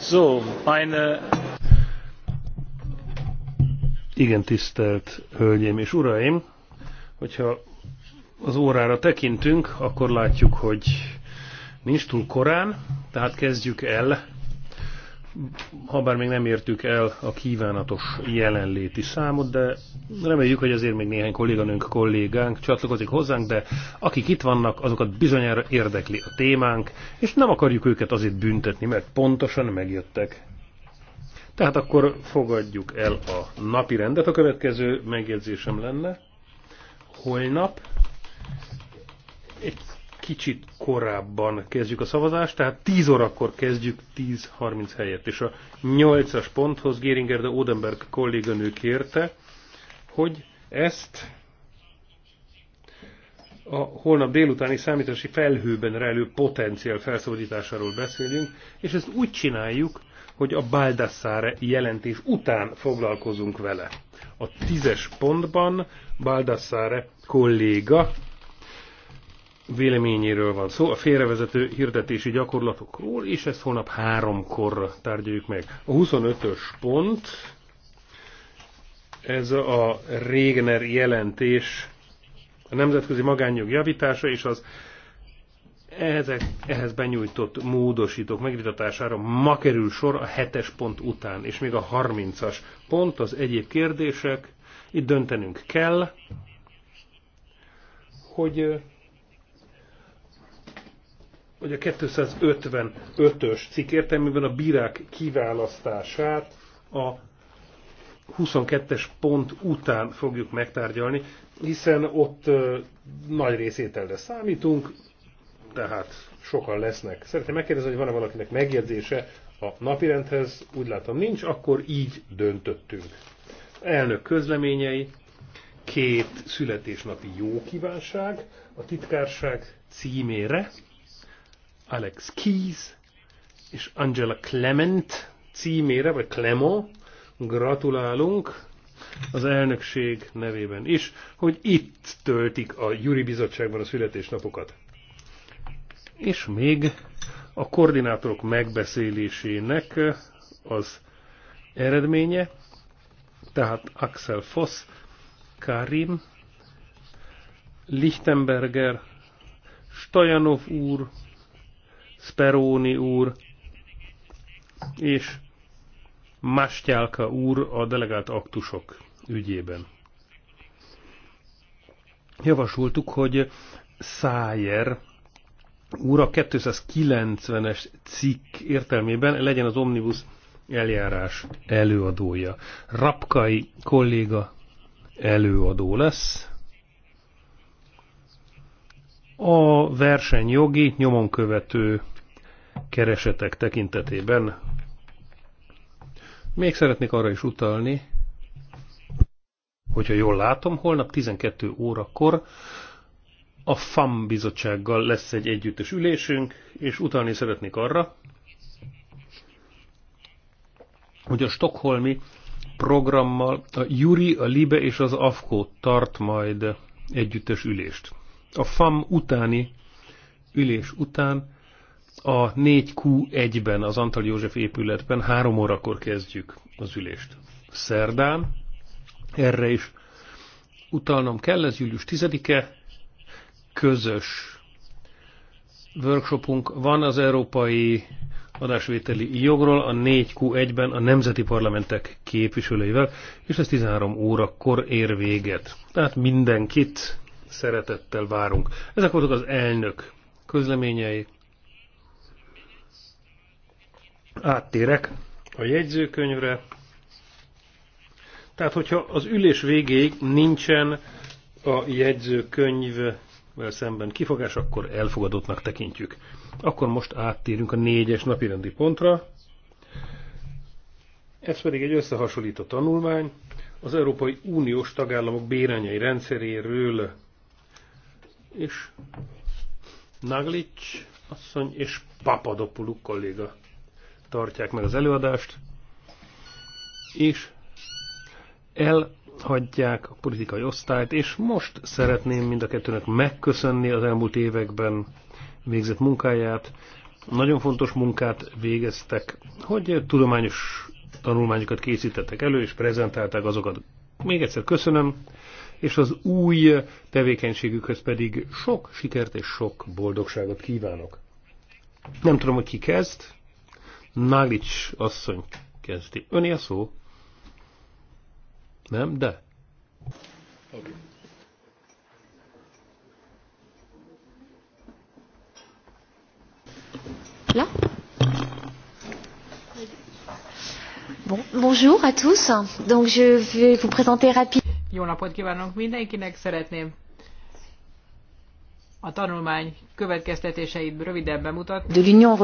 So, meine igen tisztelt hölgyeim és uraim, hogyha az órára tekintünk, akkor látjuk, hogy nincs túl korán, tehát kezdjük el ha bár még nem értük el a kívánatos jelenléti számot, de reméljük, hogy azért még néhány kolléganőnk, kollégánk csatlakozik hozzánk, de akik itt vannak, azokat bizonyára érdekli a témánk, és nem akarjuk őket azért büntetni, mert pontosan megjöttek. Tehát akkor fogadjuk el a napi rendet. A következő megjegyzésem lenne, holnap egy kicsit korábban kezdjük a szavazást, tehát 10 órakor kezdjük 10.30 helyett. És a 8-as ponthoz Géringer de Odenberg kolléganő kérte, hogy ezt a holnap délutáni számítási felhőben rejlő potenciál felszabadításáról beszélünk, és ezt úgy csináljuk, hogy a Baldassare jelentés után foglalkozunk vele. A tízes pontban Baldassare kolléga véleményéről van szó, a félrevezető hirdetési gyakorlatokról, és ezt holnap háromkor tárgyaljuk meg. A 25-ös pont, ez a Régner jelentés, a nemzetközi magányjog javítása és az ezek, ehhez benyújtott módosítók megvitatására ma kerül sor a 7-es pont után, és még a 30-as pont az egyéb kérdések. Itt döntenünk kell, hogy hogy a 255-ös cikk értelmében a bírák kiválasztását a 22-es pont után fogjuk megtárgyalni, hiszen ott nagy részételre számítunk, tehát sokan lesznek. Szeretném megkérdezni, hogy van-e valakinek megjegyzése a napirendhez, úgy látom nincs, akkor így döntöttünk. Elnök közleményei, két születésnapi jó kívánság a titkárság címére. Alex Keys és Angela Clement címére, vagy Clemo, gratulálunk az elnökség nevében is, hogy itt töltik a Júri Bizottságban a születésnapokat. És még a koordinátorok megbeszélésének az eredménye, tehát Axel Foss, Karim, Lichtenberger, Stajanov úr, Speróni úr és Mastyálka úr a delegált aktusok ügyében. Javasoltuk, hogy Szájer úr a 290-es cikk értelmében legyen az Omnibus eljárás előadója. Rapkai kolléga előadó lesz, a versenyjogi követő keresetek tekintetében még szeretnék arra is utalni, hogyha jól látom, holnap 12 órakor a FAM bizottsággal lesz egy együttes ülésünk, és utalni szeretnék arra, hogy a stokholmi programmal a Juri, a Libe és az AFKO tart majd együttes ülést a FAM utáni ülés után a 4Q1-ben, az Antal József épületben három órakor kezdjük az ülést. Szerdán, erre is utalnom kell, ez július 10-e, közös workshopunk van az európai adásvételi jogról a 4Q1-ben a nemzeti parlamentek képviselőivel, és ez 13 órakor ér véget. Tehát mindenkit szeretettel várunk. Ezek voltak az elnök közleményei. Áttérek a jegyzőkönyvre. Tehát, hogyha az ülés végéig nincsen a jegyzőkönyvvel szemben kifogás, akkor elfogadottnak tekintjük. Akkor most áttérünk a négyes napirendi pontra. Ez pedig egy összehasonlító tanulmány az Európai Uniós tagállamok bérányai rendszeréről és Naglic asszony és Papadopoulou kolléga tartják meg az előadást, és elhagyják a politikai osztályt, és most szeretném mind a kettőnek megköszönni az elmúlt években végzett munkáját. Nagyon fontos munkát végeztek, hogy tudományos tanulmányokat készítettek elő, és prezentálták azokat. Még egyszer köszönöm, és az új tevékenységükhöz pedig sok sikert és sok boldogságot kívánok. Nem tudom, hogy ki kezd. Náglics asszony kezdi. Öné a szó? Nem, de. Okay. Là Bon, bonjour à tous. Donc je vais vous présenter rapidement. Jó napot kívánok mindenkinek, szeretném a tanulmány következtetéseit röviden bemutatni. De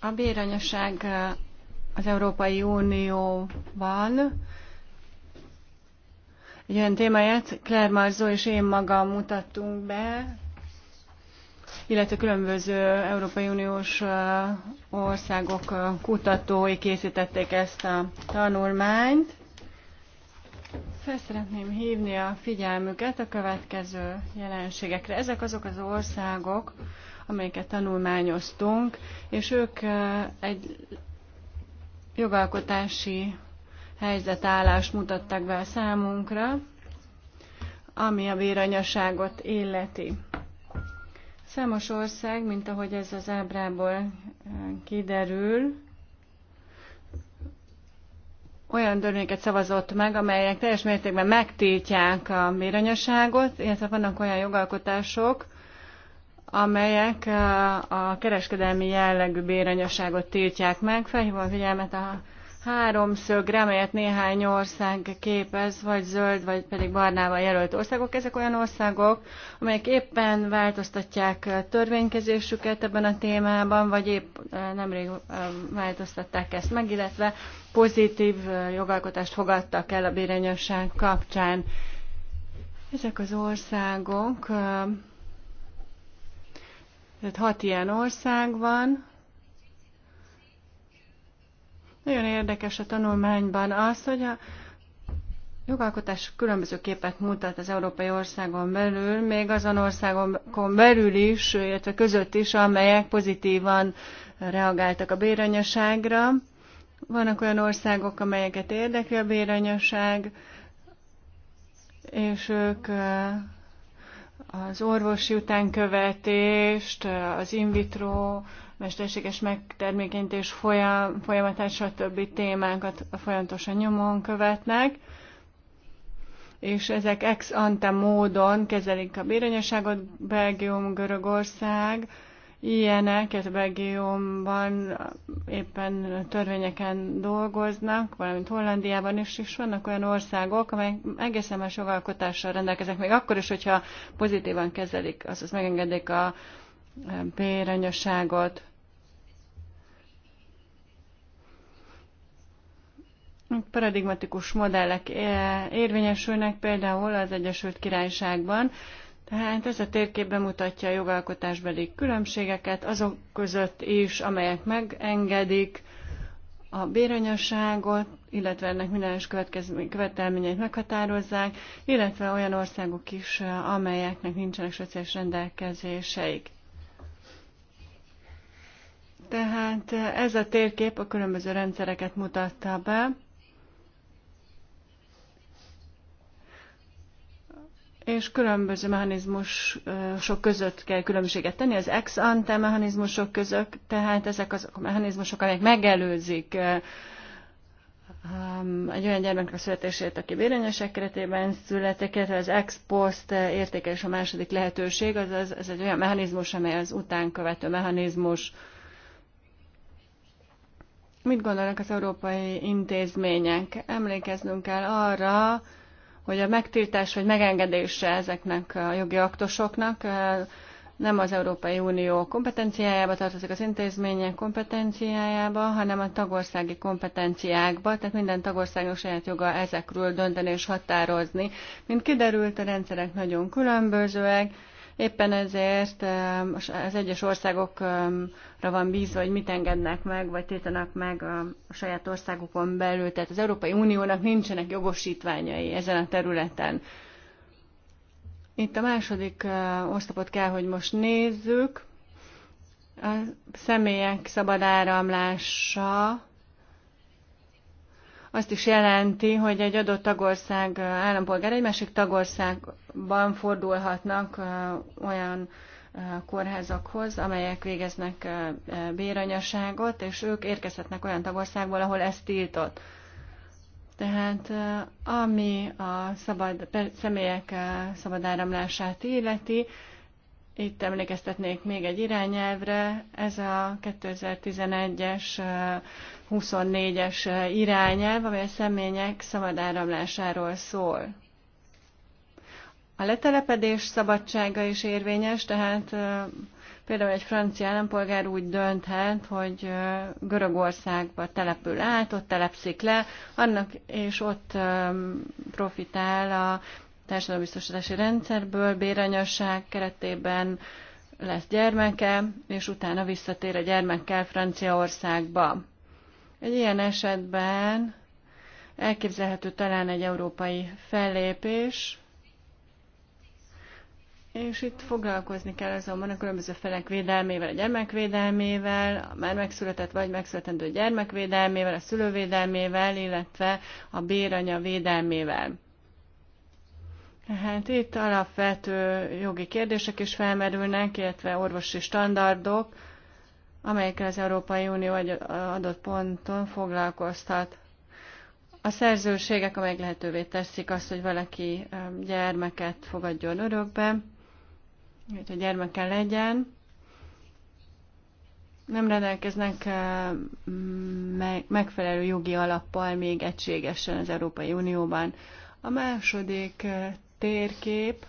A béranyaság eh, az Európai Unióban egy olyan témáját Claire Marzó és én magam mutattunk be, illetve különböző Európai Uniós eh, országok eh, kutatói készítették ezt a tanulmányt. Fel szeretném hívni a figyelmüket a következő jelenségekre. Ezek azok az országok, amelyeket tanulmányoztunk, és ők eh, egy jogalkotási helyzetállást mutattak be a számunkra, ami a véranyaságot illeti. Számos ország, mint ahogy ez az ábrából eh, kiderül, olyan törvényeket szavazott meg, amelyek teljes mértékben megtiltják a méranyaságot, illetve vannak olyan jogalkotások, amelyek eh, a kereskedelmi jellegű béranyaságot tiltják meg. Felhívom a figyelmet a háromszög, amelyet néhány ország képez, vagy zöld, vagy pedig barnával jelölt országok. Ezek olyan országok, amelyek éppen változtatják törvénykezésüket ebben a témában, vagy épp nemrég változtatták ezt meg, illetve pozitív jogalkotást fogadtak el a bérényosság kapcsán. Ezek az országok, tehát hat ilyen ország van, nagyon érdekes a tanulmányban az, hogy a jogalkotás különböző képet mutat az európai országon belül, még azon országokon belül is, illetve között is, amelyek pozitívan reagáltak a béranyaságra. Vannak olyan országok, amelyeket érdekli a béranyaság, és ők az orvosi utánkövetést, az in vitro mesterséges megtermékenyítés folyam, folyamatát, stb. témákat folyamatosan nyomon követnek, és ezek ex ante módon kezelik a béranyagságot Belgium, Görögország, ilyenek, ez Belgiumban éppen törvényeken dolgoznak, valamint Hollandiában is is vannak olyan országok, amelyek egészen más jogalkotással rendelkeznek, még akkor is, hogyha pozitívan kezelik, azaz megengedik a e, béranyosságot. paradigmatikus modellek érvényesülnek például az Egyesült Királyságban, tehát ez a térkép bemutatja a jogalkotásbeli különbségeket azok között is, amelyek megengedik a béranyaságot, illetve ennek minden követelményeit meghatározzák, illetve olyan országok is, amelyeknek nincsenek szociális rendelkezéseik. Tehát ez a térkép a különböző rendszereket mutatta be, és különböző mechanizmusok között kell különbséget tenni, az ex ante mechanizmusok között, tehát ezek azok a mechanizmusok, amelyek megelőzik eh, um, egy olyan gyermeknek a születését, aki vérényesek keretében születik, illetve az ex post értékelés a második lehetőség, az, az, ez egy olyan mechanizmus, amely az utánkövető mechanizmus. Mit gondolnak az európai intézmények? Emlékeznünk kell arra, hogy a megtiltás vagy megengedése ezeknek a jogi aktusoknak eh, nem az Európai Unió kompetenciájába tartozik, az intézmények kompetenciájába, hanem a tagországi kompetenciákba, tehát minden tagországnak saját joga ezekről dönteni és határozni. Mint kiderült, a rendszerek nagyon különbözőek, Éppen ezért az egyes országokra van bízva, hogy mit engednek meg, vagy tétanak meg a saját országukon belül. Tehát az Európai Uniónak nincsenek jogosítványai ezen a területen. Itt a második eh, oszlopot kell, hogy most nézzük. A személyek szabad áramlása azt is jelenti, hogy egy adott tagország állampolgár egy másik tagországban fordulhatnak olyan kórházakhoz, amelyek végeznek béranyaságot, és ők érkezhetnek olyan tagországból, ahol ez tiltott. Tehát ami a szabad, személyek szabad áramlását illeti, itt emlékeztetnék még egy irányelvre, ez a 2011-es 24-es irányelv, amely a személyek szabad áramlásáról szól. A letelepedés szabadsága is érvényes, tehát például egy francia állampolgár úgy dönthet, hogy Görögországba települ át, ott telepszik le, annak és ott profitál a társadalombiztosítási rendszerből, béranyasság keretében lesz gyermeke, és utána visszatér a gyermekkel Franciaországba. Egy ilyen esetben elképzelhető talán egy európai fellépés, és itt foglalkozni kell azonban a különböző felek védelmével, a gyermekvédelmével, a már megszületett vagy megszületendő gyermekvédelmével, a szülővédelmével, illetve a béranya védelmével. Hát itt alapvető jogi kérdések is felmerülnek, illetve orvosi standardok, amelyekkel az Európai Unió egy adott ponton foglalkoztat. A szerzőségek, amelyek lehetővé teszik azt, hogy valaki um, gyermeket fogadjon örökbe, hogy a gyermeke legyen, nem rendelkeznek uh, megfelelő jogi alappal még egységesen az Európai Unióban. A második uh, térkép,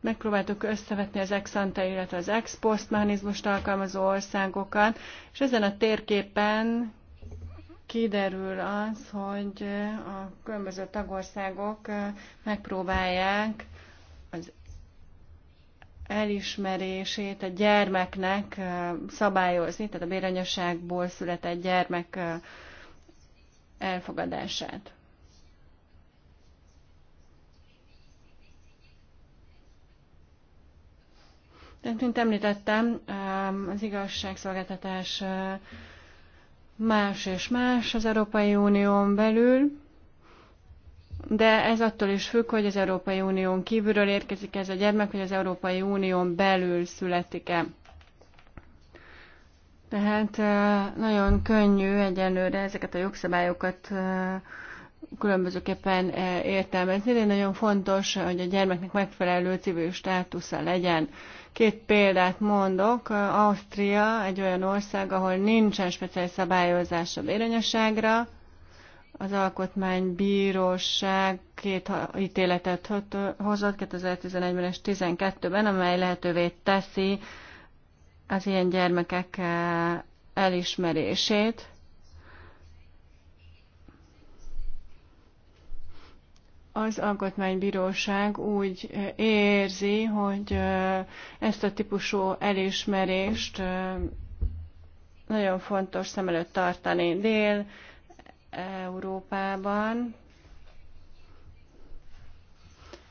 megpróbáltuk összevetni az ex ante, illetve az ex post mechanizmust alkalmazó országokat, és ezen a térképen kiderül az, hogy a különböző tagországok megpróbálják az elismerését a gyermeknek szabályozni, tehát a béranyasságból született gyermek elfogadását. Tehát, mint említettem, az igazságszolgáltatás más és más az Európai Unión belül, de ez attól is függ, hogy az Európai Unión kívülről érkezik ez a gyermek, hogy az Európai Unión belül születik-e. Tehát nagyon könnyű egyenlőre ezeket a jogszabályokat különbözőképpen értelmezni, de nagyon fontos, hogy a gyermeknek megfelelő civil státusza legyen. Két példát mondok. Ausztria egy olyan ország, ahol nincsen speciális szabályozás a béranyaságra. Az alkotmánybíróság két ítéletet hozott 2011-ben és 2012-ben, amely lehetővé teszi az ilyen gyermekek eh, elismerését. Az Alkotmánybíróság úgy eh, érzi, hogy eh, ezt a típusú elismerést nagyon fontos szem előtt tartani Dél-Európában.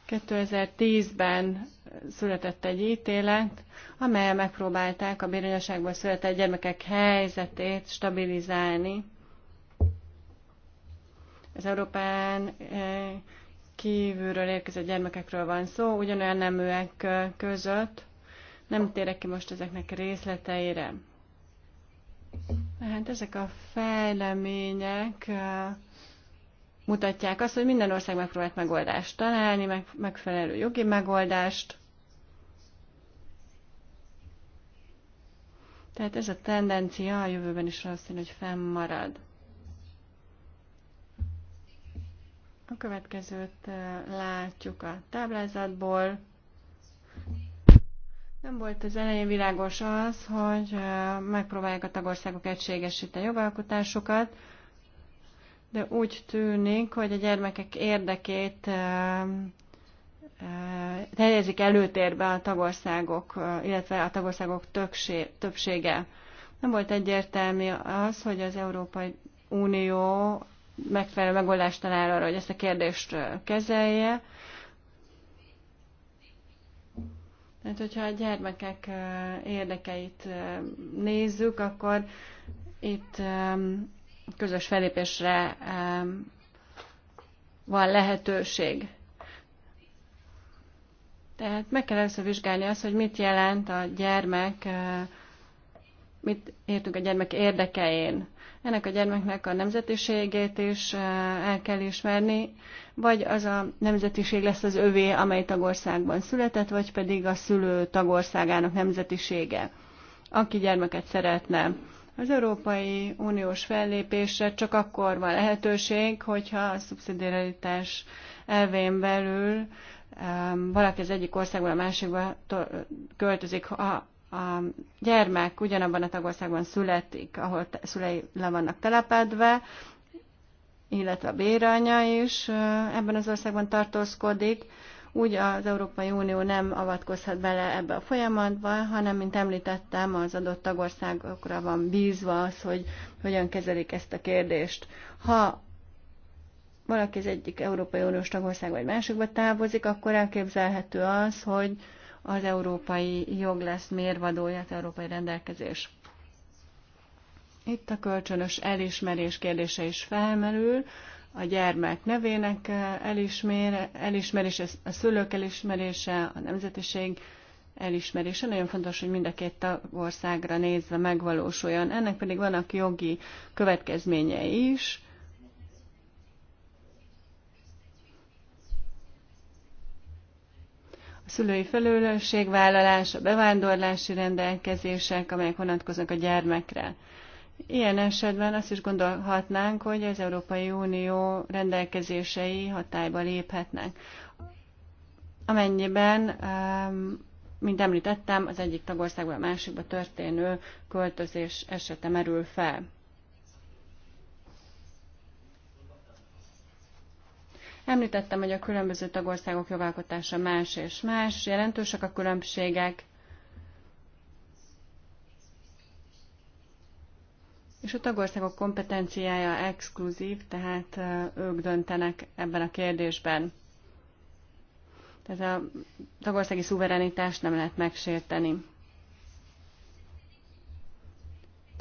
2010-ben született egy ítélet, amelyel megpróbálták a bérőnyoságból született gyermekek helyzetét stabilizálni. Az Európán eh, kívülről érkezett gyermekekről van szó, ugyanolyan neműek eh, között. Nem térek ki most ezeknek részleteire. Hát ezek a fejlemények eh, mutatják azt, hogy minden ország megpróbált megoldást találni, meg, megfelelő jogi megoldást. Tehát ez a tendencia a jövőben is valószínű, hogy fennmarad. A következőt látjuk a táblázatból. Nem volt az elején világos az, hogy megpróbálják a tagországok egységesíteni a jogalkotásukat, de úgy tűnik, hogy a gyermekek érdekét helyezik eh, előtérbe a tagországok, eh, illetve a tagországok többsége. Nem volt egyértelmű az, hogy az Európai Unió megfelelő megoldást talál arra, hogy ezt a kérdést eh, kezelje. Tehát, hogyha a gyermekek érdekeit nézzük, akkor itt közös felépésre van lehetőség. Tehát meg kell először vizsgálni azt, hogy mit jelent a gyermek, mit értünk a gyermek érdekein. Ennek a gyermeknek a nemzetiségét is el kell ismerni, vagy az a nemzetiség lesz az övé, amely tagországban született, vagy pedig a szülő tagországának nemzetisége, aki gyermeket szeretne. Az Európai Uniós fellépésre csak akkor van lehetőség, hogyha a szubszidiaritás elvén belül valaki az egyik országból a másikba költözik, ha a gyermek ugyanabban a tagországban születik, ahol szülei le vannak telepedve, illetve a béranya is ebben az országban tartózkodik, úgy az Európai Unió nem avatkozhat bele ebbe a folyamatba, hanem, mint említettem, az adott tagországokra van bízva az, hogy hogyan kezelik ezt a kérdést. Ha valaki az egyik Európai Uniós tagország vagy másikba távozik, akkor elképzelhető az, hogy az európai jog lesz mérvadója, európai rendelkezés. Itt a kölcsönös elismerés kérdése is felmerül, a gyermek nevének elismer, elismerése, a szülők elismerése, a nemzetiség elismerése. Nagyon fontos, hogy mind a két tagországra nézve megvalósuljon. Ennek pedig vannak jogi következményei is, szülői felelősségvállalás, a bevándorlási rendelkezések, amelyek vonatkoznak a gyermekre. Ilyen esetben azt is gondolhatnánk, hogy az Európai Unió rendelkezései hatályba léphetnek. Amennyiben, um, mint említettem, az egyik tagországban a másikba történő költözés esete merül fel. Említettem, hogy a különböző tagországok jogalkotása más és más, jelentősek a különbségek, és a tagországok kompetenciája exkluzív, tehát ők döntenek ebben a kérdésben. Tehát a tagországi szuverenitást nem lehet megsérteni.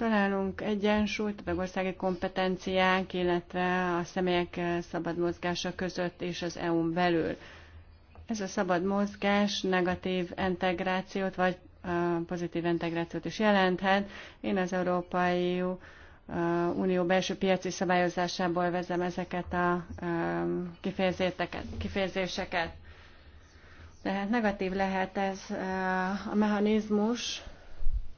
találunk egyensúlyt a tagországi kompetenciák, illetve a személyek eh, szabad mozgása között és az EU-n belül. Ez a szabad mozgás negatív integrációt vagy eh, pozitív integrációt is jelenthet. Én az Európai eh, Unió belső piaci szabályozásából vezem ezeket a kifejezéseket. Tehát negatív lehet ez a mechanizmus,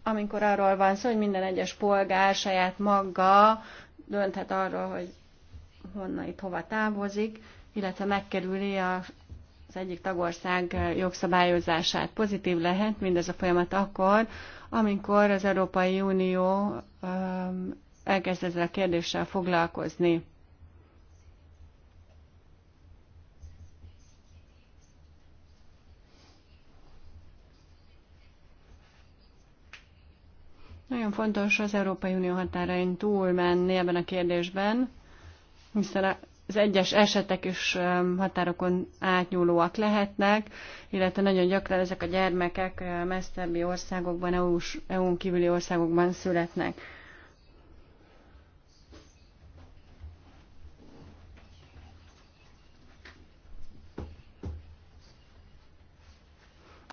amikor arról van szó, hogy minden egyes polgár saját maga dönthet arról, hogy honnan itt hova távozik, illetve megkerüli a az egyik tagország jogszabályozását. Pozitív lehet mindez a folyamat akkor, amikor az Európai Unió elkezd ezzel a kérdéssel foglalkozni. Nagyon fontos az Európai Unió határain túl menni ebben a kérdésben, hiszen az egyes esetek is um, határokon átnyúlóak lehetnek, illetve nagyon gyakran ezek a gyermekek uh, messzebbi országokban, EU-s, EU-n kívüli országokban születnek.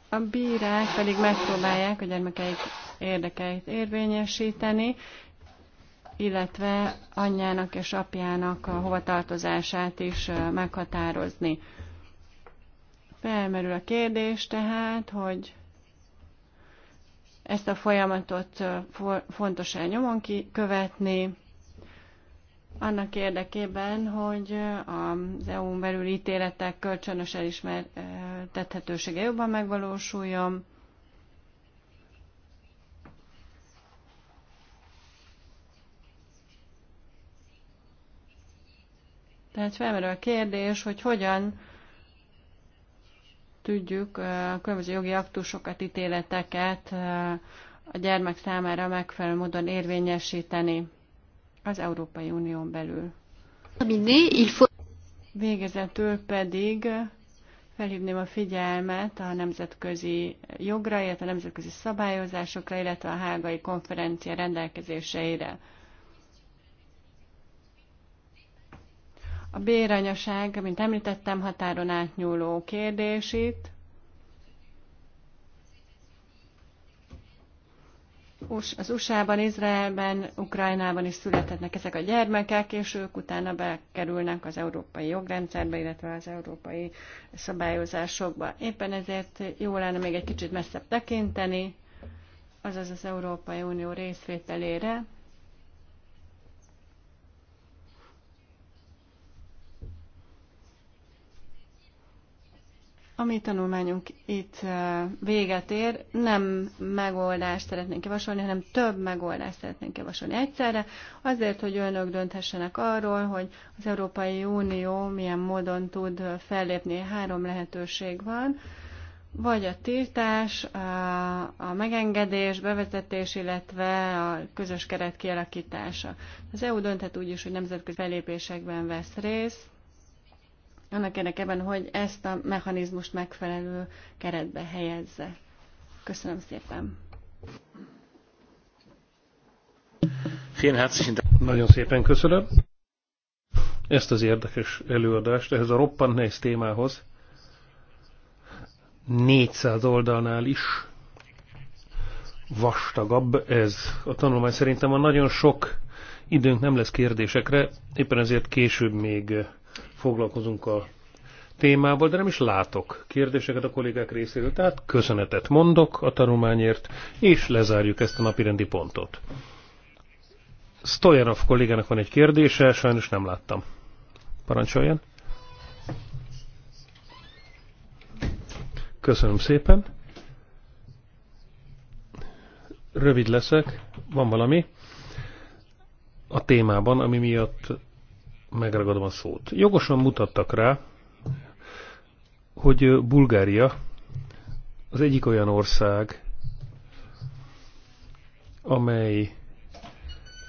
A bírák pedig megpróbálják a gyermekeik érdekeit érvényesíteni, illetve anyjának és apjának a hovatartozását is meghatározni. Felmerül a kérdés tehát, hogy ezt a folyamatot fontos nyomon követni, annak érdekében, hogy az EU-n belül ítéletek kölcsönös elismertethetősége jobban megvalósuljon, Tehát felmerül a kérdés, hogy hogyan tudjuk a különböző jogi aktusokat, ítéleteket a gyermek számára megfelelő módon érvényesíteni az Európai Unión belül. Végezetül pedig felhívném a figyelmet a nemzetközi jogra, illetve a nemzetközi szabályozásokra, illetve a hágai konferencia rendelkezéseire. A béranyaság, mint említettem, határon átnyúló kérdés itt. az USA-ban, Izraelben, Ukrajnában is születhetnek ezek a gyermekek, és ők utána bekerülnek az európai jogrendszerbe, illetve az európai szabályozásokba. Éppen ezért jó lenne még egy kicsit messzebb tekinteni, azaz az Európai Unió részvételére, A mi tanulmányunk itt véget ér, nem megoldást szeretnénk javasolni, hanem több megoldást szeretnénk javasolni egyszerre, azért, hogy önök dönthessenek arról, hogy az Európai Unió milyen módon tud fellépni. Három lehetőség van, vagy a tiltás, a megengedés, bevezetés, illetve a közös keret kialakítása. Az EU dönthet úgy is, hogy nemzetközi fellépésekben vesz részt, annak érdekében, hogy ezt a mechanizmust megfelelő keretbe helyezze. Köszönöm szépen. Nagyon szépen köszönöm ezt az érdekes előadást, ehhez a roppant nehéz témához. 400 oldalnál is vastagabb ez a tanulmány. Szerintem a nagyon sok időnk nem lesz kérdésekre, éppen ezért később még foglalkozunk a témával, de nem is látok kérdéseket a kollégák részéről. Tehát köszönetet mondok a tanulmányért, és lezárjuk ezt a napirendi pontot. Stojanov kollégának van egy kérdése, sajnos nem láttam. Parancsoljon. Köszönöm szépen. Rövid leszek, van valami a témában, ami miatt megragadom a szót. Jogosan mutattak rá, hogy Bulgária az egyik olyan ország, amely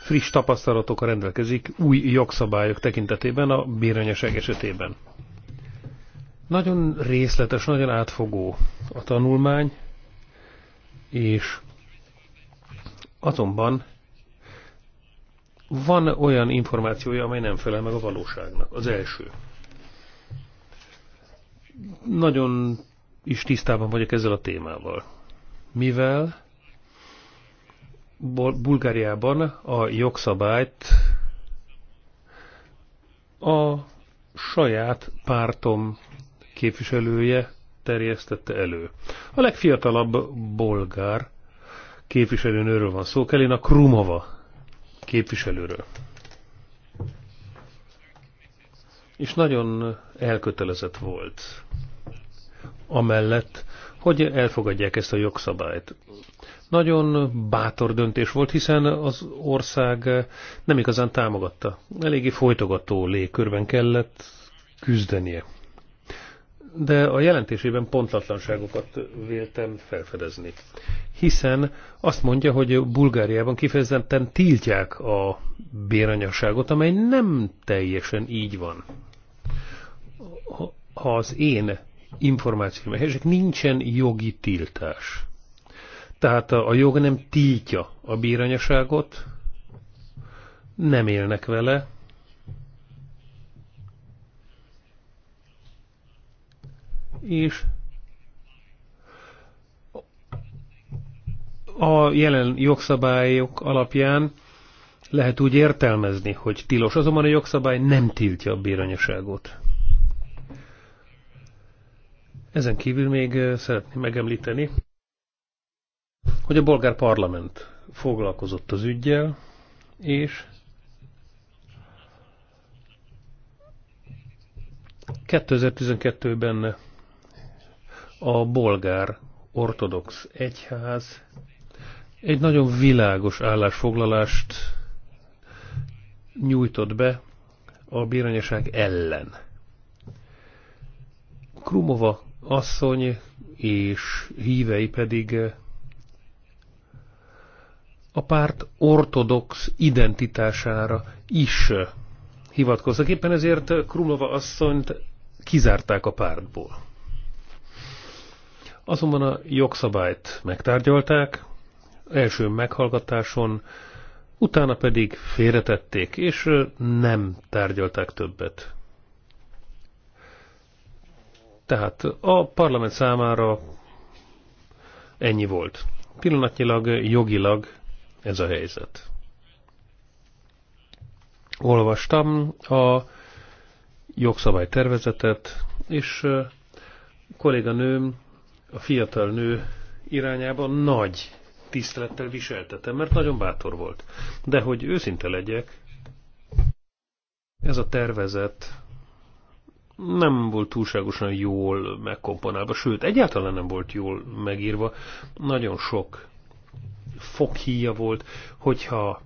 friss tapasztalatokkal rendelkezik új jogszabályok tekintetében a bérönyeság esetében. Nagyon részletes, nagyon átfogó a tanulmány, és azonban van olyan információja, amely nem felel meg a valóságnak. Az első. Nagyon is tisztában vagyok ezzel a témával. Mivel Bulgáriában a jogszabályt a saját pártom képviselője terjesztette elő. A legfiatalabb bolgár képviselőnőről van szó, Kelina Krumova képviselőről. És nagyon elkötelezett volt amellett, hogy elfogadják ezt a jogszabályt. Nagyon bátor döntés volt, hiszen az ország nem igazán támogatta. Eléggé folytogató légkörben kellett küzdenie de a jelentésében pontatlanságokat véltem felfedezni. Hiszen azt mondja, hogy Bulgáriában kifejezetten tiltják a béranyagságot, amely nem teljesen így van. Ha az én információim helyesek, nincsen jogi tiltás. Tehát a jog nem tiltja a béranyagságot, nem élnek vele, és a jelen jogszabályok alapján lehet úgy értelmezni, hogy tilos, azonban a jogszabály nem tiltja a béranyaságot. Ezen kívül még szeretném megemlíteni, hogy a bolgár parlament foglalkozott az ügyjel, és 2012-ben a bolgár ortodox egyház egy nagyon világos állásfoglalást nyújtott be a bíranyaság ellen. Krumova asszony és hívei pedig a párt ortodox identitására is hivatkoznak. Éppen ezért Krumova asszonyt kizárták a pártból. Azonban a jogszabályt megtárgyalták, első meghallgatáson, utána pedig félretették, és nem tárgyalták többet. Tehát a parlament számára ennyi volt. Pillanatnyilag, jogilag ez a helyzet. Olvastam a jogszabálytervezetet, és kolléganőm a fiatal nő irányában nagy tisztelettel viseltetem, mert nagyon bátor volt. De hogy őszinte legyek, ez a tervezet nem volt túlságosan jól megkomponálva, sőt, egyáltalán nem volt jól megírva. Nagyon sok fokhíja volt, hogyha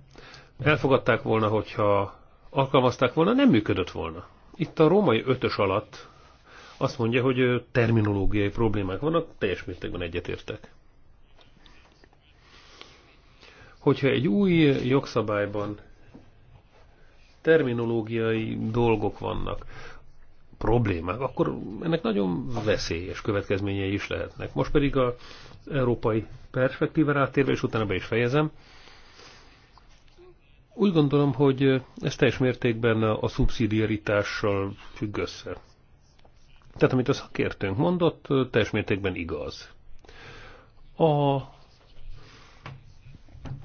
elfogadták volna, hogyha alkalmazták volna, nem működött volna. Itt a római ötös alatt azt mondja, hogy terminológiai problémák vannak, teljes mértékben egyetértek. Hogyha egy új jogszabályban terminológiai dolgok vannak, problémák, akkor ennek nagyon veszélyes következményei is lehetnek. Most pedig az európai perspektívára áttérve, és utána be is fejezem, úgy gondolom, hogy ez teljes mértékben a szubszidiaritással függ össze. Tehát amit a szakértőnk mondott, teljes mértékben igaz. A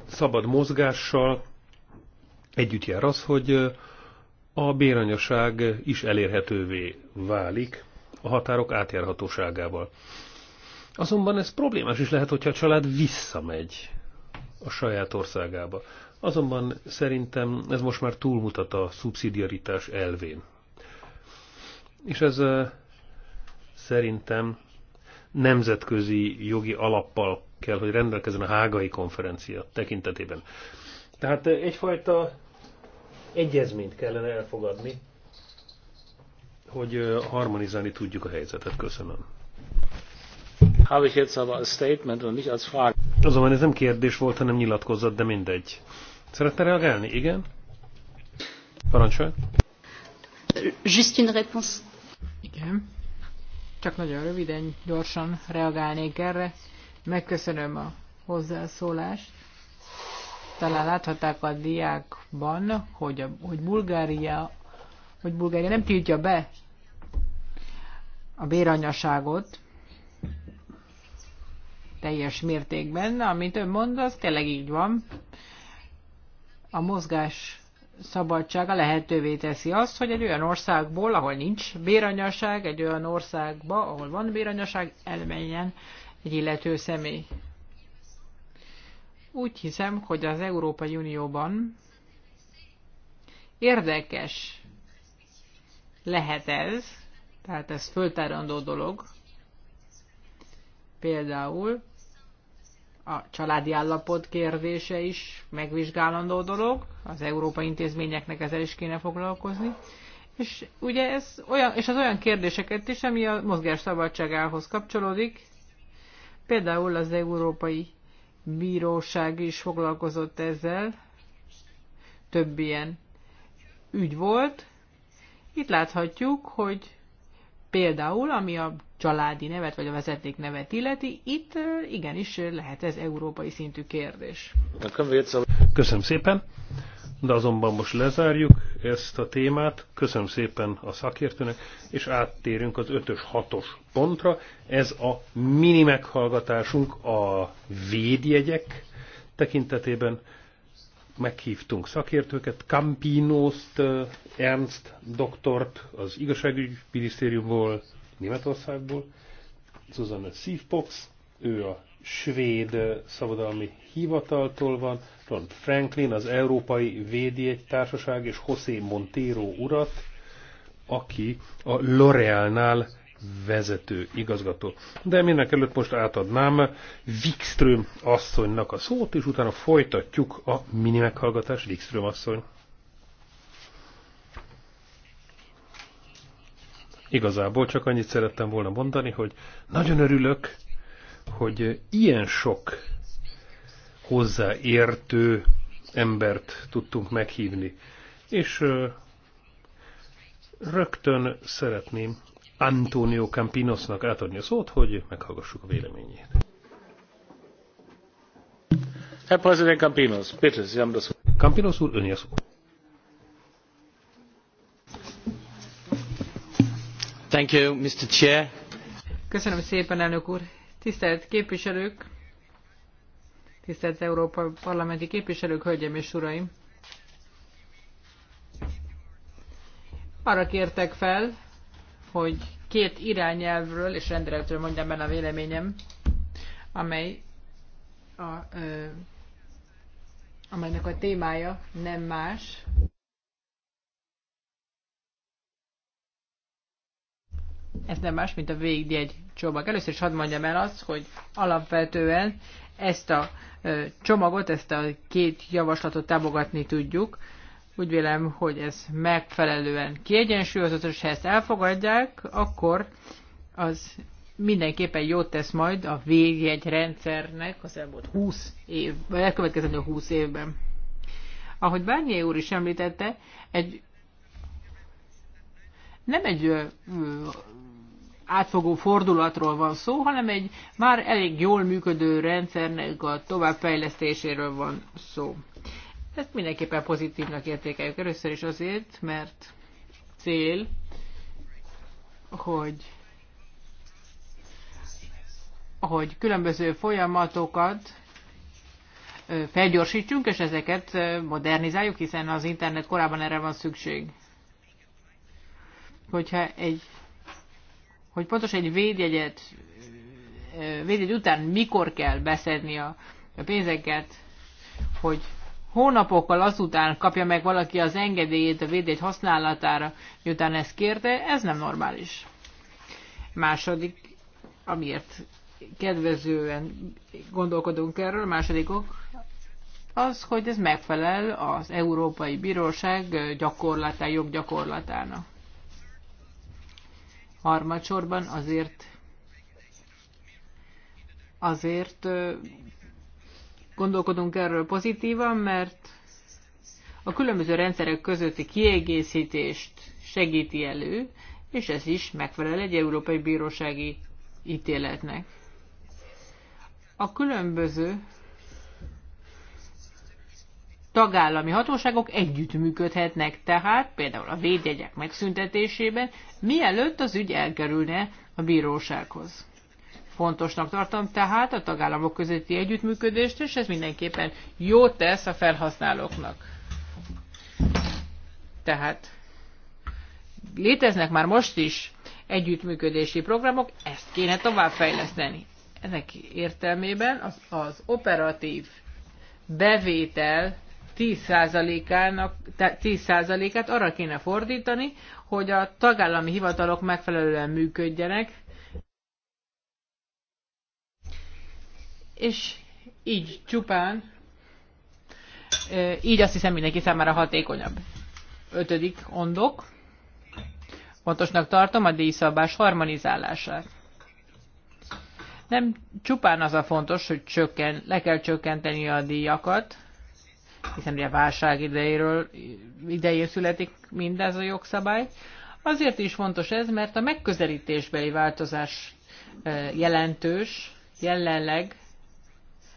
szabad mozgással együtt jár az, hogy a béranyaság is elérhetővé válik a határok átjárhatóságával. Azonban ez problémás is lehet, hogyha a család visszamegy a saját országába. Azonban szerintem ez most már túlmutat a szubszidiaritás elvén. És ez Szerintem nemzetközi jogi alappal kell, hogy rendelkezzen a hágai konferencia tekintetében. Tehát egyfajta egyezményt kellene elfogadni, hogy harmonizálni tudjuk a helyzetet. Köszönöm. Habe ich jetzt aber als Statement und nicht als Frage. Azonban ez nem kérdés volt, hanem nyilatkozat, de mindegy. Szeretne reagálni? Igen? Parancsolj. Just une réponse. Igen. Csak nagyon röviden, gyorsan reagálnék erre. Megköszönöm a hozzászólást. Talán láthatták a diákban, hogy, a, hogy, Bulgária, hogy Bulgária nem tiltja be a béranyaságot teljes mértékben. Amit ön mond, az tényleg így van. A mozgás szabadsága lehetővé teszi azt, hogy egy olyan országból, ahol nincs béranyaság, egy olyan országba, ahol van béranyaság, elmenjen egy illető személy. Úgy hiszem, hogy az Európai Unióban érdekes lehet ez, tehát ez föltárandó dolog. Például a családi állapot kérdése is megvizsgálandó dolog, az európai intézményeknek ezzel is kéne foglalkozni. És ugye ez olyan, és az olyan kérdéseket is, ami a mozgás szabadságához kapcsolódik. Például az Európai Bíróság is foglalkozott ezzel. Több ilyen ügy volt. Itt láthatjuk, hogy például, ami a családi nevet vagy a vezeték nevet illeti. Itt igenis lehet ez európai szintű kérdés. Köszönöm szépen, de azonban most lezárjuk ezt a témát. Köszönöm szépen a szakértőnek, és áttérünk az 5-ös, 6-os pontra. Ez a mini meghallgatásunk a védjegyek tekintetében meghívtunk szakértőket, Campinost, Ernst doktort az igazságügyi minisztériumból, Németországból, Susanne Sievpox, ő a svéd szabadalmi hivataltól van, Ron Franklin, az Európai védi egy Társaság, és José Montero urat, aki a L'Orealnál vezető igazgató. De mindenek előtt most átadnám Wikström asszonynak a szót, és utána folytatjuk a mini meghallgatást. Wikström asszony. Igazából csak annyit szerettem volna mondani, hogy nagyon örülök, hogy ilyen sok hozzáértő embert tudtunk meghívni. És rögtön szeretném Antonio Campinosnak átadni a szót, hogy meghallgassuk a véleményét. Herr Präsident Campinos, bitte, Sie haben das Campinos úr, önél szó. Köszönöm szépen, elnök úr. Tisztelt képviselők, tisztelt Európa Parlamenti képviselők, hölgyeim és uraim! Arra kértek fel, hogy két irányelvről és rendeletről mondjam el a véleményem, amely a, ö, amelynek a témája nem más, ez nem más, mint a végigjegy csomag. Először is hadd mondjam el azt, hogy alapvetően ezt a csomagot, ezt a két javaslatot támogatni tudjuk. Úgy vélem, hogy ez megfelelően kiegyensúlyozott, és ha ezt elfogadják, akkor az mindenképpen jót tesz majd a rendszernek, az elmúlt 20 év, vagy elkövetkezendő 20 évben. Ahogy Bárnyé úr is említette, egy nem egy átfogó fordulatról van szó, hanem egy már elég jól működő rendszernek a továbbfejlesztéséről van szó. Ezt mindenképpen pozitívnak értékeljük. Először is azért, mert cél, hogy hogy különböző folyamatokat felgyorsítsunk, és ezeket modernizáljuk, hiszen az internet korábban erre van szükség. Hogyha egy hogy pontosan egy védjegyet, védjegy után mikor kell beszedni a, a pénzeket, hogy hónapokkal azután kapja meg valaki az engedélyét a védjegy használatára, miután ezt kérte, ez nem normális. Második, amiért kedvezően gondolkodunk erről, másodikok, az, hogy ez megfelel az Európai Bíróság gyakorlatá, gyakorlatának. Harmadsorban azért azért gondolkodunk erről pozitívan, mert a különböző rendszerek közötti kiegészítést segíti elő, és ez is megfelel egy európai bírósági ítéletnek. A különböző tagállami hatóságok együttműködhetnek tehát, például a védjegyek megszüntetésében, mielőtt az ügy elkerülne a bírósághoz. Fontosnak tartom tehát a tagállamok közötti együttműködést, és ez mindenképpen jó tesz a felhasználóknak. Tehát léteznek már most is együttműködési programok, ezt kéne továbbfejleszteni. Ennek értelmében az, az operatív bevétel 10 10%-át arra kéne fordítani, hogy a tagállami hivatalok megfelelően működjenek, és így csupán, így azt hiszem mindenki számára hatékonyabb. Ötödik ondok. Fontosnak tartom a díjszabás harmonizálását. Nem csupán az a fontos, hogy csökken, le kell csökkenteni a díjakat, hiszen ugye a válság idejéről, idején születik mindez a jogszabály. Azért is fontos ez, mert a megközelítésbeli változás e, jelentős, jelenleg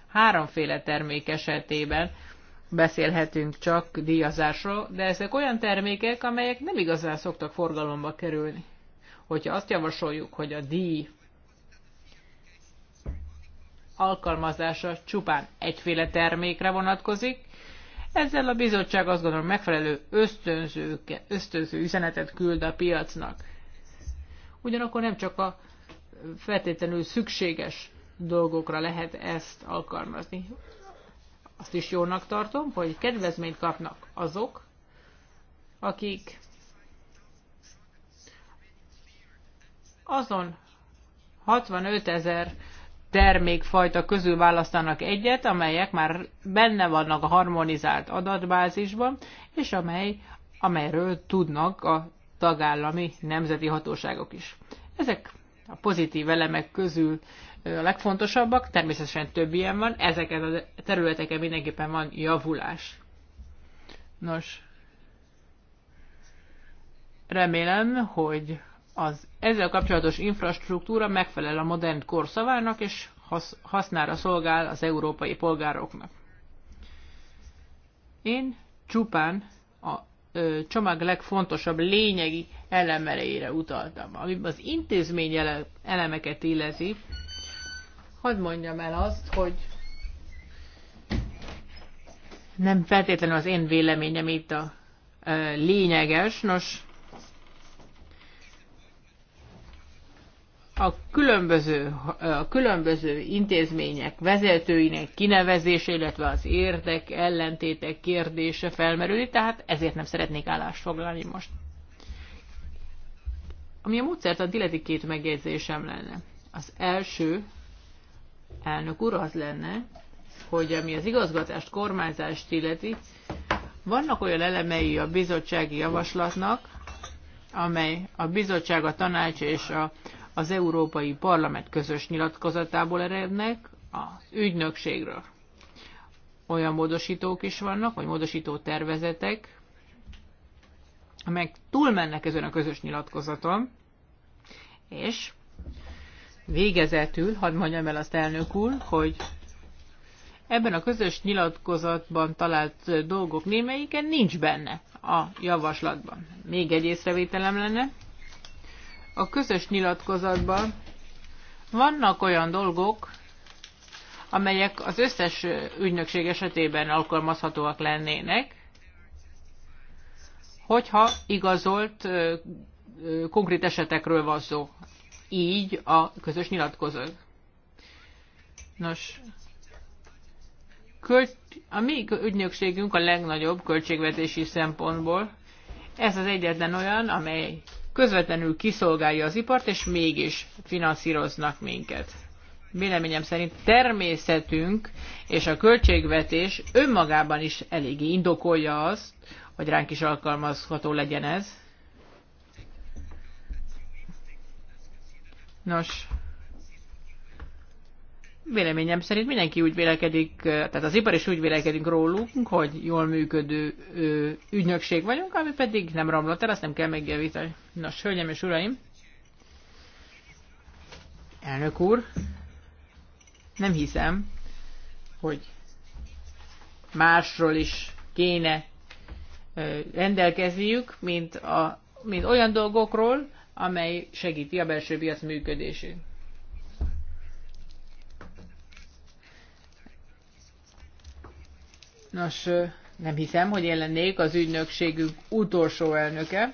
háromféle termék esetében beszélhetünk csak díjazásról, de ezek olyan termékek, amelyek nem igazán szoktak forgalomba kerülni. Hogyha azt javasoljuk, hogy a díj alkalmazása csupán egyféle termékre vonatkozik, ezzel a bizottság azt gondolom megfelelő ösztönző, ösztönző üzenetet küld a piacnak. Ugyanakkor nem csak a feltétlenül szükséges dolgokra lehet ezt alkalmazni. Azt is jónak tartom, hogy kedvezményt kapnak azok, akik azon 65 ezer termékfajta közül választanak egyet, amelyek már benne vannak a harmonizált adatbázisban, és amely, amelyről tudnak a tagállami nemzeti hatóságok is. Ezek a pozitív elemek közül a legfontosabbak, természetesen több ilyen van, ezeken a területeken mindenképpen van javulás. Nos, remélem, hogy az ezzel kapcsolatos infrastruktúra megfelel a modern korszavának, és hasznára szolgál az európai polgároknak. Én csupán a ö, csomag legfontosabb lényegi elemeire utaltam. Ami az intézmény ele, elemeket illeti, hadd mondjam el azt, hogy nem feltétlenül az én véleményem itt a ö, lényeges, nos, a különböző, a különböző intézmények vezetőinek kinevezése, illetve az érdek, ellentétek kérdése felmerül, tehát ezért nem szeretnék állást foglalni most. Ami a a illeti két megjegyzésem lenne. Az első, elnök úr, az lenne, hogy ami az igazgatást, kormányzást illeti, vannak olyan elemei a bizottsági javaslatnak, amely a bizottság, a tanács és a az Európai Parlament közös nyilatkozatából erednek az ügynökségről. Olyan módosítók is vannak, vagy módosító tervezetek, amelyek túlmennek ezen a közös nyilatkozaton, és végezetül, hadd mondjam el azt elnök úr, hogy ebben a közös nyilatkozatban talált dolgok némelyiken nincs benne a javaslatban. Még egy észrevételem lenne, a közös nyilatkozatban vannak olyan dolgok, amelyek az összes ügynökség esetében alkalmazhatóak lennének, hogyha igazolt konkrét esetekről van szó. Így a közös nyilatkozat. Nos, költ, a mi ügynökségünk a legnagyobb költségvetési szempontból. Ez az egyetlen olyan, amely közvetlenül kiszolgálja az ipart, és mégis finanszíroznak minket. Véleményem szerint természetünk és a költségvetés önmagában is eléggé indokolja azt, hogy ránk is alkalmazható legyen ez. Nos, Véleményem szerint mindenki úgy vélekedik, tehát az ipar is úgy vélekedik rólunk, hogy jól működő ügynökség vagyunk, ami pedig nem romlott el, azt nem kell megjavítani. Nos, hölgyem és uraim, elnök úr, nem hiszem, hogy másról is kéne rendelkezniük, mint, a, mint olyan dolgokról, amely segíti a belső piac működését. Nos, nem hiszem, hogy én lennék az ügynökségünk utolsó elnöke.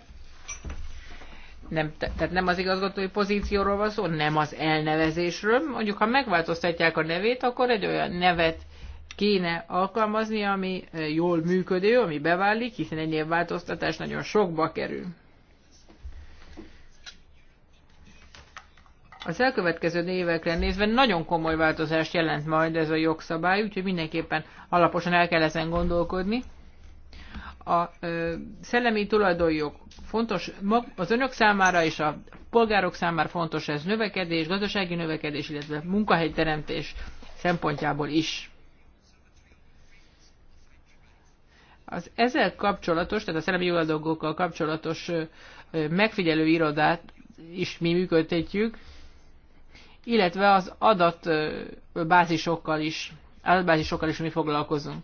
Nem, tehát nem az igazgatói pozícióról van szó, nem az elnevezésről. Mondjuk, ha megváltoztatják a nevét, akkor egy olyan nevet kéne alkalmazni, ami jól működő, ami beválik, hiszen egy ilyen változtatás nagyon sokba kerül. Az elkövetkező évekre nézve nagyon komoly változást jelent majd ez a jogszabály, úgyhogy mindenképpen alaposan el kell ezen gondolkodni. A ö, szellemi tulajdonjog fontos mag, az önök számára és a polgárok számára fontos ez növekedés, gazdasági növekedés, illetve munkahelyteremtés szempontjából is. Az ezzel kapcsolatos, tehát a szellemi tulajdonjogokkal kapcsolatos megfigyelő irodát is mi működtetjük illetve az adatbázisokkal is, adatbázisokkal is mi foglalkozunk.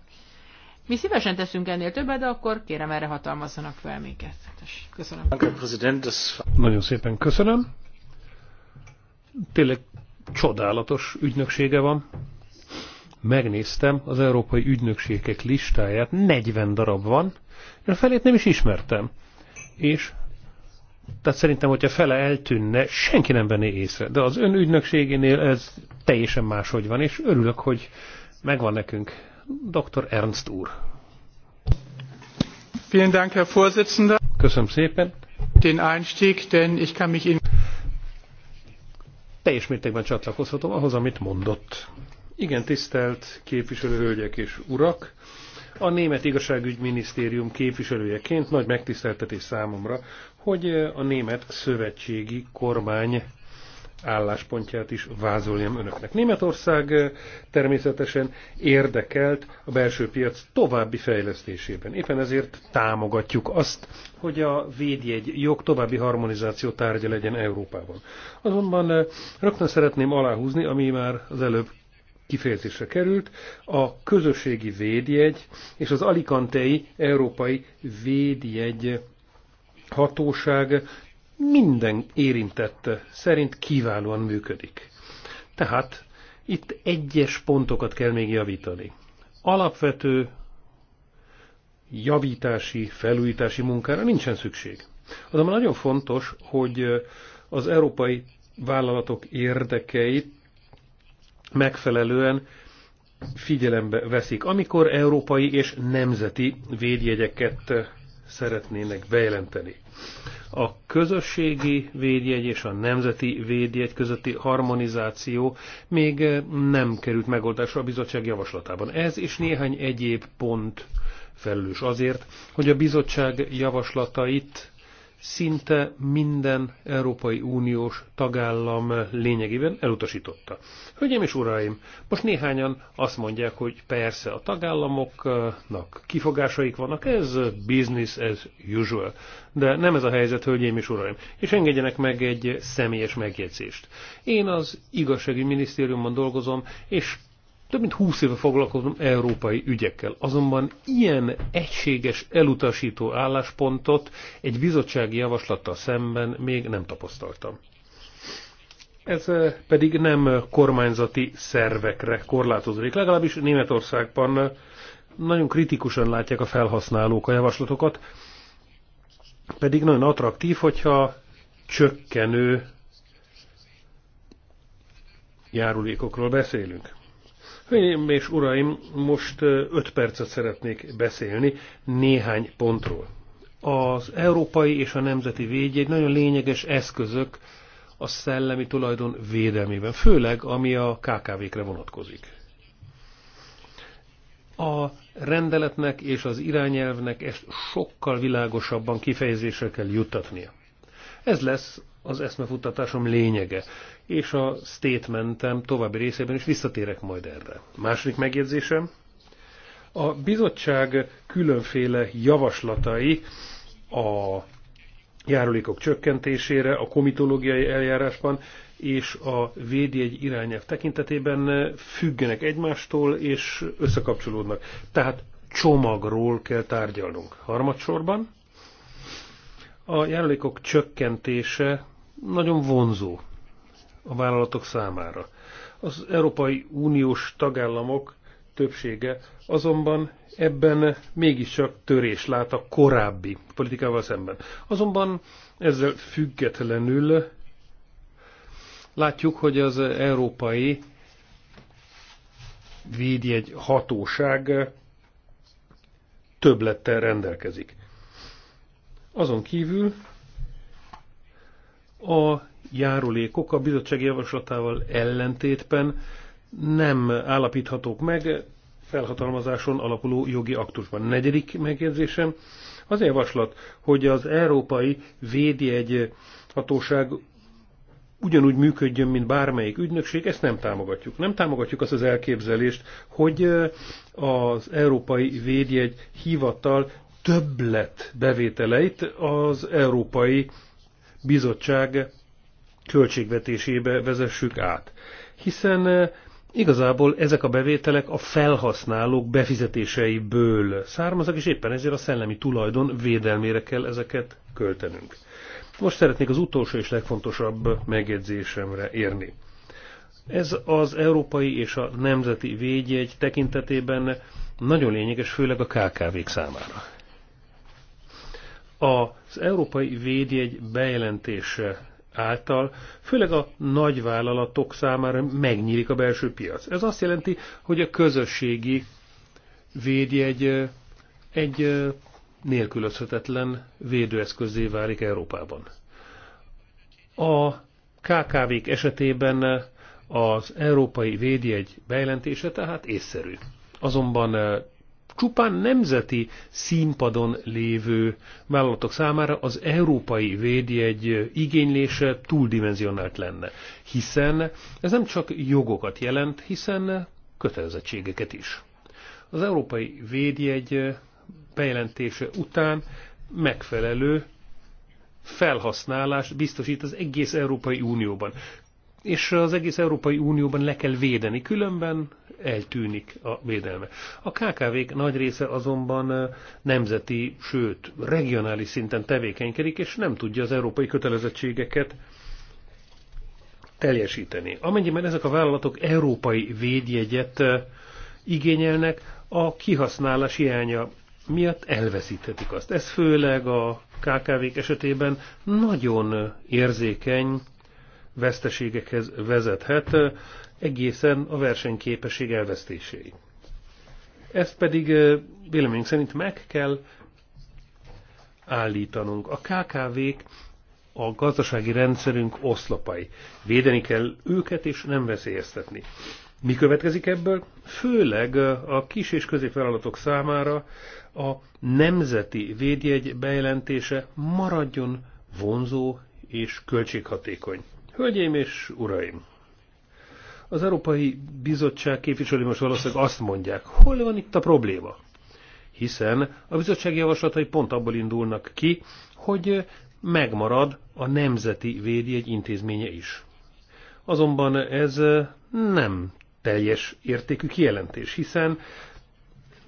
Mi szívesen teszünk ennél többet, de akkor kérem erre hatalmazzanak fel minket. Köszönöm. Nagyon szépen köszönöm. Tényleg csodálatos ügynöksége van. Megnéztem az európai ügynökségek listáját, 40 darab van, és a felét nem is ismertem. És tehát szerintem, hogyha fele eltűnne, senki nem venné észre. De az ön ügynökségénél ez teljesen máshogy van, és örülök, hogy megvan nekünk. Dr. Ernst úr. Vielen Dank, Herr Vorsitzender. Köszönöm szépen. Den Einstieg, denn ich kann mich in... Teljes mértékben csatlakozhatom ahhoz, amit mondott. Igen, tisztelt képviselő hölgyek és urak! A Német Igazságügyminisztérium képviselőjeként nagy megtiszteltetés számomra, hogy a német szövetségi kormány álláspontját is vázoljam önöknek. Németország természetesen érdekelt a belső piac további fejlesztésében. Éppen ezért támogatjuk azt, hogy a védjegy jog további harmonizáció tárgya legyen Európában. Azonban rögtön szeretném aláhúzni, ami már az előbb kifejezésre került, a közösségi védjegy és az alikantei európai védjegy hatóság minden érintette szerint kiválóan működik. Tehát itt egyes pontokat kell még javítani. Alapvető javítási, felújítási munkára nincsen szükség. Azonban nagyon fontos, hogy az európai vállalatok érdekeit megfelelően figyelembe veszik, amikor európai és nemzeti védjegyeket szeretnének bejelenteni. A közösségi védjegy és a nemzeti védjegy közötti harmonizáció még eh, nem került megoldásra a bizottság javaslatában. Ez és néhány egyéb pont felelős azért, hogy a bizottság javaslatait szinte minden Európai Uniós tagállam lényegében elutasította. Hölgyeim és uraim, most néhányan azt mondják, hogy persze a tagállamoknak kifogásaik vannak, ez business as usual. De nem ez a helyzet, hölgyeim és uraim. És engedjenek meg egy személyes megjegyzést. Én az igazságügyi minisztériumban dolgozom, és több mint húsz éve foglalkozom európai ügyekkel, azonban ilyen egységes elutasító álláspontot egy bizottsági javaslattal szemben még nem tapasztaltam. Ez eh, pedig nem kormányzati szervekre korlátozódik, legalábbis Németországban eh, nagyon kritikusan látják a felhasználók a javaslatokat, pedig nagyon attraktív, hogyha csökkenő járulékokról beszélünk. Hölgyeim és uraim, most öt percet szeretnék beszélni néhány pontról. Az európai és a nemzeti védjegy nagyon lényeges eszközök a szellemi tulajdon védelmében, főleg ami a KKV-kre vonatkozik. A rendeletnek és az irányelvnek ezt sokkal világosabban kifejezésre kell juttatnia. Ez lesz az eszmefuttatásom lényege, és a statementem további részében is visszatérek majd erre. Második megjegyzésem, a bizottság különféle javaslatai a járulékok csökkentésére, a komitológiai eljárásban és a védjegy irányelv tekintetében függenek egymástól és összekapcsolódnak. Tehát csomagról kell tárgyalnunk. Harmadsorban a járulékok csökkentése nagyon vonzó a vállalatok számára. Az Európai Uniós tagállamok többsége azonban ebben mégiscsak törés lát a korábbi politikával szemben. Azonban ezzel függetlenül látjuk, hogy az Európai Védjegy Hatóság többlettel rendelkezik. Azon kívül a járulékok a bizottság javaslatával ellentétben nem állapíthatók meg felhatalmazáson alapuló jogi aktusban. Negyedik megjegyzésem az javaslat, hogy az Európai Védjegy hatóság ugyanúgy működjön, mint bármelyik ügynökség, ezt nem támogatjuk. Nem támogatjuk azt az elképzelést, hogy az Európai Védjegy hivatal többlet bevételeit az Európai bizottság költségvetésébe vezessük át. Hiszen eh, igazából ezek a bevételek a felhasználók befizetéseiből származnak, és éppen ezért a szellemi tulajdon védelmére kell ezeket költenünk. Most szeretnék az utolsó és legfontosabb megjegyzésemre érni. Ez az európai és a nemzeti védjegy tekintetében nagyon lényeges, főleg a KKV-k számára. A az Európai Védjegy bejelentése által, főleg a nagyvállalatok számára megnyílik a belső piac. Ez azt jelenti, hogy a közösségi védjegy egy nélkülözhetetlen védőeszközé válik Európában. A KKV-k esetében az európai védjegy bejelentése tehát észszerű. Azonban csupán nemzeti színpadon lévő vállalatok számára az európai védjegy igénylése túldimenzionált lenne, hiszen ez nem csak jogokat jelent, hiszen kötelezettségeket is. Az európai védjegy bejelentése után megfelelő felhasználást biztosít az egész Európai Unióban. És az egész Európai Unióban le kell védeni, különben eltűnik a védelme. A KKV-k nagy része azonban nemzeti, sőt regionális szinten tevékenykedik, és nem tudja az európai kötelezettségeket teljesíteni. Amennyiben ezek a vállalatok európai védjegyet igényelnek, a kihasználás hiánya miatt elveszíthetik azt. Ez főleg a KKV-k esetében nagyon érzékeny veszteségekhez vezethet, egészen a versenyképesség elvesztéséig. Ezt pedig vélemény szerint meg kell állítanunk. A KKV-k a gazdasági rendszerünk oszlopai. Védeni kell őket és nem veszélyeztetni. Mi következik ebből? Főleg a kis és középvállalatok számára a nemzeti védjegy bejelentése maradjon vonzó és költséghatékony. Hölgyeim és uraim! Az Európai Bizottság képviselői most valószínűleg azt mondják, hol van itt a probléma? Hiszen a bizottság javaslatai pont abból indulnak ki, hogy megmarad a Nemzeti Védjegy intézménye is. Azonban ez nem teljes értékű kijelentés, hiszen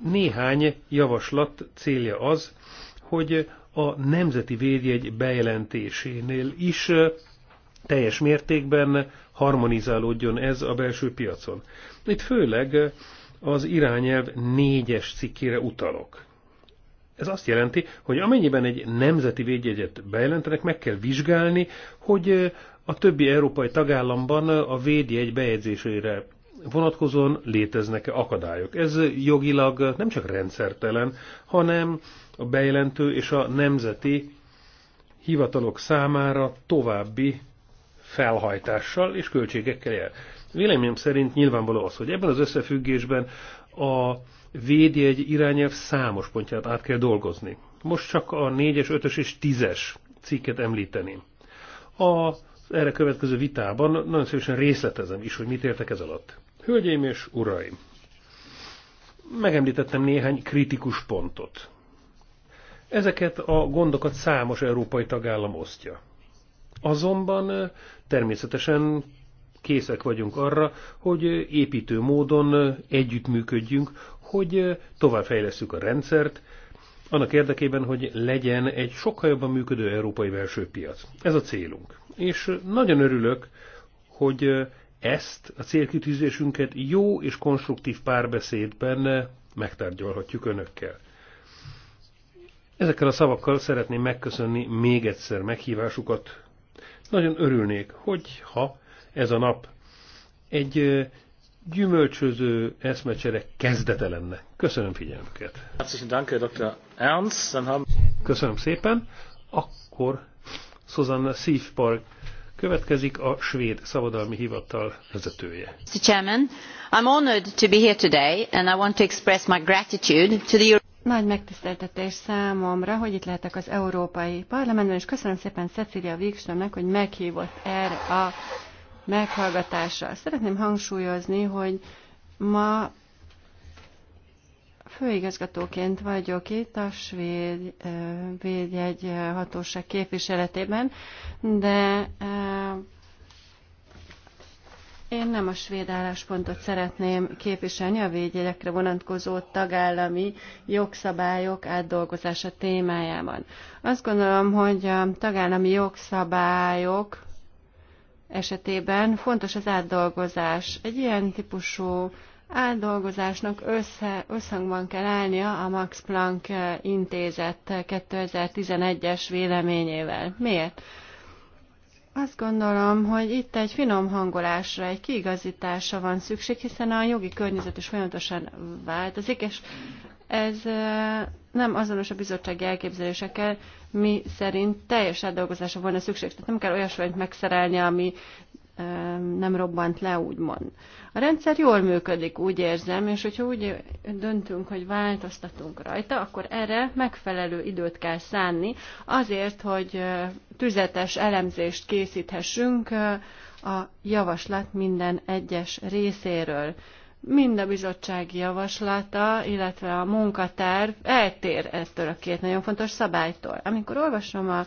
néhány javaslat célja az, hogy a nemzeti védjegy bejelentésénél is teljes mértékben harmonizálódjon ez a belső piacon. Itt főleg az irányelv négyes cikkére utalok. Ez azt jelenti, hogy amennyiben egy nemzeti védjegyet bejelentenek, meg kell vizsgálni, hogy a többi európai tagállamban a védjegy bejegyzésére vonatkozóan léteznek-e akadályok. Ez jogilag nem csak rendszertelen, hanem a bejelentő és a nemzeti hivatalok számára további felhajtással és költségekkel jár. Véleményem szerint nyilvánvaló az, hogy ebben az összefüggésben a védjegy irányelv számos pontját át kell dolgozni. Most csak a 4-es, 5-ös és 10-es cikket említeném. A erre következő vitában nagyon szívesen részletezem is, hogy mit értek ez alatt. Hölgyeim és uraim, megemlítettem néhány kritikus pontot. Ezeket a gondokat számos európai tagállam osztja. Azonban természetesen készek vagyunk arra, hogy építő módon együttműködjünk, hogy továbbfejlesztjük a rendszert, annak érdekében, hogy legyen egy sokkal jobban működő európai belső piac. Ez a célunk. És nagyon örülök, hogy ezt a célkitűzésünket jó és konstruktív párbeszédben megtárgyalhatjuk önökkel. Ezekkel a szavakkal szeretném megköszönni még egyszer meghívásukat nagyon örülnék, hogy ha ez a nap egy gyümölcsöző eszmecsere kezdete lenne. Köszönöm figyelmüket. Köszönöm szépen. Akkor Susanna Szívpark következik a svéd szabadalmi hivatal vezetője. Mr. Chairman, I'm honored to be here today and I want to express my gratitude to the nagy megtiszteltetés számomra, hogy itt lehetek az Európai Parlamentben, és köszönöm szépen Cecilia Wikströmnek, hogy meghívott erre a meghallgatásra. Szeretném hangsúlyozni, hogy ma főigazgatóként vagyok itt a svéd eh, védjegy eh, hatóság képviseletében, de eh, én nem a svéd álláspontot szeretném képviselni a védjegyekre vonatkozó tagállami jogszabályok átdolgozása témájában. Azt gondolom, hogy a tagállami jogszabályok esetében fontos az átdolgozás. Egy ilyen típusú átdolgozásnak össze, összhangban kell állnia a Max Planck intézet 2011-es véleményével. Miért? Azt gondolom, hogy itt egy finom hangolásra, egy kiigazításra van szükség, hiszen a jogi környezet is folyamatosan változik, és ez nem azonos a bizottsági elképzelésekkel, mi szerint teljes átdolgozásra volna szükség. Tehát nem kell olyasmit megszerelni, ami nem robbant le, úgymond. A rendszer jól működik, úgy érzem, és hogyha úgy döntünk, hogy változtatunk rajta, akkor erre megfelelő időt kell szánni, azért, hogy tüzetes elemzést készíthessünk a javaslat minden egyes részéről mind a bizottsági javaslata, illetve a munkaterv eltér eztől a két nagyon fontos szabálytól. Amikor olvasom a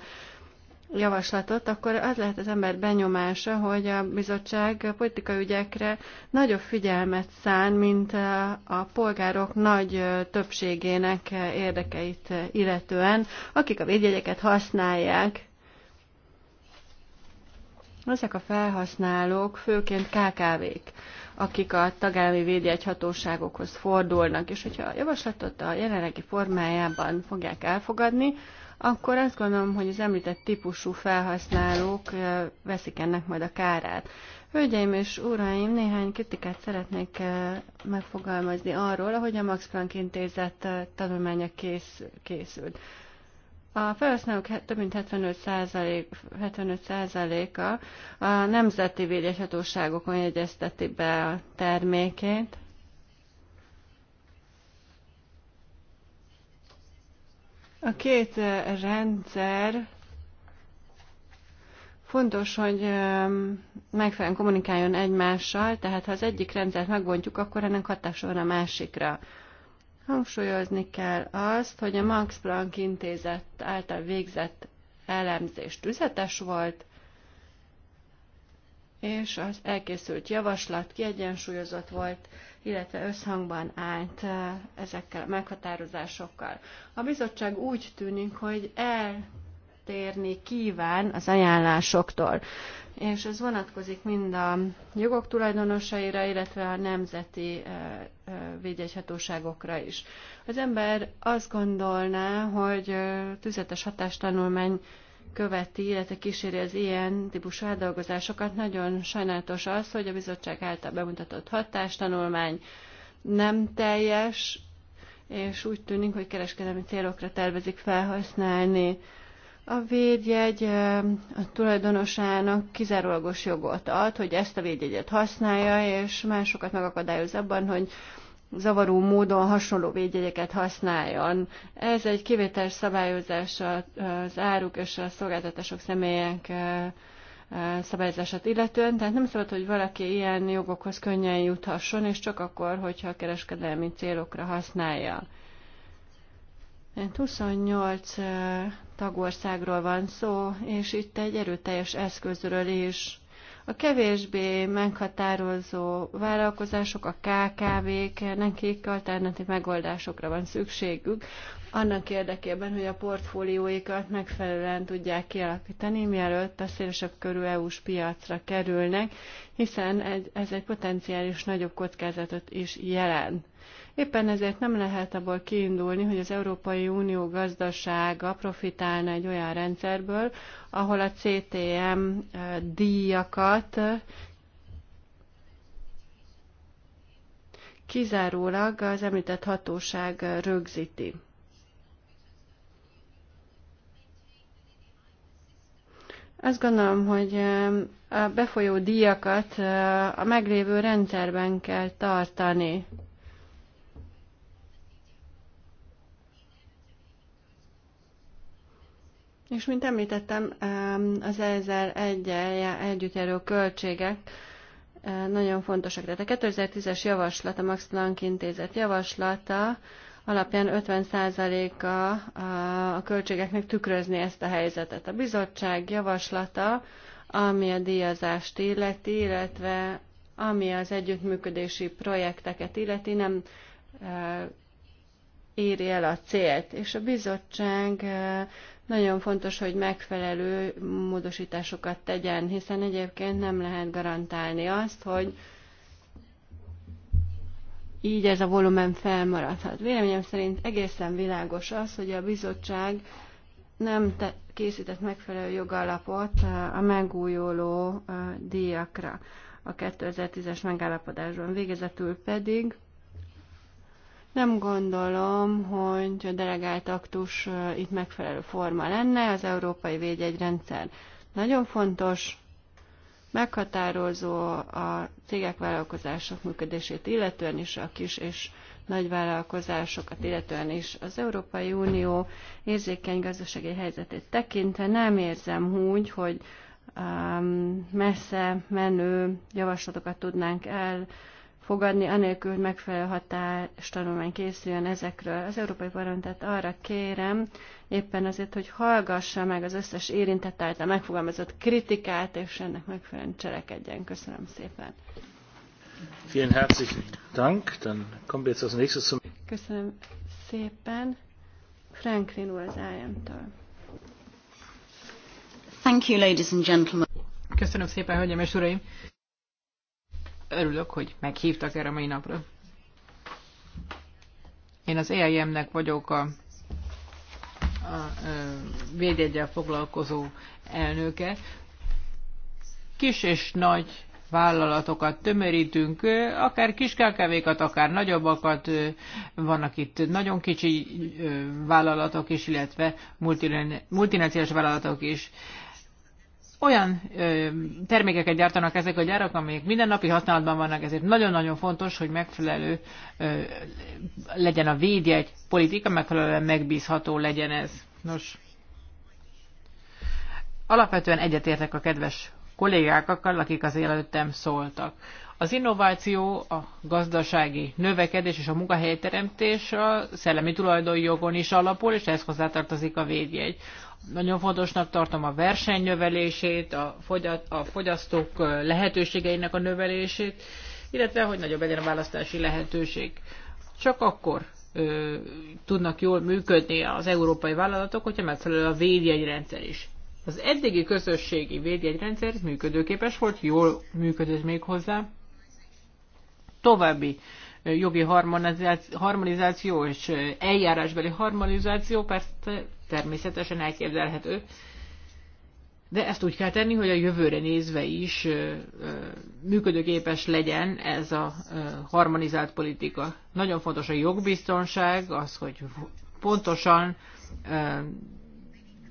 javaslatot, akkor az lehet az ember benyomása, hogy a bizottság politikai ügyekre nagyobb figyelmet szán, mint a polgárok nagy többségének érdekeit illetően, akik a védjegyeket használják. Ezek a felhasználók főként KKV-k, akik a tagállami védjegyhatóságokhoz fordulnak, és hogyha a javaslatot a jelenlegi formájában fogják elfogadni, akkor azt gondolom, hogy az említett típusú felhasználók veszik ennek majd a kárát. Hölgyeim és uraim, néhány kritikát szeretnék megfogalmazni arról, ahogy a Max Planck intézet tanulmánya kész, készült. A felhasználók több mint 75%-a 75 a nemzeti védjegyhatóságokon jegyezteti be a termékét, A két rendszer fontos, hogy megfelelően kommunikáljon egymással, tehát ha az egyik rendszert megbontjuk, akkor ennek hatása van a másikra. Hangsúlyozni kell azt, hogy a Max Planck intézet által végzett elemzés tüzetes volt, és az elkészült javaslat kiegyensúlyozott volt, illetve összhangban állt ezekkel a meghatározásokkal. A bizottság úgy tűnik, hogy eltérni kíván az ajánlásoktól, és ez vonatkozik mind a jogok tulajdonosaira, illetve a nemzeti védjegyhatóságokra is. Az ember azt gondolná, hogy tüzetes hatástanulmány követi, illetve kíséri az ilyen típusú átdolgozásokat. Nagyon sajnálatos az, hogy a bizottság által bemutatott hatástanulmány nem teljes, és úgy tűnik, hogy kereskedelmi célokra tervezik felhasználni. A védjegy a tulajdonosának kizárólagos jogot ad, hogy ezt a védjegyet használja, és másokat megakadályoz abban, hogy zavaró módon hasonló védjegyeket használjon. Ez egy kivételes szabályozás az áruk és a szolgáltatások személyek szabályozását illetően, tehát nem szabad, hogy valaki ilyen jogokhoz könnyen juthasson, és csak akkor, hogyha a kereskedelmi célokra használja. 28 tagországról van szó, és itt egy erőteljes eszközről is a kevésbé meghatározó vállalkozások, a KKV-k, nekik alternatív megoldásokra van szükségük, annak érdekében, hogy a portfólióikat megfelelően tudják kialakítani, mielőtt a szélesebb körű EU-s piacra kerülnek, hiszen ez egy potenciális nagyobb kockázatot is jelent. Éppen ezért nem lehet abból kiindulni, hogy az Európai Unió gazdasága profitálna egy olyan rendszerből, ahol a CTM eh, díjakat eh, kizárólag az említett hatóság eh, rögzíti. Azt gondolom, hogy a befolyó díjakat a meglévő rendszerben kell tartani. És mint említettem, az 1001 egyel költségek nagyon fontosak. Tehát a 2010-es javaslat, a Max Planck intézet javaslata alapján 50%-a a költségeknek tükrözni ezt a helyzetet. A bizottság javaslata, ami a díjazást illeti, illetve ami az együttműködési projekteket illeti, nem éri el a célt. És a bizottság nagyon fontos, hogy megfelelő módosításokat tegyen, hiszen egyébként nem lehet garantálni azt, hogy így ez a volumen felmaradhat. Véleményem szerint egészen világos az, hogy a bizottság nem te- készített megfelelő jogalapot eh, a megújuló eh, díjakra a 2010-es megállapodásban. Végezetül pedig nem gondolom, hogy a delegált aktus itt megfelelő forma lenne, az európai védjegyrendszer nagyon fontos, meghatározó a cégek vállalkozások működését illetően is, a kis és nagy vállalkozásokat illetően is. Az Európai Unió érzékeny gazdasági helyzetét tekintve nem érzem úgy, hogy um, messze menő javaslatokat tudnánk el fogadni, anélkül, hogy megfelelő tanulmány készüljön ezekről. Az Európai Parlamentet arra kérem, éppen azért, hogy hallgassa meg az összes érintett által megfogalmazott kritikát, és ennek megfelelően cselekedjen. Köszönöm szépen. Vielen herzlichen Dank. Dann kommen wir jetzt als nächstes zum Köszönöm szépen. Franklin úr az IM-től. Thank you, ladies and gentlemen. Köszönöm szépen, hölgyeim és uraim örülök, hogy meghívtak erre a mai napra. Én az EIM-nek vagyok a, a védjegyel foglalkozó elnöke. Kis és nagy vállalatokat tömörítünk, akár kelkevékat, akár nagyobbakat, vannak itt nagyon kicsi vállalatok is, illetve multinacionális vállalatok is olyan ö, termékeket gyártanak ezek a gyárak, amelyek mindennapi használatban vannak, ezért nagyon-nagyon fontos, hogy megfelelő ö, legyen a védjegy politika, megfelelően megbízható legyen ez. Nos, alapvetően egyetértek a kedves kollégákkal, akik az előttem szóltak. Az innováció, a gazdasági növekedés és a munkahelyteremtés a szellemi tulajdonjogon is alapul, és ehhez hozzátartozik a védjegy. Nagyon fontosnak tartom a verseny növelését, a, fogyat, a fogyasztók lehetőségeinek a növelését, illetve hogy nagyobb legyen a választási lehetőség. Csak akkor ö, tudnak jól működni az európai vállalatok, hogyha megfelelő a védjegyrendszer is. Az eddigi közösségi védjegyrendszer működőképes volt, jól működött még hozzá. További jogi harmonizáció és eljárásbeli harmonizáció persze természetesen elképzelhető, de ezt úgy kell tenni, hogy a jövőre nézve is működőképes legyen ez a harmonizált politika. Nagyon fontos a jogbiztonság, az, hogy pontosan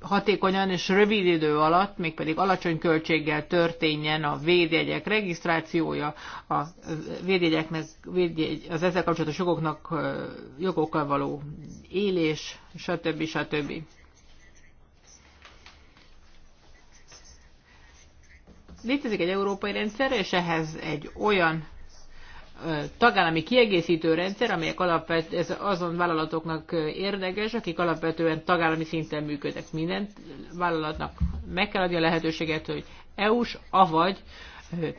hatékonyan és rövid idő alatt, mégpedig alacsony költséggel történjen a védjegyek regisztrációja, a védjegyeknek, védjegy, az ezzel kapcsolatos jogoknak, jogokkal való élés, stb. stb. Létezik egy európai rendszer, és ehhez egy olyan tagállami kiegészítő rendszer, amelyek alapvet, ez azon vállalatoknak érdekes, akik alapvetően tagállami szinten működnek. Minden vállalatnak meg kell adni a lehetőséget, hogy EU-s, avagy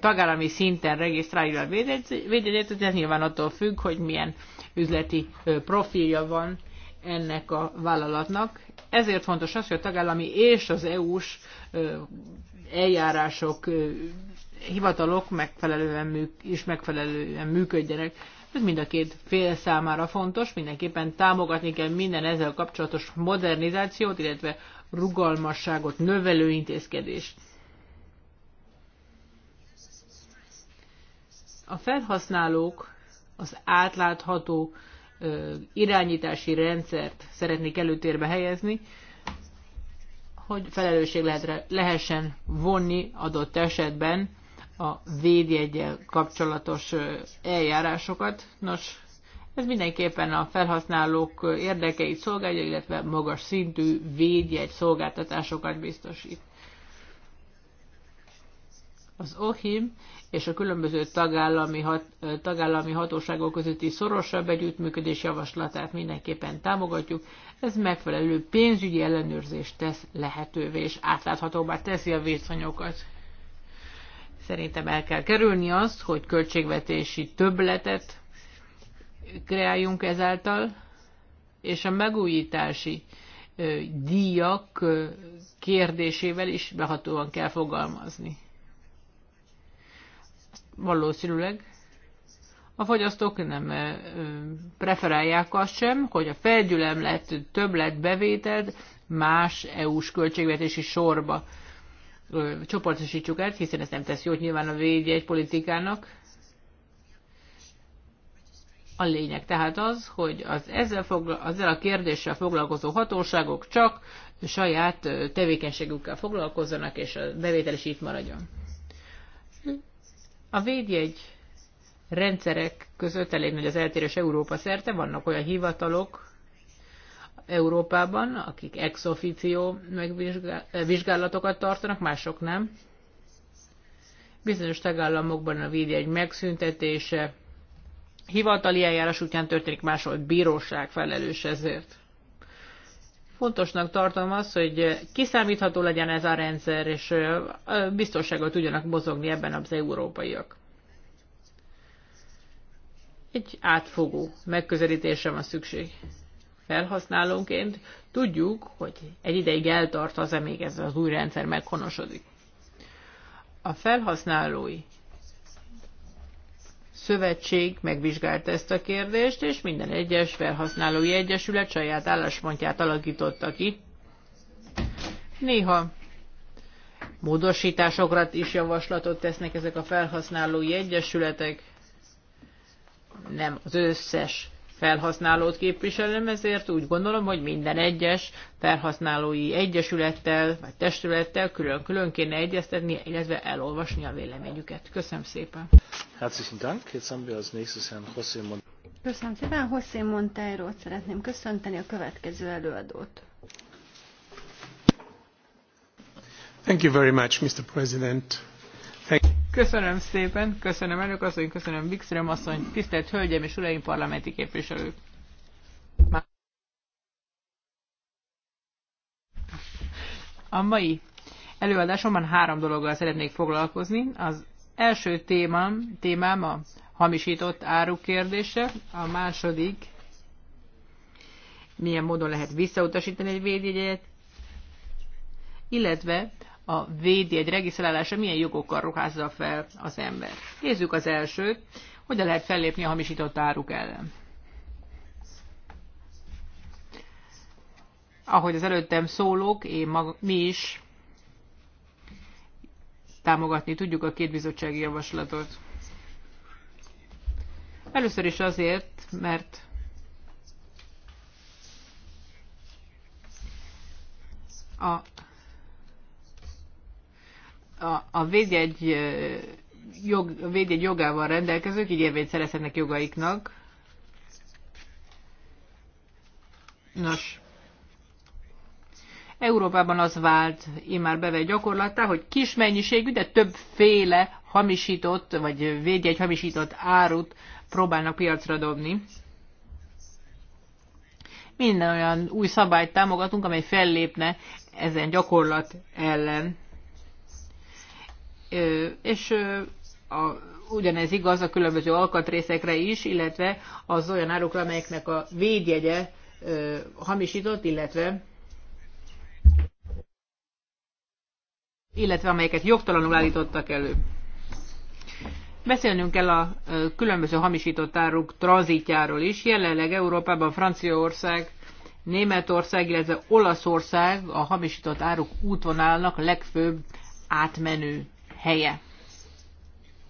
tagállami szinten regisztrálja a védjegyet, ez nyilván attól függ, hogy milyen üzleti profilja van ennek a vállalatnak. Ezért fontos az, hogy a tagállami és az EU-s eljárások hivatalok megfelelően műk, is megfelelően működjenek. Ez mind a két fél számára fontos, mindenképpen támogatni kell minden ezzel kapcsolatos modernizációt, illetve rugalmasságot növelő intézkedést. A felhasználók az átlátható irányítási rendszert szeretnék előtérbe helyezni, hogy felelősség lehet, lehessen vonni adott esetben a védjegyel kapcsolatos eljárásokat. Nos, ez mindenképpen a felhasználók érdekeit szolgálja, illetve magas szintű védjegy szolgáltatásokat biztosít. Az OHIM és a különböző tagállami, hat, tagállami hatóságok közötti szorosabb együttműködés javaslatát mindenképpen támogatjuk. Ez megfelelő pénzügyi ellenőrzést tesz lehetővé, és átláthatóbbá teszi a viszonyokat. Szerintem el kell kerülni azt, hogy költségvetési többletet kreáljunk ezáltal, és a megújítási díjak kérdésével is behatóan kell fogalmazni. Valószínűleg a fogyasztók nem preferálják azt sem, hogy a felgyülemlett bevételt más EU-s költségvetési sorba csoportosítsuk át, hiszen ez nem tesz jót nyilván a egy politikának. A lényeg tehát az, hogy az ezzel, fogla- ezzel a kérdéssel foglalkozó hatóságok csak saját tevékenységükkel foglalkozzanak, és a bevétel is itt maradjon. A védjegy rendszerek között elég nagy az eltérés Európa szerte, vannak olyan hivatalok, Európában, akik ex officio megvizsgálatokat tartanak, mások nem. Bizonyos tagállamokban a védjegy megszüntetése hivatali eljárás útján történik, máshol bíróság felelős ezért. Fontosnak tartom azt, hogy kiszámítható legyen ez a rendszer, és biztonsággal tudjanak mozogni ebben az európaiak. Egy átfogó megközelítésre van szükség felhasználónként tudjuk, hogy egy ideig eltart az, amíg ez az új rendszer meghonosodik. A felhasználói szövetség megvizsgálta ezt a kérdést, és minden egyes felhasználói egyesület saját álláspontját alakította ki. Néha módosításokra is javaslatot tesznek ezek a felhasználói egyesületek, nem az összes felhasználót képviselem, ezért úgy gondolom, hogy minden egyes felhasználói egyesülettel vagy testülettel külön-külön kéne egyeztetni, illetve elolvasni a véleményüket. Köszönöm szépen. Herzlichen Dank. Jetzt haben wir als nächstes Herrn José Köszönöm szépen. José Monteirót szeretném köszönteni a következő előadót. Thank you very much, Mr. President. Köszönöm szépen, köszönöm elnök asszony, köszönöm Wikström asszony, tisztelt hölgyem és uraim parlamenti képviselők. A mai előadásomban három dologgal szeretnék foglalkozni. Az első témám, témám a hamisított áru kérdése, a második milyen módon lehet visszautasítani egy védjegyet, illetve a védjegy regisztrálása milyen jogokkal ruházza fel az ember. Nézzük az elsőt, hogyan lehet fellépni a hamisított áruk ellen. Ahogy az előttem szólók, én mag, mi is támogatni tudjuk a két bizottsági javaslatot. Először is azért, mert a a, a védjegy, jog, védjegy jogával rendelkezők így érvényt szerezhetnek jogaiknak. Nos, Európában az vált immár bevett gyakorlattá, hogy kis mennyiségű, de többféle hamisított, vagy védjegy hamisított árut próbálnak piacra dobni. Minden olyan új szabályt támogatunk, amely fellépne ezen gyakorlat ellen és a, ugyanez igaz a különböző alkatrészekre is, illetve az olyan árukra, amelyeknek a védjegye hamisított, illetve illetve amelyeket jogtalanul állítottak elő. Beszélnünk kell a különböző hamisított áruk tranzitjáról is. Jelenleg Európában Franciaország, Németország, illetve Olaszország a hamisított áruk útvonalnak legfőbb átmenő helye.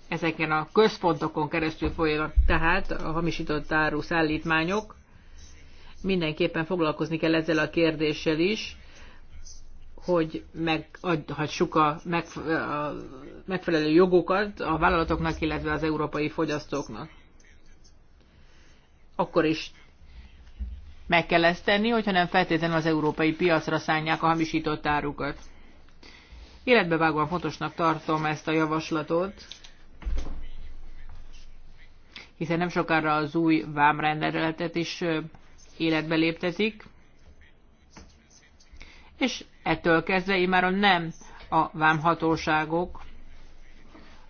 Ezeken a központokon keresztül folynak tehát a hamisított áru szállítmányok. Mindenképpen foglalkozni kell ezzel a kérdéssel is, hogy megadhassuk a, megfelelő jogokat a vállalatoknak, illetve az európai fogyasztóknak. Akkor is meg kell ezt tenni, hogyha nem feltétlenül az európai piacra szállják a hamisított árukat. Életbevágóan fontosnak tartom ezt a javaslatot, hiszen nem sokára az új vámrendeletet is életbe léptetik, és ettől kezdve imáron nem a vámhatóságok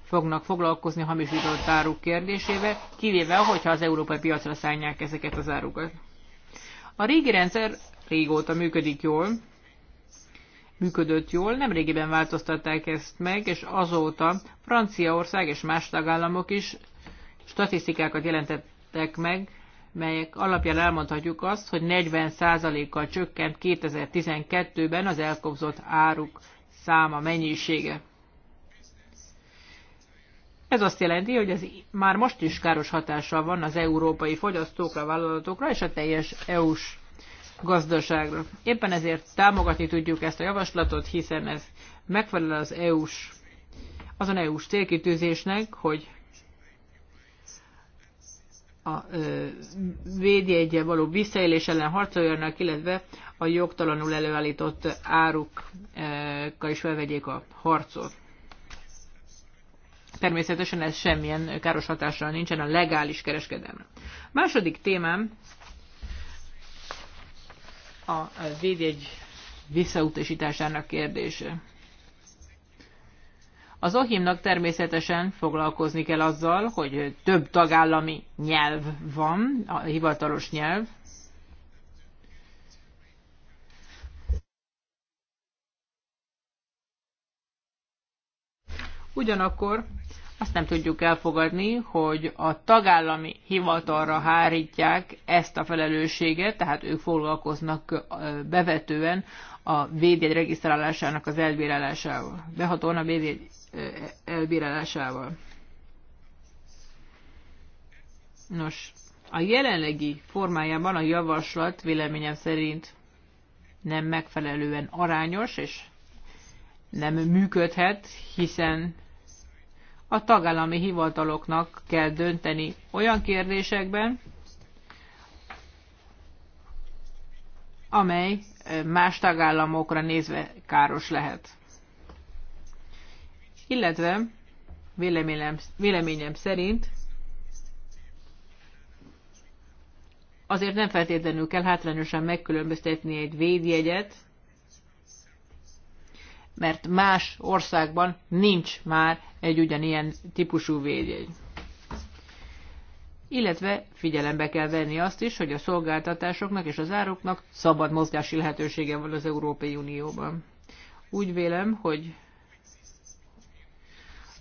fognak foglalkozni hamisított áruk kérdésével, kivéve, hogyha az európai piacra szállják ezeket az árukat. A régi rendszer régóta működik jól, működött jól. Nemrégiben változtatták ezt meg, és azóta Franciaország és más tagállamok is statisztikákat jelentettek meg, melyek alapján elmondhatjuk azt, hogy 40%-kal csökkent 2012-ben az elkobzott áruk száma mennyisége. Ez azt jelenti, hogy ez már most is káros hatással van az európai fogyasztókra, vállalatokra és a teljes EU-s gazdaságra. Éppen ezért támogatni tudjuk ezt a javaslatot, hiszen ez megfelel az EU-s, azon EU-s célkitűzésnek, hogy a védjegyel való visszaélés ellen harcoljanak, illetve a jogtalanul előállított árukkal is felvegyék a harcot. Természetesen ez semmilyen káros hatással nincsen a legális kereskedelme. Második témám a védjegy visszautasításának kérdése. Az OHIM-nak természetesen foglalkozni kell azzal, hogy több tagállami nyelv van, a hivatalos nyelv. Ugyanakkor azt nem tudjuk elfogadni, hogy a tagállami hivatalra hárítják ezt a felelősséget, tehát ők foglalkoznak bevetően a védjegy regisztrálásának az elbírálásával, behatóan a védjegy elbírálásával. Nos, a jelenlegi formájában a javaslat véleményem szerint nem megfelelően arányos, és nem működhet, hiszen a tagállami hivataloknak kell dönteni olyan kérdésekben, amely más tagállamokra nézve káros lehet. Illetve véleményem, véleményem szerint azért nem feltétlenül kell hátrányosan megkülönböztetni egy védjegyet mert más országban nincs már egy ugyanilyen típusú védjegy. Illetve figyelembe kell venni azt is, hogy a szolgáltatásoknak és az ároknak szabad mozgási lehetősége van az Európai Unióban. Úgy vélem, hogy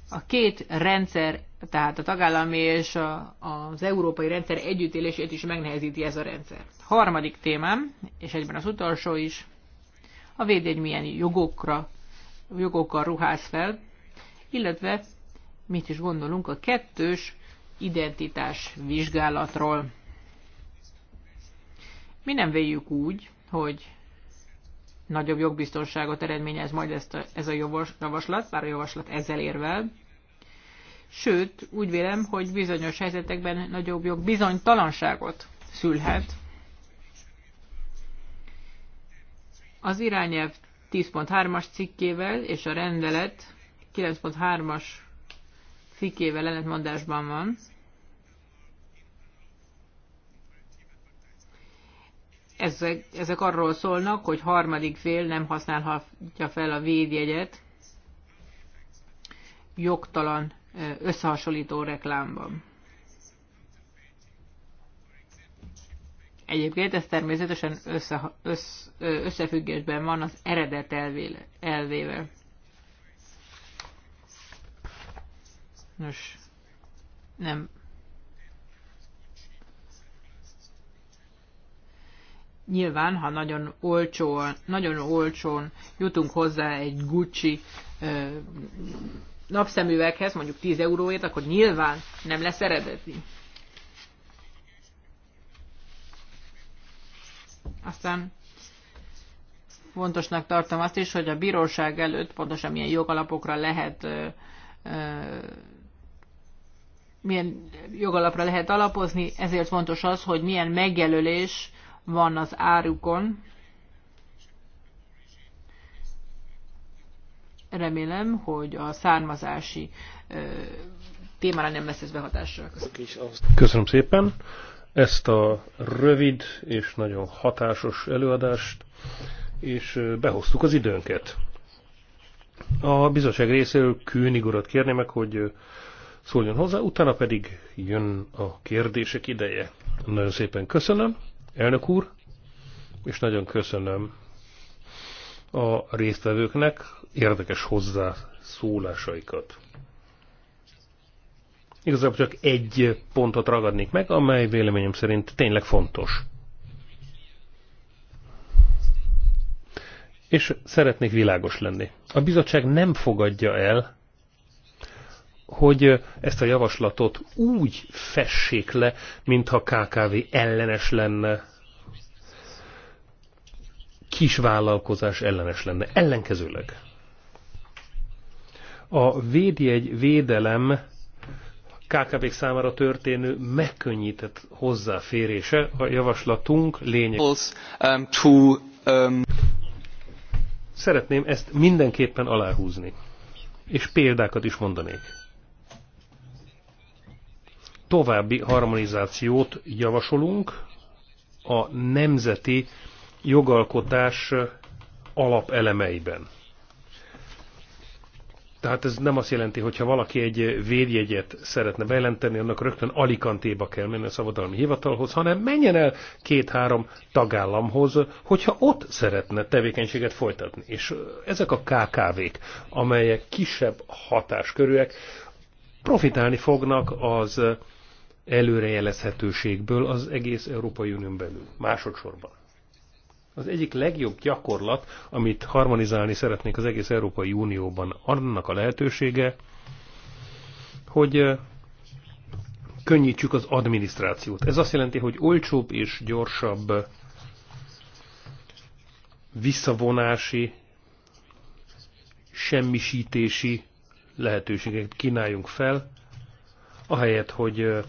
a két rendszer, tehát a tagállami és a, az európai rendszer együttélését is megnehezíti ez a rendszer. Harmadik témám, és egyben az utolsó is, a védjegy milyen jogokra jogokkal ruház fel, illetve mit is gondolunk a kettős identitás vizsgálatról. Mi nem véljük úgy, hogy nagyobb jogbiztonságot eredményez majd ezt a, ez a javaslat, bár a javaslat ezzel érvel. Sőt, úgy vélem, hogy bizonyos helyzetekben nagyobb jog bizonytalanságot szülhet. Az irányelv 10.3-as cikkével és a rendelet 9.3-as cikkével ellentmondásban van. Ezek, ezek arról szólnak, hogy harmadik fél nem használhatja fel a védjegyet jogtalan összehasonlító reklámban. Egyébként ez természetesen össze, össz, összefüggésben van az eredet elvéle, elvével. Nos, nem. Nyilván, ha nagyon olcsón, nagyon olcsón jutunk hozzá egy Gucci ö, napszemüveghez, mondjuk 10 euróért, akkor nyilván nem lesz eredeti. Aztán fontosnak tartom azt is, hogy a bíróság előtt pontosan milyen jogalapokra lehet milyen jogalapra lehet alapozni, ezért fontos az, hogy milyen megjelölés van az árukon. Remélem, hogy a származási témára nem lesz ez behatással. Köszönöm szépen ezt a rövid és nagyon hatásos előadást, és behoztuk az időnket. A bizottság részéről Kőnig urat meg, hogy szóljon hozzá, utána pedig jön a kérdések ideje. Nagyon szépen köszönöm, elnök úr, és nagyon köszönöm a résztvevőknek érdekes hozzászólásaikat. Igazából csak egy pontot ragadnék meg, amely véleményem szerint tényleg fontos. És szeretnék világos lenni. A bizottság nem fogadja el, hogy ezt a javaslatot úgy fessék le, mintha KKV ellenes lenne, kisvállalkozás ellenes lenne. Ellenkezőleg. A védjegy védelem kkv számára történő megkönnyített hozzáférése a javaslatunk lényeg. Um, um, Szeretném ezt mindenképpen aláhúzni, és példákat is mondanék. További harmonizációt javasolunk a nemzeti jogalkotás alapelemeiben. Tehát ez nem azt jelenti, hogyha valaki egy védjegyet szeretne bejelenteni, annak rögtön alikantéba kell menni a szabadalmi hivatalhoz, hanem menjen el két-három tagállamhoz, hogyha ott szeretne tevékenységet folytatni. És ezek a KKV-k, amelyek kisebb hatáskörűek, profitálni fognak az előrejelezhetőségből az egész Európai Unión belül, másodszorban az egyik legjobb gyakorlat, amit harmonizálni szeretnék az egész Európai Unióban, annak a lehetősége, hogy könnyítsük az adminisztrációt. Ez azt jelenti, hogy olcsóbb és gyorsabb visszavonási, semmisítési lehetőségeket kínáljunk fel, ahelyett, hogy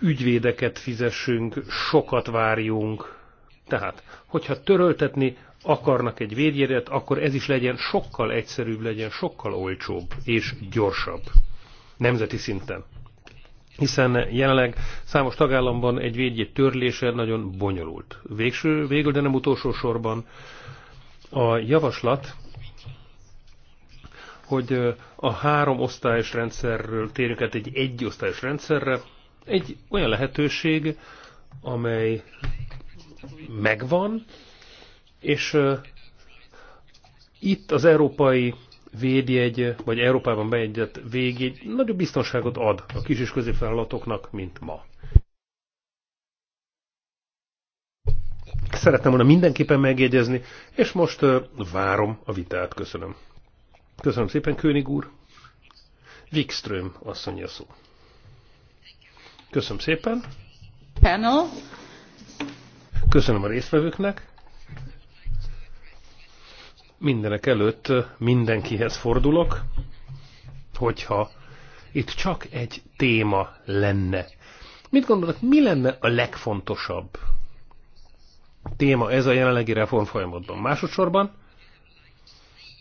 ügyvédeket fizessünk, sokat várjunk, tehát, hogyha töröltetni akarnak egy védjegyet, akkor ez is legyen sokkal egyszerűbb, legyen sokkal olcsóbb és gyorsabb nemzeti szinten. Hiszen jelenleg számos tagállamban egy védjegy törlése nagyon bonyolult. Végső, végül, de nem utolsó sorban a javaslat, hogy a három osztályos rendszerről térjünk át egy egy osztályos rendszerre, egy olyan lehetőség, amely megvan, és itt az európai védjegy, vagy Európában bejegyzett végig nagyobb biztonságot ad a kis és középvállalatoknak, mint ma. Szeretném volna mindenképpen megjegyezni, és most uh, várom a vitát. Köszönöm. Köszönöm szépen, König úr. Wikström asszony a szó. Köszönöm szépen. Panel. Köszönöm a résztvevőknek. Mindenek előtt mindenkihez fordulok, hogyha itt csak egy téma lenne. Mit gondolok, mi lenne a legfontosabb téma ez a jelenlegi reform folyamatban? Másodszorban,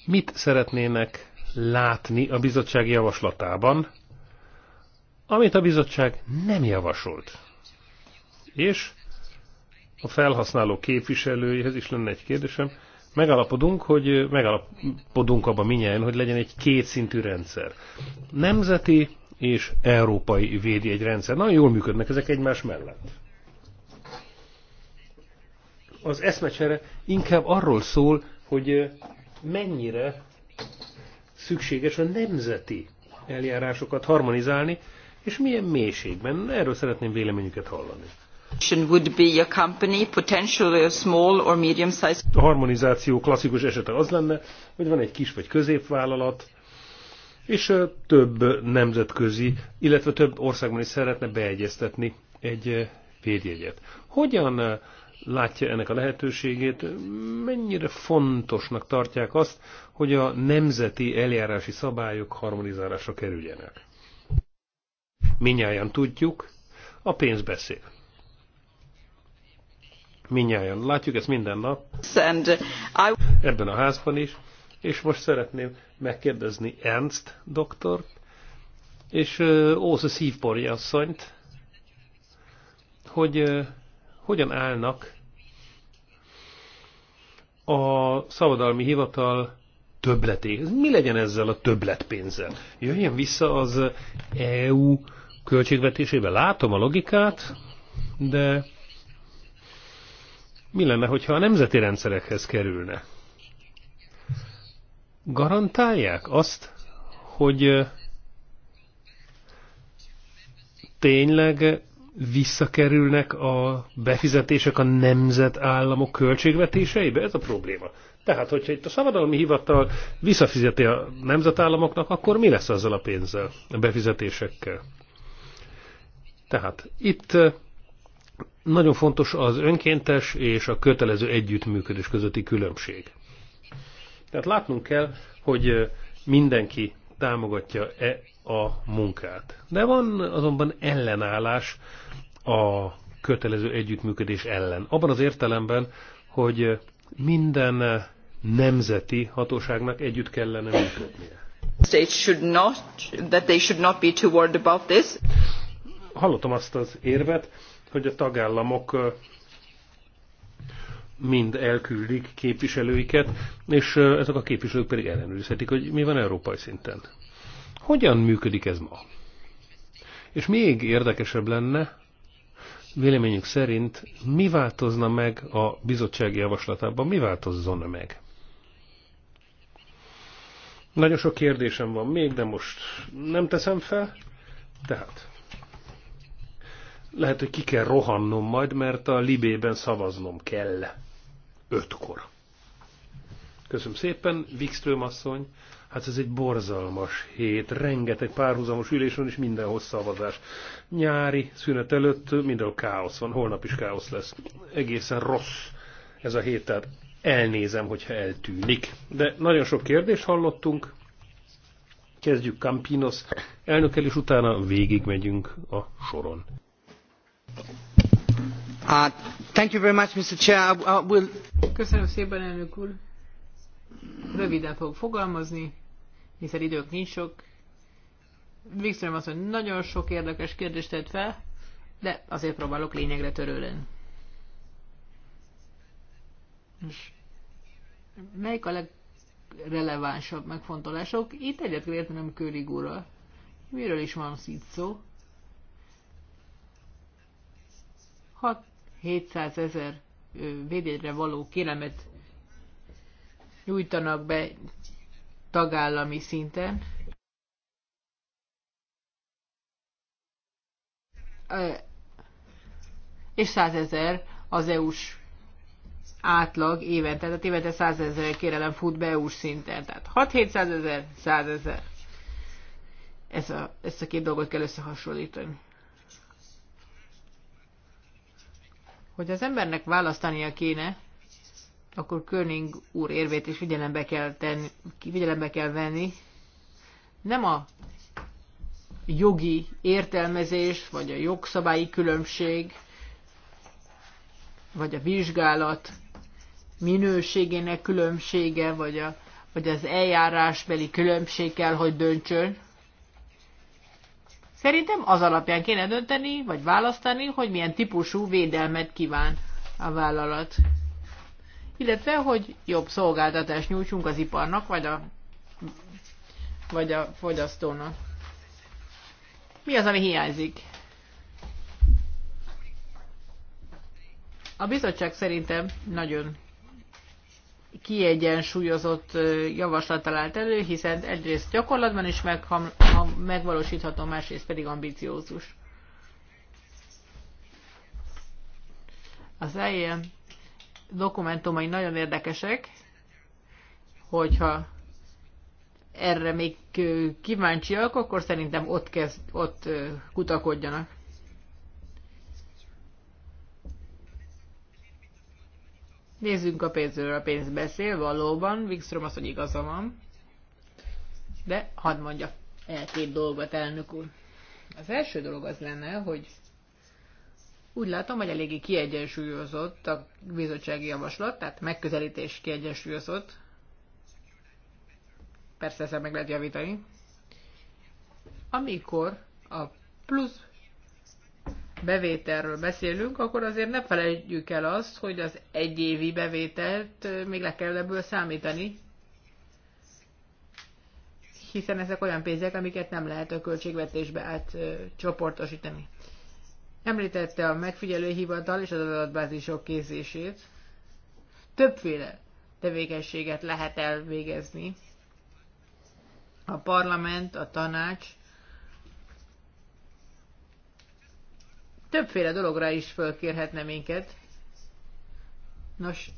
mit szeretnének látni a bizottság javaslatában, amit a bizottság nem javasolt? És a felhasználó képviselőjéhez is lenne egy kérdésem. Megalapodunk, hogy megalapodunk abban minnyáján, hogy legyen egy kétszintű rendszer. Nemzeti és európai védi egy rendszer. Nagyon jól működnek ezek egymás mellett. Az eszmecsere inkább arról szól, hogy mennyire szükséges a nemzeti eljárásokat harmonizálni, és milyen mélységben. Erről szeretném véleményüket hallani. A harmonizáció klasszikus esete az lenne, hogy van egy kis vagy középvállalat, és több nemzetközi, illetve több országban is szeretne beegyeztetni egy védjegyet. Hogyan látja ennek a lehetőségét, mennyire fontosnak tartják azt, hogy a nemzeti eljárási szabályok harmonizálásra kerüljenek. Minnyáján tudjuk, a pénz beszél minnyáján. Látjuk ezt minden nap uh, ebben a házban is, és most szeretném megkérdezni Ernst doktort, és Ósza szívporja asszonyt, hogy hogyan állnak a szabadalmi hivatal többleté. Mi legyen ezzel a többletpénzzel? Jöjjön vissza az EU költségvetésébe. Látom a logikát, de mi lenne, hogyha a nemzeti rendszerekhez kerülne? Garantálják azt, hogy tényleg visszakerülnek a befizetések a nemzetállamok költségvetéseibe? Ez a probléma. Tehát, hogyha itt a szabadalmi hivatal visszafizeti a nemzetállamoknak, akkor mi lesz azzal a pénzzel, a befizetésekkel? Tehát itt nagyon fontos az önkéntes és a kötelező együttműködés közötti különbség. Tehát látnunk kell, hogy mindenki támogatja-e a munkát. De van azonban ellenállás a kötelező együttműködés ellen. Abban az értelemben, hogy minden nemzeti hatóságnak együtt kellene működnie. States should not, that they should not be too worried about this. Hallottam azt az érvet, hogy a tagállamok mind elküldik képviselőiket, és ezek a képviselők pedig ellenőrizhetik, hogy mi van európai szinten. Hogyan működik ez ma? És még érdekesebb lenne, véleményük szerint mi változna meg a bizottság javaslatában, mi változzon meg? Nagyon sok kérdésem van még, de most nem teszem fel. Tehát lehet, hogy ki kell rohannom majd, mert a Libében szavaznom kell. Ötkor. Köszönöm szépen, Wikström asszony. Hát ez egy borzalmas hét, rengeteg párhuzamos ülés van, és mindenhol szavazás. Nyári szünet előtt mindenhol káosz van, holnap is káosz lesz. Egészen rossz ez a hét, tehát elnézem, hogyha eltűnik. De nagyon sok kérdést hallottunk. Kezdjük Campinos elnökkel, és utána végigmegyünk a soron. Uh, Köszönöm szépen, elnök úr. Röviden fogok fogalmazni, hiszen időnk nincs sok. Wikström asszony nagyon sok érdekes kérdést tett fel, de azért próbálok lényegre törően melyik a legrelevánsabb megfontolások? Itt egyet kell értenem Körig úrral. Miről is van itt szó? 6-700 ezer védélyre való kéremet nyújtanak be tagállami szinten. És 100 ezer az EU-s átlag évente, tehát évente 100 ezer kérelem fut be EU-s szinten. Tehát 6-700 ezer, 100 ezer. Ezt a, ezt a két dolgot kell összehasonlítani. Hogy az embernek választania kéne, akkor König úr érvét is figyelembe kell, tenni, figyelembe kell venni. Nem a jogi értelmezés, vagy a jogszabályi különbség, vagy a vizsgálat minőségének különbsége, vagy, a, vagy az eljárásbeli különbség kell, hogy döntsön, Szerintem az alapján kéne dönteni, vagy választani, hogy milyen típusú védelmet kíván a vállalat. Illetve, hogy jobb szolgáltatást nyújtsunk az iparnak, vagy a, vagy a fogyasztónak. Mi az, ami hiányzik? A bizottság szerintem nagyon kiegyensúlyozott javaslat talált elő, hiszen egyrészt gyakorlatban is megvalósítható, másrészt pedig ambiciózus. Az e ilyen dokumentumai nagyon érdekesek, hogyha erre még kíváncsiak, akkor szerintem ott, kezd, ott kutakodjanak. Nézzünk a pénzről, a pénz beszél, valóban, Wikström az, hogy igaza van. De hadd mondja el két dolgot, elnök úr. Az első dolog az lenne, hogy úgy látom, hogy eléggé kiegyensúlyozott a bizottsági javaslat, tehát megközelítés kiegyensúlyozott. Persze ezzel meg lehet javítani. Amikor a plusz bevételről beszélünk, akkor azért ne felejtjük el azt, hogy az egyévi bevételt még le kell ebből számítani, hiszen ezek olyan pénzek, amiket nem lehet a költségvetésbe átcsoportosítani. Említette a megfigyelőhivatal és az adatbázisok készését. Többféle tevékenységet lehet elvégezni. A parlament, a tanács többféle dologra is fölkérhetne minket. Nos,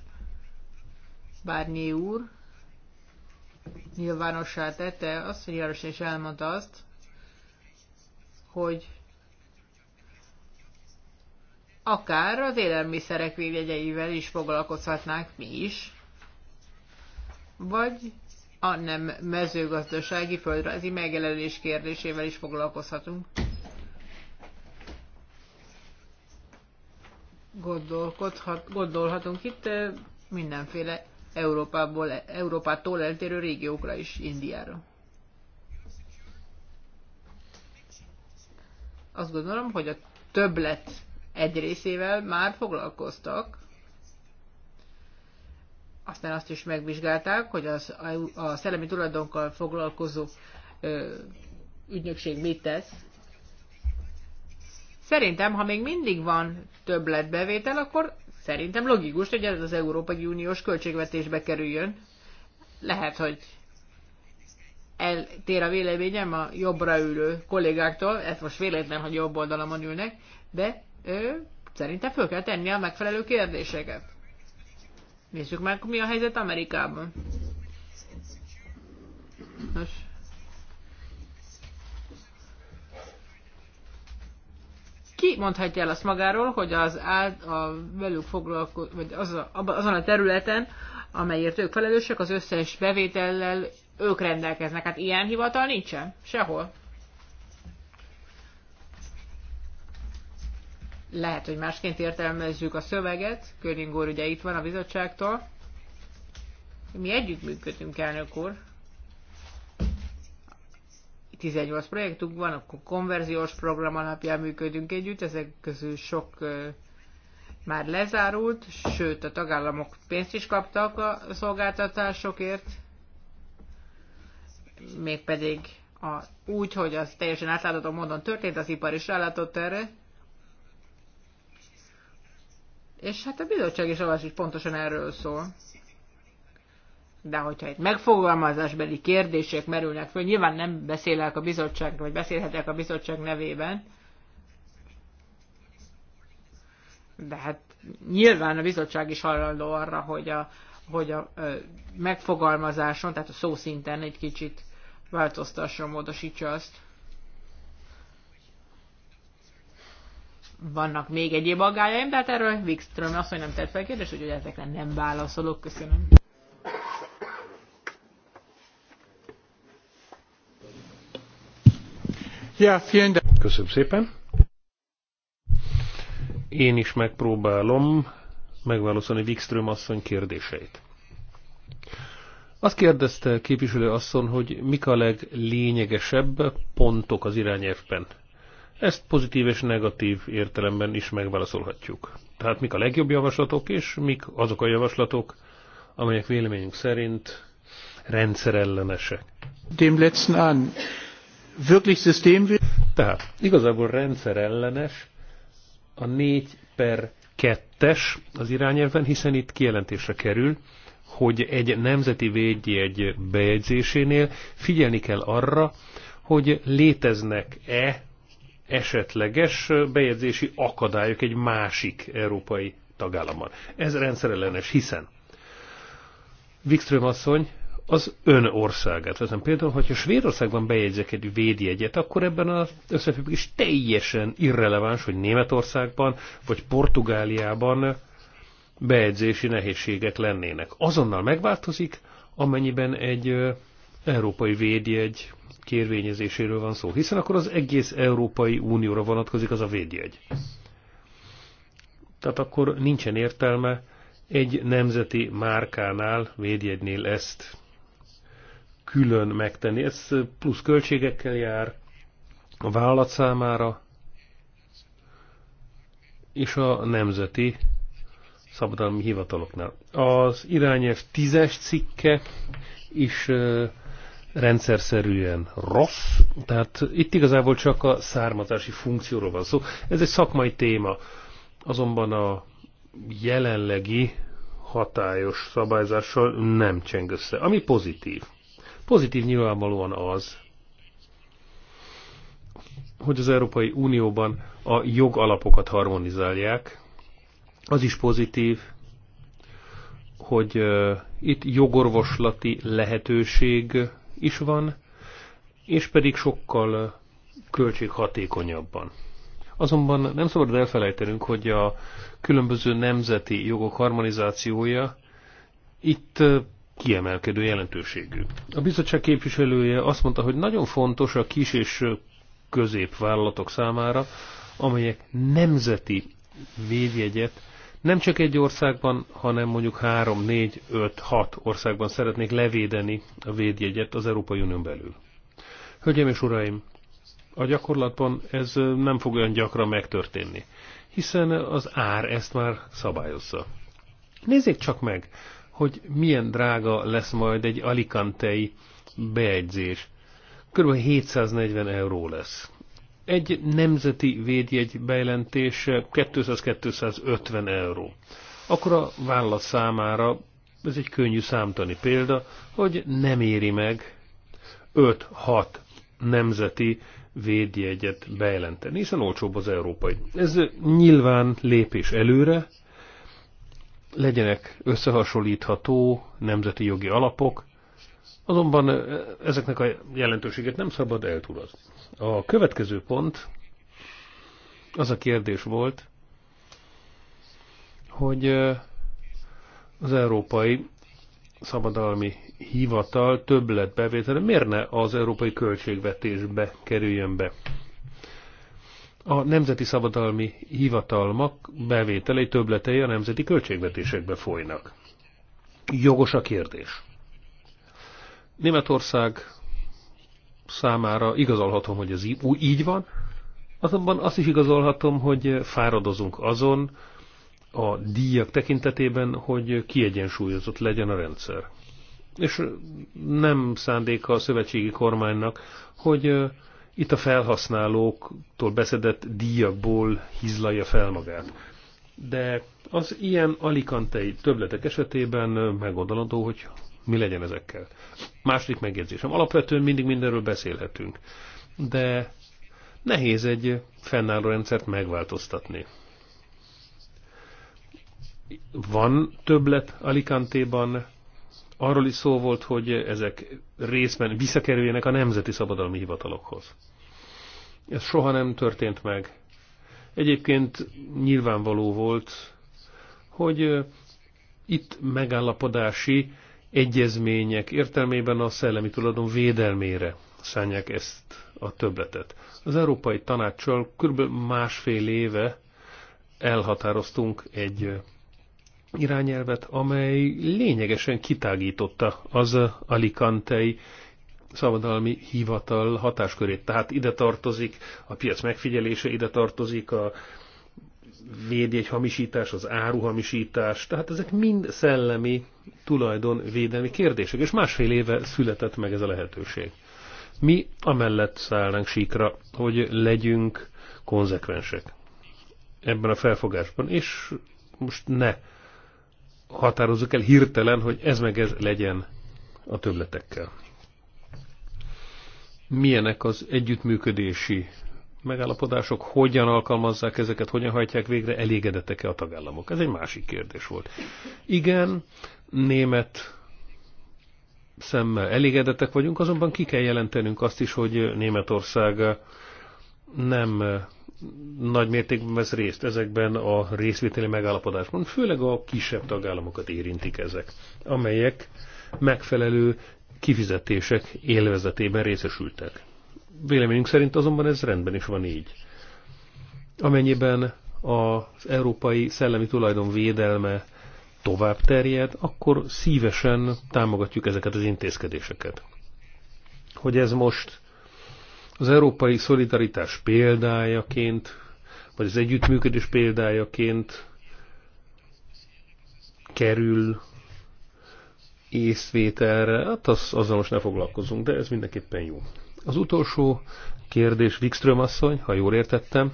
Bárnyi úr nyilvánossá tette azt, hogy Jaros is elmondta azt, hogy akár az élelmiszerek védjegyeivel is foglalkozhatnánk mi is, vagy a nem mezőgazdasági földrajzi megjelenés kérdésével is foglalkozhatunk. gondolkodhat, gondolhatunk itt eh, mindenféle Európából, Európától eltérő régiókra is, Indiára. Azt gondolom, hogy a többlet egy részével már foglalkoztak, aztán azt is megvizsgálták, hogy az, a szellemi tulajdonkkal foglalkozó ö, ügynökség mit tesz. Szerintem, ha még mindig van többletbevétel, akkor szerintem logikus, hogy ez az Európai Uniós költségvetésbe kerüljön. Lehet, hogy eltér a véleményem a jobbra ülő kollégáktól, ez most véletlen, hogy jobb oldalamon ülnek, de ő, szerintem föl kell tenni a megfelelő kérdéseket. Nézzük meg, mi a helyzet Amerikában. Nos, ki mondhatja el azt magáról, hogy az áld, a velük foglalkozó, vagy az a, azon a területen, amelyért ők felelősek, az összes bevétellel ők rendelkeznek. Hát ilyen hivatal nincsen? Sehol. Lehet, hogy másként értelmezzük a szöveget. Körning úr ugye itt van a bizottságtól. Mi együttműködünk, elnök úr. 18 projektünk van, akkor konverziós program alapján működünk együtt, ezek közül sok már lezárult, sőt a tagállamok pénzt is kaptak a szolgáltatásokért, mégpedig a, úgy, hogy az teljesen átlátható módon történt, az ipar is rálátott erre. És hát a bizottság is olvas, hogy pontosan erről szól de hogyha itt megfogalmazásbeli kérdések merülnek föl, nyilván nem beszélek a bizottság, vagy beszélhetek a bizottság nevében, de hát nyilván a bizottság is hajlandó arra, hogy a, hogy a ö, megfogalmazáson, tehát a szó szinten egy kicsit változtasson, módosítsa azt. Vannak még egyéb aggájaim, de hát erről Wikström azt, hogy nem tett fel kérdést, úgyhogy ezekre nem válaszolok. Köszönöm. Köszönöm szépen. Én is megpróbálom megválaszolni Wikström asszony kérdéseit. Azt kérdezte képviselő asszony, hogy mik a leglényegesebb pontok az irányelvben. Ezt pozitív és negatív értelemben is megválaszolhatjuk. Tehát mik a legjobb javaslatok, és mik azok a javaslatok, amelyek véleményünk szerint rendszerellenesek. Dem letzten an wirklich Tehát igazából rendszerellenes a 4 per 2-es az irányelven, hiszen itt kijelentésre kerül, hogy egy nemzeti védjegy bejegyzésénél figyelni kell arra, hogy léteznek-e esetleges bejegyzési akadályok egy másik európai tagállamban. Ez rendszerellenes, hiszen Wikström asszony az ön országát veszem. Például, hogyha Svédországban bejegyzek egy védjegyet, akkor ebben az összefüggés teljesen irreleváns, hogy Németországban vagy Portugáliában bejegyzési nehézségek lennének. Azonnal megváltozik, amennyiben egy európai védjegy kérvényezéséről van szó, hiszen akkor az egész Európai Unióra vonatkozik az a védjegy. Tehát akkor nincsen értelme egy nemzeti márkánál, védjegynél ezt külön megtenni. Ez plusz költségekkel jár a vállalat számára és a nemzeti szabadalmi hivataloknál. Az irányelv tízes cikke is rendszer szerűen rossz, tehát itt igazából csak a származási funkcióról van szó. Ez egy szakmai téma, azonban a jelenlegi hatályos szabályzással nem cseng össze, ami pozitív. Pozitív nyilvánvalóan az, hogy az Európai Unióban a jogalapokat harmonizálják. Az is pozitív, hogy uh, itt jogorvoslati lehetőség is van, és pedig sokkal költséghatékonyabban. Azonban nem szabad elfelejtenünk, hogy a különböző nemzeti jogok harmonizációja itt kiemelkedő jelentőségű. A bizottság képviselője azt mondta, hogy nagyon fontos a kis és középvállalatok számára, amelyek nemzeti védjegyet nem csak egy országban, hanem mondjuk 3, 4, 5, 6 országban szeretnék levédeni a védjegyet az Európai Unión belül. Hölgyeim és uraim, a gyakorlatban ez nem fog olyan gyakran megtörténni, hiszen az ár ezt már szabályozza. Nézzék csak meg, hogy milyen drága lesz majd egy alikantei bejegyzés. Körülbelül 740 euró lesz. Egy nemzeti védjegy bejelentése 200-250 euró. Akkor a vállalat számára ez egy könnyű számtani példa, hogy nem éri meg 5-6 nemzeti védjegyet bejelenteni, hiszen olcsóbb az európai. Ez nyilván lépés előre, legyenek összehasonlítható nemzeti jogi alapok, azonban e, ezeknek a jelentőséget nem szabad eltúlozni. A következő pont az a kérdés volt, hogy e, az Európai Szabadalmi Hivatal többletbevétele miért ne az európai költségvetésbe kerüljön be? a nemzeti szabadalmi hivatalmak bevételei többletei a nemzeti költségvetésekbe folynak. Jogos a kérdés. Németország számára igazolhatom, hogy ez így van, azonban azt is igazolhatom, hogy fáradozunk azon a díjak tekintetében, hogy kiegyensúlyozott legyen a rendszer. És nem szándéka a szövetségi kormánynak, hogy itt a felhasználóktól beszedett díjakból hizlalja fel magát. De az ilyen alikantei töbletek esetében meggondolandó, hogy mi legyen ezekkel. Második megjegyzésem. Alapvetően mindig mindenről beszélhetünk, de nehéz egy fennálló rendszert megváltoztatni. Van többlet Alicante-ban, arról is szó volt, hogy ezek részben visszakerüljenek a nemzeti szabadalmi hivatalokhoz. Ez soha nem történt meg. Egyébként nyilvánvaló volt, hogy itt megállapodási egyezmények értelmében a szellemi tulajdon védelmére szánják ezt a töbletet. Az Európai Tanácssal kb. másfél éve elhatároztunk egy irányelvet, amely lényegesen kitágította az alikantei szabadalmi hivatal hatáskörét. Tehát ide tartozik a piac megfigyelése, ide tartozik a védjegy hamisítás, az áruhamisítás, tehát ezek mind szellemi tulajdonvédelmi kérdések, és másfél éve született meg ez a lehetőség. Mi amellett szállnánk síkra, hogy legyünk konzekvensek ebben a felfogásban, és most ne határozzuk el hirtelen, hogy ez meg ez legyen a többletekkel. Milyenek az együttműködési megállapodások, hogyan alkalmazzák ezeket, hogyan hajtják végre, elégedettek-e a tagállamok? Ez egy másik kérdés volt. Igen, német szemmel elégedettek vagyunk, azonban ki kell jelentenünk azt is, hogy Németország nem nagy mértékben vesz részt ezekben a részvételi megállapodásban, főleg a kisebb tagállamokat érintik ezek, amelyek megfelelő kifizetések élvezetében részesültek. Véleményünk szerint azonban ez rendben is van így. Amennyiben az európai szellemi tulajdon védelme tovább terjed, akkor szívesen támogatjuk ezeket az intézkedéseket. Hogy ez most az európai szolidaritás példájaként, vagy az együttműködés példájaként kerül észvételre, hát az, azzal most ne foglalkozunk, de ez mindenképpen jó. Az utolsó kérdés, Wikström asszony, ha jól értettem,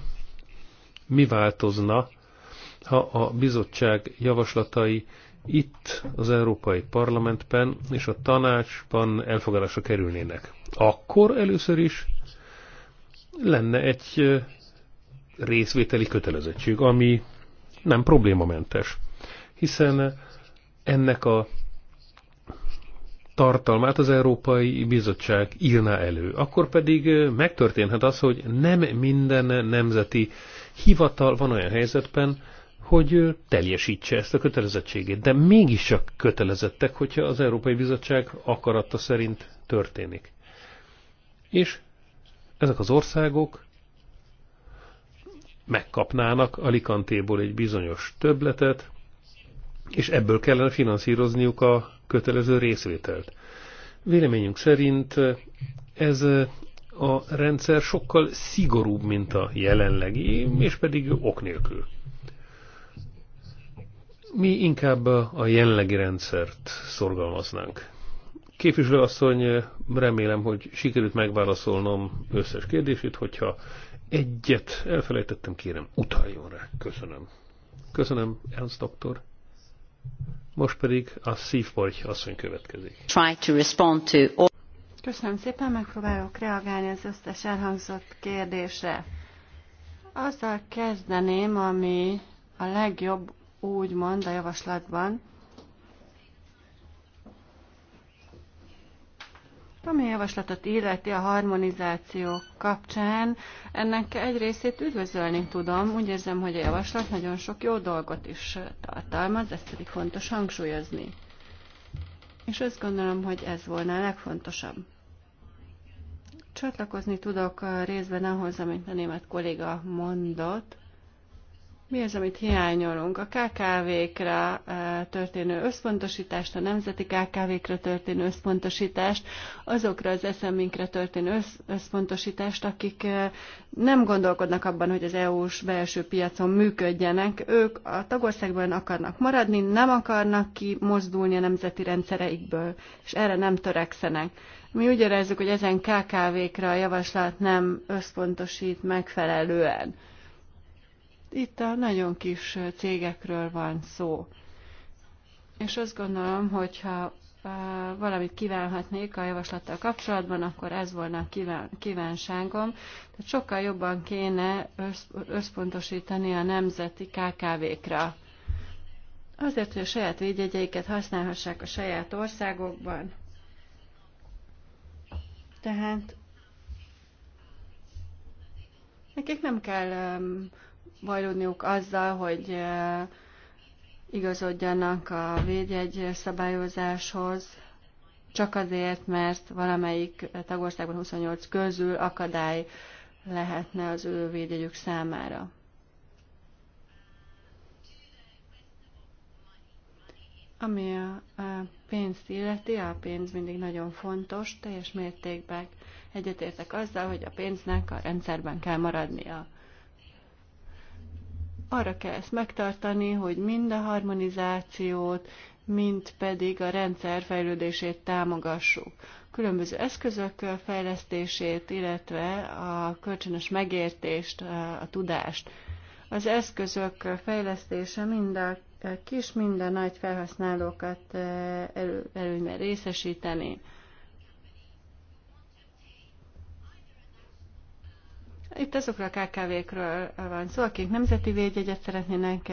mi változna, ha a bizottság javaslatai itt az Európai Parlamentben és a tanácsban elfogadásra kerülnének? Akkor először is lenne egy részvételi kötelezettség, ami nem problémamentes, hiszen ennek a tartalmát az Európai Bizottság írná elő. Akkor pedig megtörténhet az, hogy nem minden nemzeti hivatal van olyan helyzetben, hogy teljesítse ezt a kötelezettségét. De mégiscsak kötelezettek, hogyha az Európai Bizottság akaratta szerint történik. És ezek az országok megkapnának Alicantéból egy bizonyos többletet, és ebből kellene finanszírozniuk a kötelező részvételt. Véleményünk szerint ez a rendszer sokkal szigorúbb, mint a jelenlegi, és pedig ok nélkül. Mi inkább a jelenlegi rendszert szorgalmaznánk. Képviselőasszony, remélem, hogy sikerült megválaszolnom összes kérdését, hogyha egyet elfelejtettem, kérem, utaljon rá. Köszönöm. Köszönöm, Ernst doktor. Most pedig a szívbaj asszony következik. Try to respond to all... Köszönöm szépen, megpróbálok reagálni az összes elhangzott kérdésre. Azzal kezdeném, ami a legjobb úgymond a javaslatban, Ami javaslatot illeti a harmonizáció kapcsán, ennek egy részét üdvözölni tudom. Úgy érzem, hogy a javaslat nagyon sok jó dolgot is tartalmaz, ezt pedig fontos hangsúlyozni. És azt gondolom, hogy ez volna a legfontosabb. Csatlakozni tudok részben ahhoz, amit a német kolléga mondott. Mi az, amit hiányolunk? A KKV-kra eh, történő összpontosítást, a nemzeti KKV-kra történő összpontosítást, azokra az eszeminkre történő összpontosítást, akik eh, nem gondolkodnak abban, hogy az EU-s belső piacon működjenek. Ők a tagországban akarnak maradni, nem akarnak kimozdulni a nemzeti rendszereikből, és erre nem törekszenek. Mi úgy érezzük, hogy ezen KKV-kra a javaslat nem összpontosít megfelelően itt a nagyon kis cégekről van szó. És azt gondolom, hogyha valamit kívánhatnék a javaslattal kapcsolatban, akkor ez volna a kívánságom. Tehát sokkal jobban kéne összpontosítani a nemzeti KKV-kra. Azért, hogy a saját védjegyeiket használhassák a saját országokban. Tehát nekik nem kell bajlódniuk azzal, hogy igazodjanak a védjegy szabályozáshoz, csak azért, mert valamelyik tagországban 28 közül akadály lehetne az ő védjegyük számára. Ami a pénzt illeti, a pénz mindig nagyon fontos, teljes mértékben egyetértek azzal, hogy a pénznek a rendszerben kell maradnia arra kell ezt megtartani, hogy mind a harmonizációt, mind pedig a rendszer fejlődését támogassuk. Különböző eszközök fejlesztését, illetve a kölcsönös megértést, a tudást. Az eszközök fejlesztése mind a kis, mind a nagy felhasználókat eh, elő, előnyben részesíteni. Itt azokra a KKV-kről van szó, akik nemzeti védjegyet szeretnének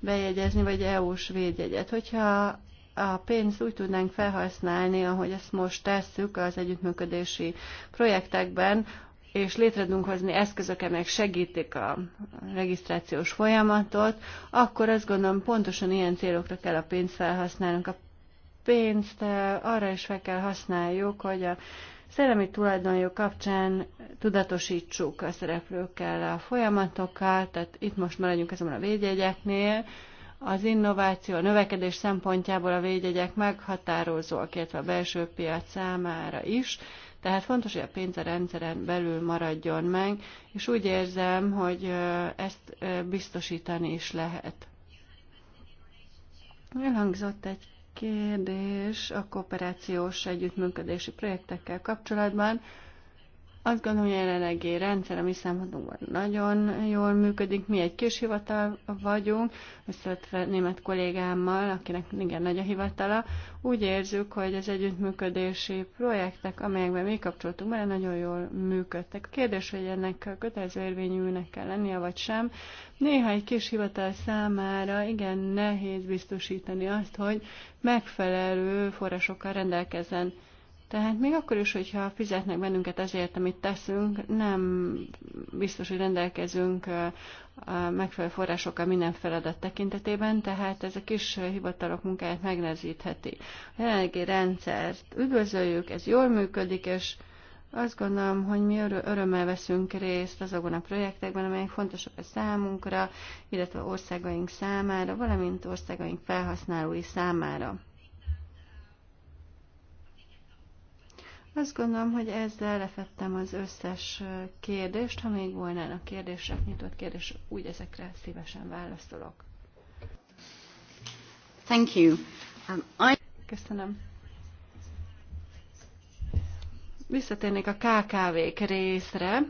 bejegyezni, vagy EU-s védjegyet. Hogyha a pénzt úgy tudnánk felhasználni, ahogy ezt most tesszük az együttműködési projektekben, és létre tudunk hozni eszközök, amelyek segítik a regisztrációs folyamatot, akkor azt gondolom pontosan ilyen célokra kell a pénzt felhasználnunk. A pénzt eh, arra is fel kell használjuk, hogy a szellemi tulajdonjog kapcsán tudatosítsuk a szereplőkkel a folyamatokat, tehát itt most maradjunk ezen a védjegyeknél, az innováció, a növekedés szempontjából a védjegyek meghatározóak, illetve a belső piac számára is, tehát fontos, hogy a pénz a rendszeren belül maradjon meg, és úgy érzem, hogy ezt biztosítani is lehet. Elhangzott egy kérdés a kooperációs együttműködési projektekkel kapcsolatban. Azt gondolom, hogy a jelenlegi rendszer, ami számodunk nagyon jól működik. Mi egy kis hivatal vagyunk, összevetve német kollégámmal, akinek igen nagy a hivatala. Úgy érzük, hogy az együttműködési projektek, amelyekben mi kapcsoltunk bele, nagyon jól működtek. A kérdés, hogy ennek kötelező érvényűnek kell lennie, vagy sem. Néha egy kis hivatal számára igen nehéz biztosítani azt, hogy megfelelő forrásokkal rendelkezzen tehát még akkor is, hogyha fizetnek bennünket azért, amit teszünk, nem biztos, hogy rendelkezünk a megfelelő forrásokkal minden feladat tekintetében, tehát ez a kis hivatalok munkáját megnezítheti. A jelenlegi rendszert üdvözöljük, ez jól működik, és azt gondolom, hogy mi örömmel veszünk részt azokon a projektekben, amelyek fontosak a számunkra, illetve országaink számára, valamint országaink felhasználói számára. Azt gondolom, hogy ezzel lefettem az összes kérdést. Ha még volnának kérdések, nyitott kérdés, úgy ezekre szívesen válaszolok. Thank you. Um, I... Köszönöm. Visszatérnék a KKV-k részre.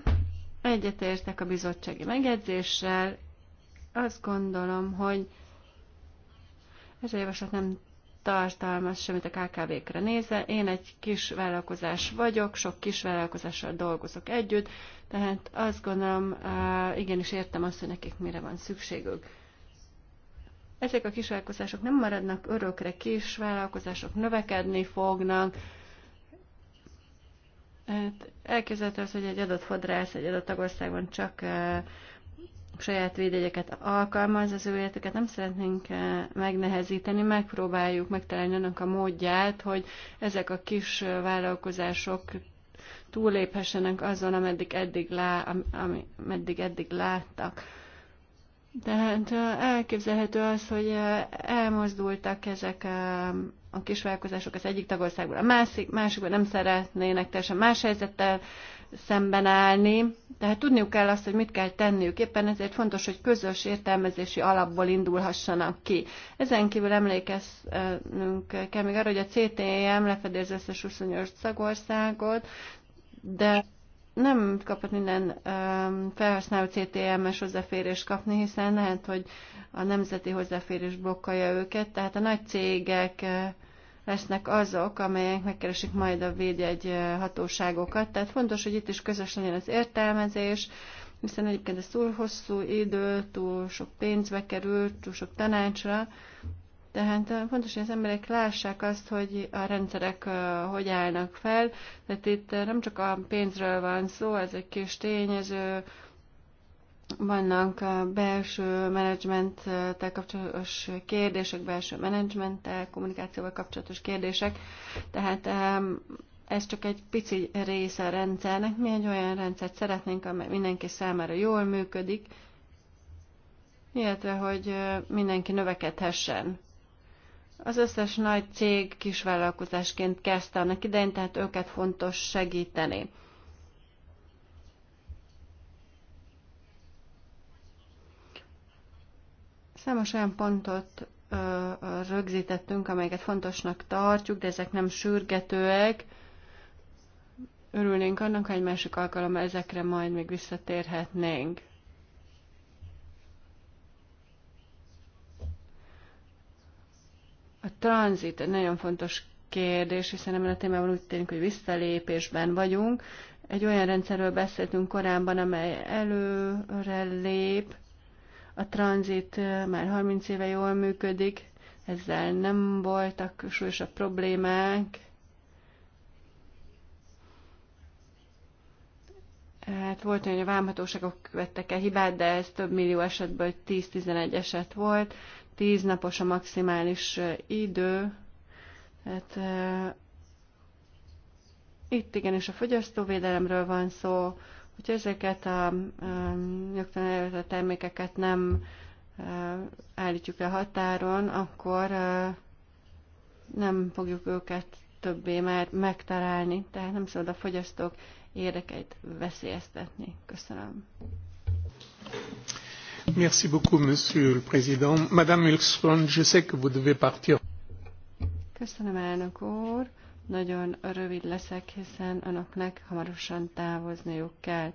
Egyetértek a bizottsági megjegyzéssel. Azt gondolom, hogy ez a javaslat nem tartalmaz semmit a KKV-kre nézve. Én egy kis vállalkozás vagyok, sok kis vállalkozással dolgozok együtt, tehát azt gondolom, igenis értem azt, hogy nekik mire van szükségük. Ezek a kis vállalkozások nem maradnak örökre, kis vállalkozások növekedni fognak, Hát elképzelhető az, hogy egy adott fodrász egy adott tagországban csak saját védjegyeket alkalmaz, az ő életüket nem szeretnénk eh, megnehezíteni, megpróbáljuk megtalálni annak a módját, hogy ezek a kis eh, vállalkozások túléphessenek azon, ameddig eddig, lá, ami, ameddig eddig láttak. Tehát eh, elképzelhető az, hogy elmozdultak ezek a, a kisvállalkozások az egyik tagországból a másik, másikban nem szeretnének teljesen más helyzettel szemben állni, tehát tudniuk kell azt, hogy mit kell tenniük. Éppen ezért fontos, hogy közös értelmezési alapból indulhassanak ki. Ezen kívül emlékeznünk kell még arra, hogy a CTM e lefedi összes 28 szagországot, de nem kaphat minden felhasználó CTM-es e hozzáférést kapni, hiszen lehet, hogy a nemzeti hozzáférés blokkolja őket, tehát a nagy cégek lesznek azok, amelyek megkeresik majd a védjegy hatóságokat. Tehát fontos, hogy itt is közös legyen az értelmezés, hiszen egyébként ez túl hosszú idő, túl sok pénzbe került, túl sok tanácsra. Tehát fontos, hogy az emberek lássák azt, hogy a rendszerek hogy állnak fel. Tehát itt nem csak a pénzről van szó, ez egy kis tényező, vannak a belső menedzsmenttel kapcsolatos kérdések, belső menedzsmenttel, kommunikációval kapcsolatos kérdések, tehát ez csak egy pici része a rendszernek. Mi egy olyan rendszert szeretnénk, amely mindenki számára jól működik, illetve hogy mindenki növekedhessen. Az összes nagy cég kisvállalkozásként kezdte annak idején, tehát őket fontos segíteni. Számos olyan pontot rögzítettünk, amelyeket fontosnak tartjuk, de ezek nem sürgetőek. Örülnénk annak, ha egy másik alkalommal ezekre majd még visszatérhetnénk. A tranzit egy nagyon fontos kérdés, hiszen ebben a témában úgy tűnik, hogy visszalépésben vagyunk. Egy olyan rendszerről beszéltünk korábban, amely előre lép, a tranzit már 30 éve jól működik, ezzel nem voltak súlyosabb problémák. Hát volt olyan, hogy a vámhatóságok vettek el hibát, de ez több millió esetből 10-11 eset volt. 10 napos a maximális idő. Tehát uh, itt igenis a fogyasztóvédelemről van szó, hogy ezeket a nyugtalan előtt termékeket nem állítjuk le határon, akkor nem fogjuk őket többé már megtalálni, tehát nem szabad a fogyasztók érdekeit veszélyeztetni. Köszönöm. Merci beaucoup, Monsieur le Président. Madame Ulfskron, je sais que vous devez partir. Köszönöm, elnök úr. Nagyon rövid leszek, hiszen önöknek hamarosan távozniuk kell.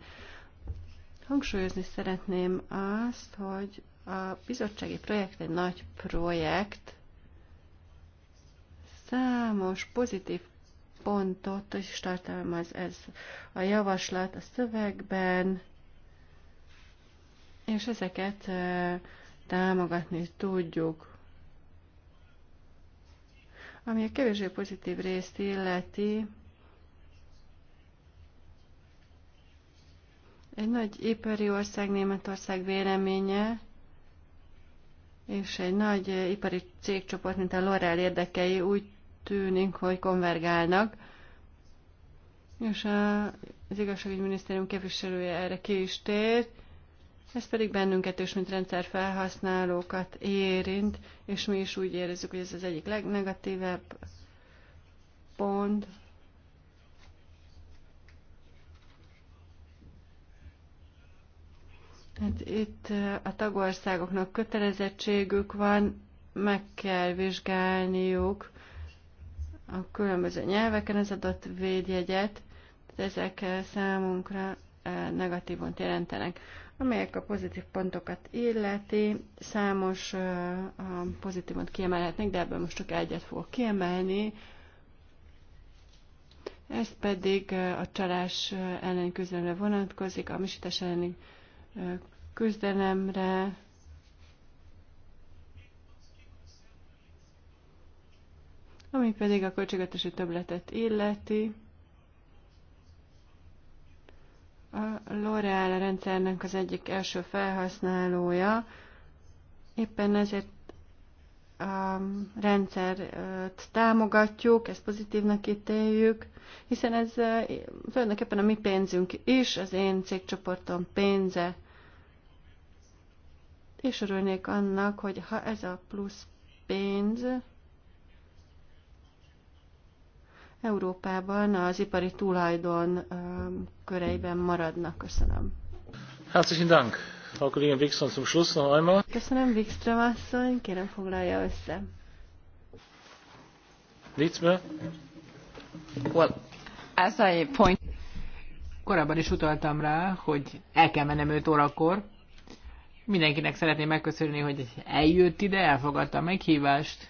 Hangsúlyozni szeretném azt, hogy a bizottsági projekt egy nagy projekt, számos pozitív pontot is tartalmaz ez a javaslat a szövegben, és ezeket eh, támogatni tudjuk. Ami a kevésbé pozitív részt illeti, egy nagy ipari ország, Németország véleménye, és egy nagy ipari cégcsoport, mint a Lorel érdekei úgy tűnik, hogy konvergálnak. És az igazságügyminisztérium képviselője erre ki is tért, ez pedig bennünket is, mint felhasználókat érint, és mi is úgy érezzük, hogy ez az egyik legnegatívebb pont. Hát itt a tagországoknak kötelezettségük van, meg kell vizsgálniuk a különböző nyelveken az adott védjegyet, ezek számunkra negatívont jelentenek amelyek a pozitív pontokat illeti. Számos pozitívot kiemelhetnék, de ebből most csak egyet fogok kiemelni. Ez pedig a csalás ellen küzdelemre vonatkozik, a misítás elleni küzdelemre, ami pedig a költségvetési töbletet illeti. A L'Oreal rendszernek az egyik első felhasználója, éppen ezért a um, rendszert uh, támogatjuk, ezt pozitívnak ítéljük, hiszen ez uh, tulajdonképpen a mi pénzünk is, az én cégcsoportom pénze. És örülnék annak, hogy ha ez a plusz pénz Európában az ipari tulajdon köreiben maradnak. Köszönöm. Herzlichen Dank. Frau Kollegin Wikström zum Schluss noch einmal. Köszönöm, Wikström asszony. Kérem foglalja össze. Nichts mehr? Well, as I point... Korábban is utaltam rá, hogy el kell mennem 5 órakor. Mindenkinek szeretném megköszönni, hogy eljött ide, elfogadta a meghívást.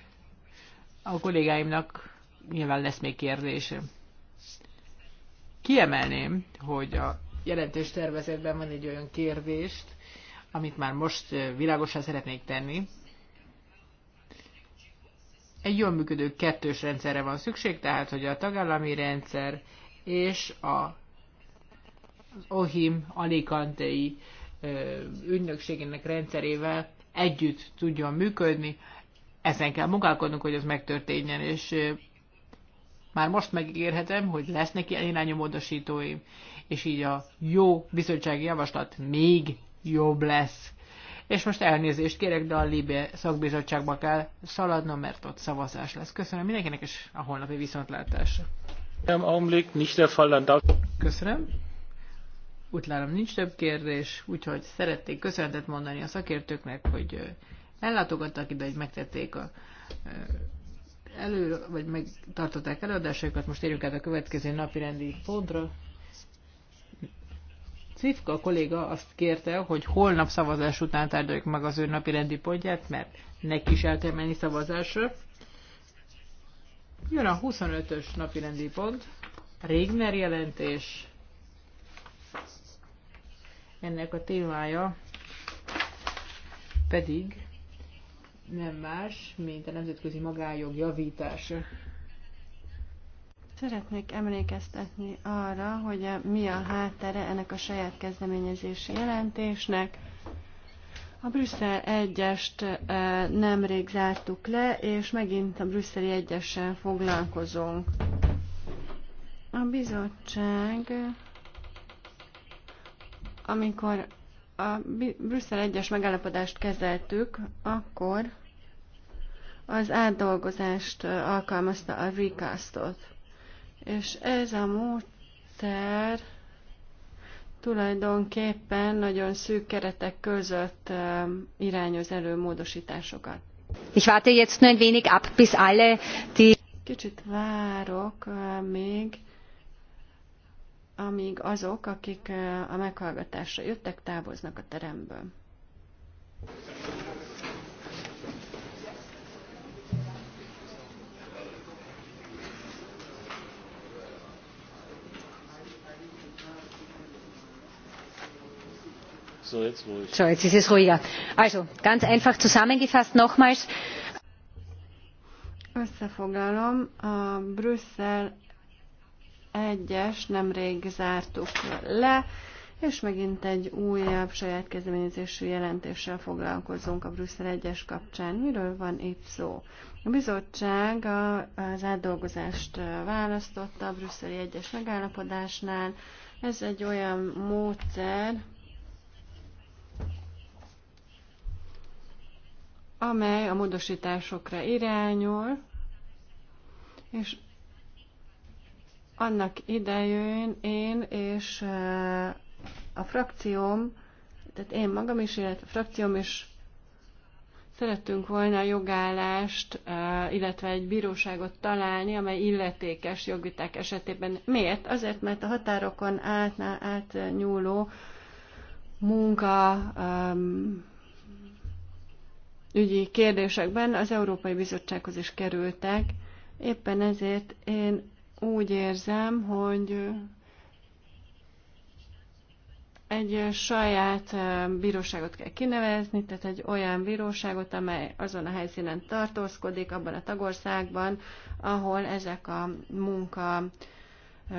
A kollégáimnak nyilván lesz még kérdés Kiemelném, hogy a jelentős tervezetben van egy olyan kérdést, amit már most világosan szeretnék tenni. Egy jól működő kettős rendszerre van szükség, tehát hogy a tagállami rendszer és a az OHIM alikantei ügynökségének rendszerével együtt tudjon működni. Ezen kell munkálkodnunk, hogy ez megtörténjen, és már most megígérhetem, hogy lesznek ilyen irányú módosítóim, és így a jó bizottsági javaslat még jobb lesz. És most elnézést kérek, de a Libé szakbizottságba kell szaladnom, mert ott szavazás lesz. Köszönöm mindenkinek, és a holnapi viszontlátásra. Köszönöm. Úgy látom, nincs több kérdés, úgyhogy szerették köszönetet mondani a szakértőknek, hogy ellátogattak ide, hogy megtették a elő, vagy megtartották előadásaikat, most érjük át a következő napi rendi pontra. Cifka kolléga azt kérte, hogy holnap szavazás után tárgyaljuk meg az ő napi rendi pontját, mert neki is el kell menni szavazásra. Jön a 25-ös napi rendi pont, Régner jelentés. Ennek a témája pedig nem más, mint a nemzetközi magájog javítása. Szeretnék emlékeztetni arra, hogy a, mi a háttere ennek a saját kezdeményezési jelentésnek. A Brüsszel egyest e, nemrég zártuk le, és megint a brüsszeli egyessel foglalkozunk. A bizottság, amikor a Brüsszel egyes megállapodást kezeltük, akkor az átdolgozást alkalmazta a recastot. És ez a módszer tulajdonképpen nagyon szűk keretek között irányoz elő módosításokat. Ich warte jetzt nur ein wenig ab, bis alle die... Kicsit várok még, amíg azok, akik a meghallgatásra jöttek, távoznak a teremből. So, jetzt, so, jetzt ist es ruhiger. Also, ganz einfach zusammengefasst nochmals. Összefoglalom, a Brüsszel egyes nemrég zártuk le, és megint egy újabb saját kezdeményezésű jelentéssel foglalkozunk a Brüsszel 1-es kapcsán. Miről van itt szó? A bizottság az átdolgozást választotta a brüsszeli 1-es megállapodásnál. Ez egy olyan módszer, amely a módosításokra irányul, és annak idején én és a frakcióm, tehát én magam is, illetve a frakcióm is szerettünk volna jogállást, illetve egy bíróságot találni, amely illetékes jogviták esetében. Miért? Azért, mert a határokon át, átnyúló munka ügyi kérdésekben az Európai Bizottsághoz is kerültek. Éppen ezért én úgy érzem, hogy egy saját bíróságot kell kinevezni, tehát egy olyan bíróságot, amely azon a helyszínen tartózkodik, abban a tagországban, ahol ezek a munka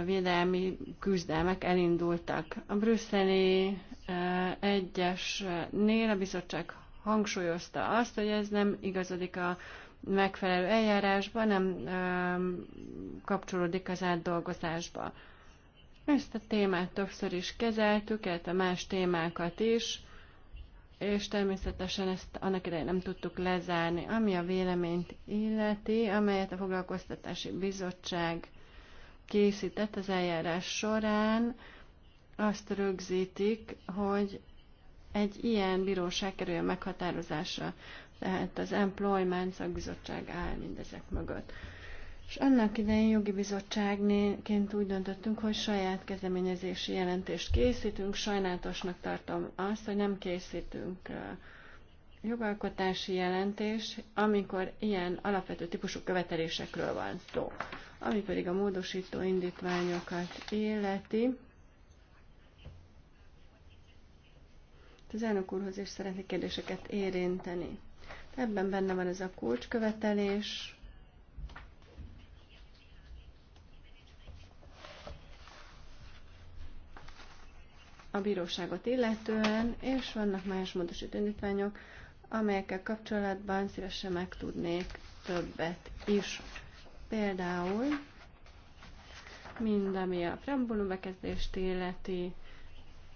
védelmi küzdelmek elindultak. A brüsszeli egyesnél a bizottság hangsúlyozta azt, hogy ez nem igazodik a megfelelő eljárásba, nem kapcsolódik az átdolgozásba. Ezt a témát többször is kezeltük, illetve más témákat is, és természetesen ezt annak idején nem tudtuk lezárni. Ami a véleményt illeti, amelyet a Foglalkoztatási Bizottság készített az eljárás során, azt rögzítik, hogy egy ilyen bíróság kerüljön meghatározásra. Tehát az Employment Szakbizottság áll mindezek mögött. És annak idején jogi bizottságként úgy döntöttünk, hogy saját kezdeményezési jelentést készítünk. Sajnálatosnak tartom azt, hogy nem készítünk jogalkotási jelentés, amikor ilyen alapvető típusú követelésekről van szó. Ami pedig a módosító indítványokat illeti, az elnök úrhoz is szeretnék kérdéseket érinteni. Ebben benne van ez a kulcskövetelés. a bíróságot illetően, és vannak más módosító indítványok, amelyekkel kapcsolatban szívesen megtudnék többet is. Például mind, ami a preambulum bekezdést illeti,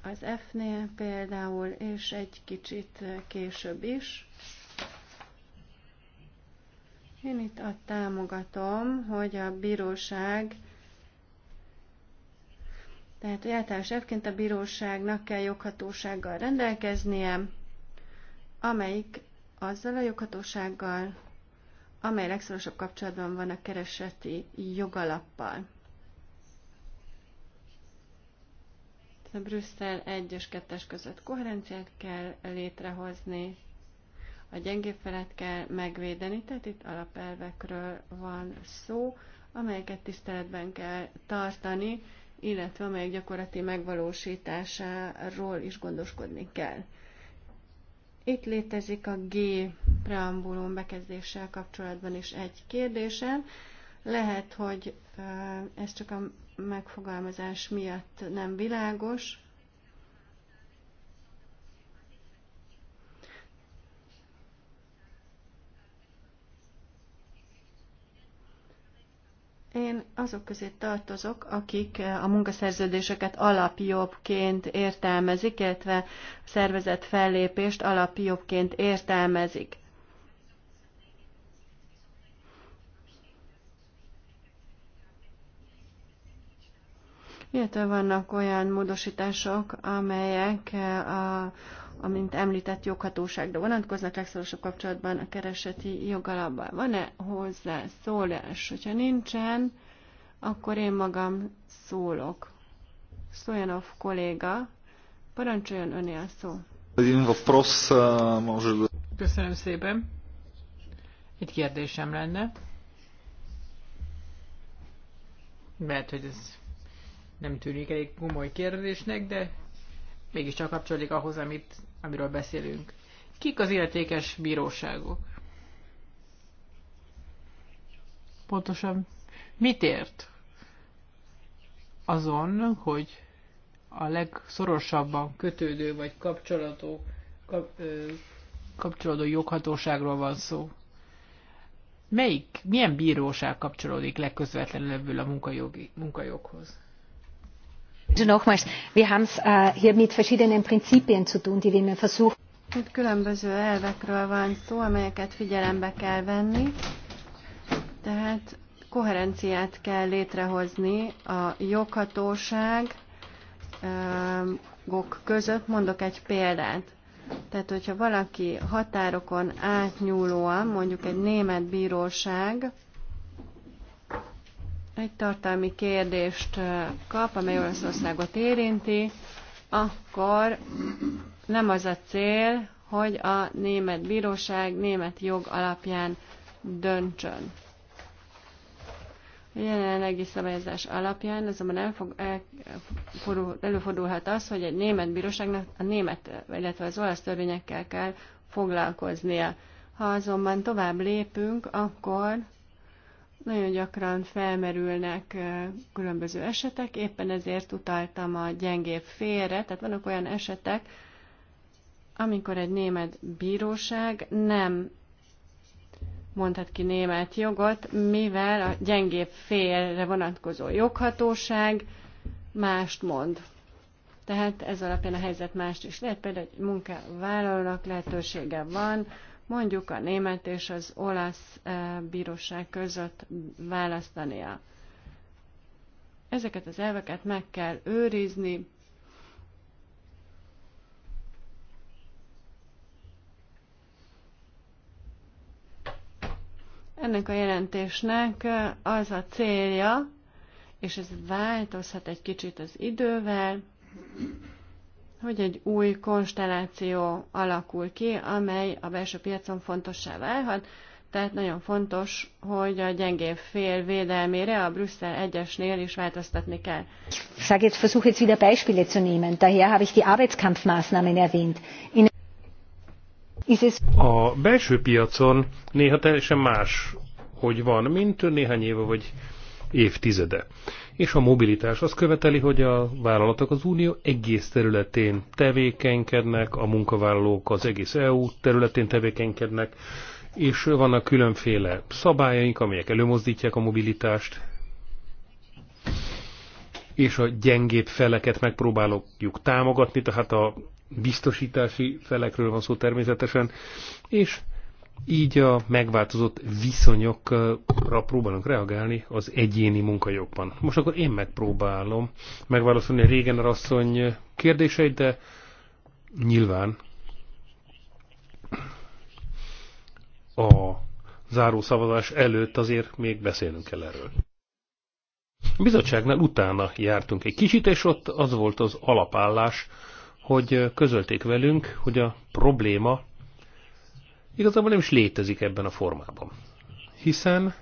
az F-nél például, és egy kicsit később is. Én itt a támogatom, hogy a bíróság, tehát általános elvként a bíróságnak kell joghatósággal rendelkeznie, amelyik azzal a joghatósággal, amely legszorosabb kapcsolatban van a kereseti jogalappal. A Brüsszel 1 és 2 között koherenciát kell létrehozni, a gyengébb felet kell megvédeni, tehát itt alapelvekről van szó, amelyeket tiszteletben kell tartani, illetve amelyek gyakorlati megvalósításáról is gondoskodni kell. Itt létezik a G preambulum bekezdéssel kapcsolatban is egy kérdésem. Lehet, hogy ez csak a megfogalmazás miatt nem világos, Én azok közé tartozok, akik a munkaszerződéseket alapjobbként értelmezik, illetve a szervezet fellépést alapjobbként értelmezik. Illetve vannak olyan módosítások, amelyek a amint említett joghatóságra vonatkoznak legszorosabb kapcsolatban a kereseti jogalapban. Van-e hozzá szólás? Hogyha nincsen, akkor én magam szólok. Stojanov kolléga, parancsoljon öné a szó. Eh, Köszönöm szépen. Egy kérdésem lenne. Lehet, hogy ez nem tűnik elég komoly kérdésnek, de mégiscsak kapcsolódik ahhoz, amit amiről beszélünk. Kik az illetékes bíróságok? Pontosan mit ért azon, hogy a legszorosabban kötődő vagy kapcsolató, kap, ö, kapcsolódó joghatóságról van szó? Melyik, milyen bíróság kapcsolódik legközvetlenül ebből a munkajogi, munkajoghoz? Nochmals, wir haben es äh, hier mit verschiedenen Prinzipien zu tun, die wir versuchen. Itt különböző elvekről van szó, amelyeket figyelembe kell venni, tehát koherenciát kell létrehozni a joghatóság között. Mondok egy példát. Tehát, hogyha valaki határokon átnyúlóan, mondjuk egy német bíróság egy tartalmi kérdést kap, amely Olaszországot érinti, akkor nem az a cél, hogy a német bíróság német jog alapján döntsön. A jelenlegi szabályozás alapján azonban elfog, elfordul, előfordulhat az, hogy egy német bíróságnak a német, illetve az olasz törvényekkel kell foglalkoznia. Ha azonban tovább lépünk, akkor nagyon gyakran felmerülnek különböző esetek, éppen ezért utaltam a gyengébb félre, tehát vannak olyan esetek, amikor egy német bíróság nem mondhat ki német jogot, mivel a gyengébb félre vonatkozó joghatóság mást mond. Tehát ez alapján a helyzet mást is lehet, például egy munkavállalónak lehetősége van, mondjuk a német és az olasz eh, bíróság között választania. Ezeket az elveket meg kell őrizni, Ennek a jelentésnek eh, az a célja, és ez változhat egy kicsit az idővel, hogy egy új konstelláció alakul ki, amely a belső piacon fontossá válhat, tehát nagyon fontos, hogy a gyengébb fél védelmére a Brüsszel egyesnél is változtatni kell. Ich sage jetzt, versuche jetzt wieder Beispiele zu nehmen. Daher habe ich die Arbeitskampfmaßnahmen erwähnt. In a belső piacon néha teljesen más, hogy van, mint néhány éve vagy évtizede és a mobilitás azt követeli, hogy a vállalatok az Unió egész területén tevékenykednek, a munkavállalók az egész EU területén tevékenykednek, és vannak különféle szabályaink, amelyek előmozdítják a mobilitást, és a gyengébb feleket megpróbáljuk támogatni, tehát a biztosítási felekről van szó természetesen, és így a megváltozott viszonyokra próbálunk reagálni az egyéni munkajogban. Most akkor én megpróbálom megválaszolni a régen rasszony kérdéseit, de nyilván a záró szavazás előtt azért még beszélnünk kell erről. A bizottságnál utána jártunk egy kicsit, és ott az volt az alapállás, hogy közölték velünk, hogy a probléma igazából nem is létezik ebben a formában. Hiszen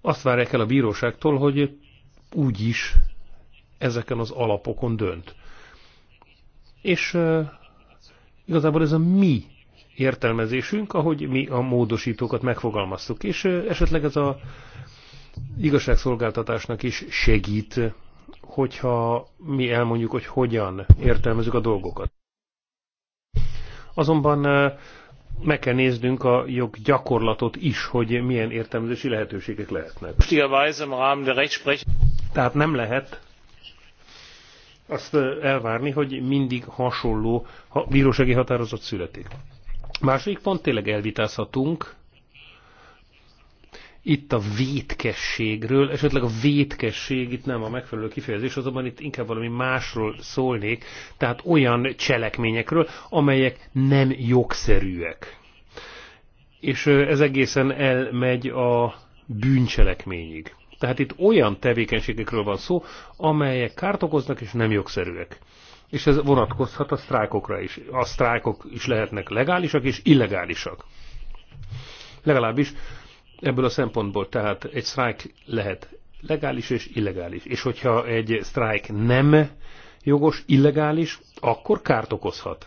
azt várják el a bíróságtól, hogy úgy is ezeken az alapokon dönt. És uh, igazából ez a mi értelmezésünk, ahogy mi a módosítókat megfogalmaztuk, és uh, esetleg ez a igazságszolgáltatásnak is segít, hogyha mi elmondjuk, hogy hogyan értelmezzük a dolgokat. Azonban meg kell néznünk a joggyakorlatot is, hogy milyen értelmezési lehetőségek lehetnek. Tehát nem lehet azt elvárni, hogy mindig hasonló bírósági határozat születik. Második pont, tényleg elvitázhatunk itt a vétkességről, esetleg a vétkesség itt nem a megfelelő kifejezés, azonban itt inkább valami másról szólnék, tehát olyan cselekményekről, amelyek nem jogszerűek. És ez egészen elmegy a bűncselekményig. Tehát itt olyan tevékenységekről van szó, amelyek kárt okoznak és nem jogszerűek. És ez vonatkozhat a sztrájkokra is. A sztrájkok is lehetnek legálisak és illegálisak. Legalábbis ebből a szempontból. Tehát egy sztrájk lehet legális és illegális. És hogyha egy sztrájk nem jogos, illegális, akkor kárt okozhat.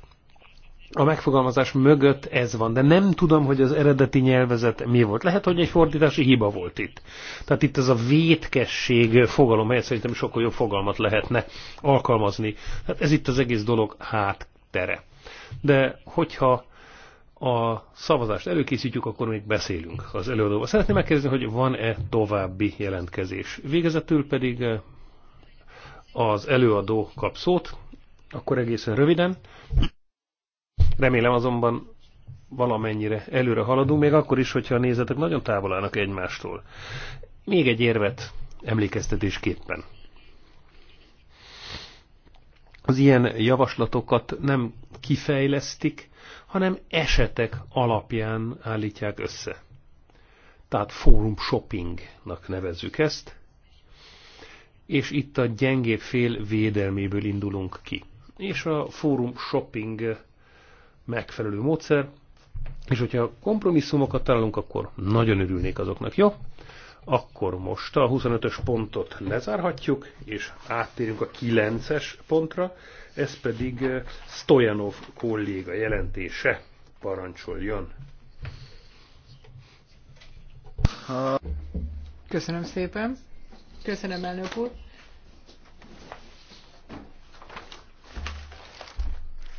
A megfogalmazás mögött ez van, de nem tudom, hogy az eredeti nyelvezet mi volt. Lehet, hogy egy fordítási hiba volt itt. Tehát itt ez a vétkesség fogalom mert szerintem sokkal jobb fogalmat lehetne alkalmazni. Hát ez itt az egész dolog háttere. De hogyha a szavazást előkészítjük, akkor még beszélünk az előadóval. Szeretném megkérdezni, hogy van-e további jelentkezés. Végezetül pedig eh, az előadó kap szót, akkor egészen röviden. Remélem azonban valamennyire előre haladunk, még akkor is, hogyha a nézetek nagyon távol állnak egymástól. Még egy érvet emlékeztetésképpen. Az ilyen javaslatokat nem kifejlesztik, hanem esetek alapján állítják össze. Tehát fórum shoppingnak nevezzük ezt, és itt a gyengébb fél védelméből indulunk ki. És a fórum shopping megfelelő módszer, és hogyha kompromisszumokat találunk, akkor nagyon örülnék azoknak, jó? Akkor most a 25-ös pontot lezárhatjuk, és áttérünk a 9-es pontra, ez pedig eh, Stojanov kolléga jelentése. Parancsoljon! Köszönöm szépen! Köszönöm, elnök úr!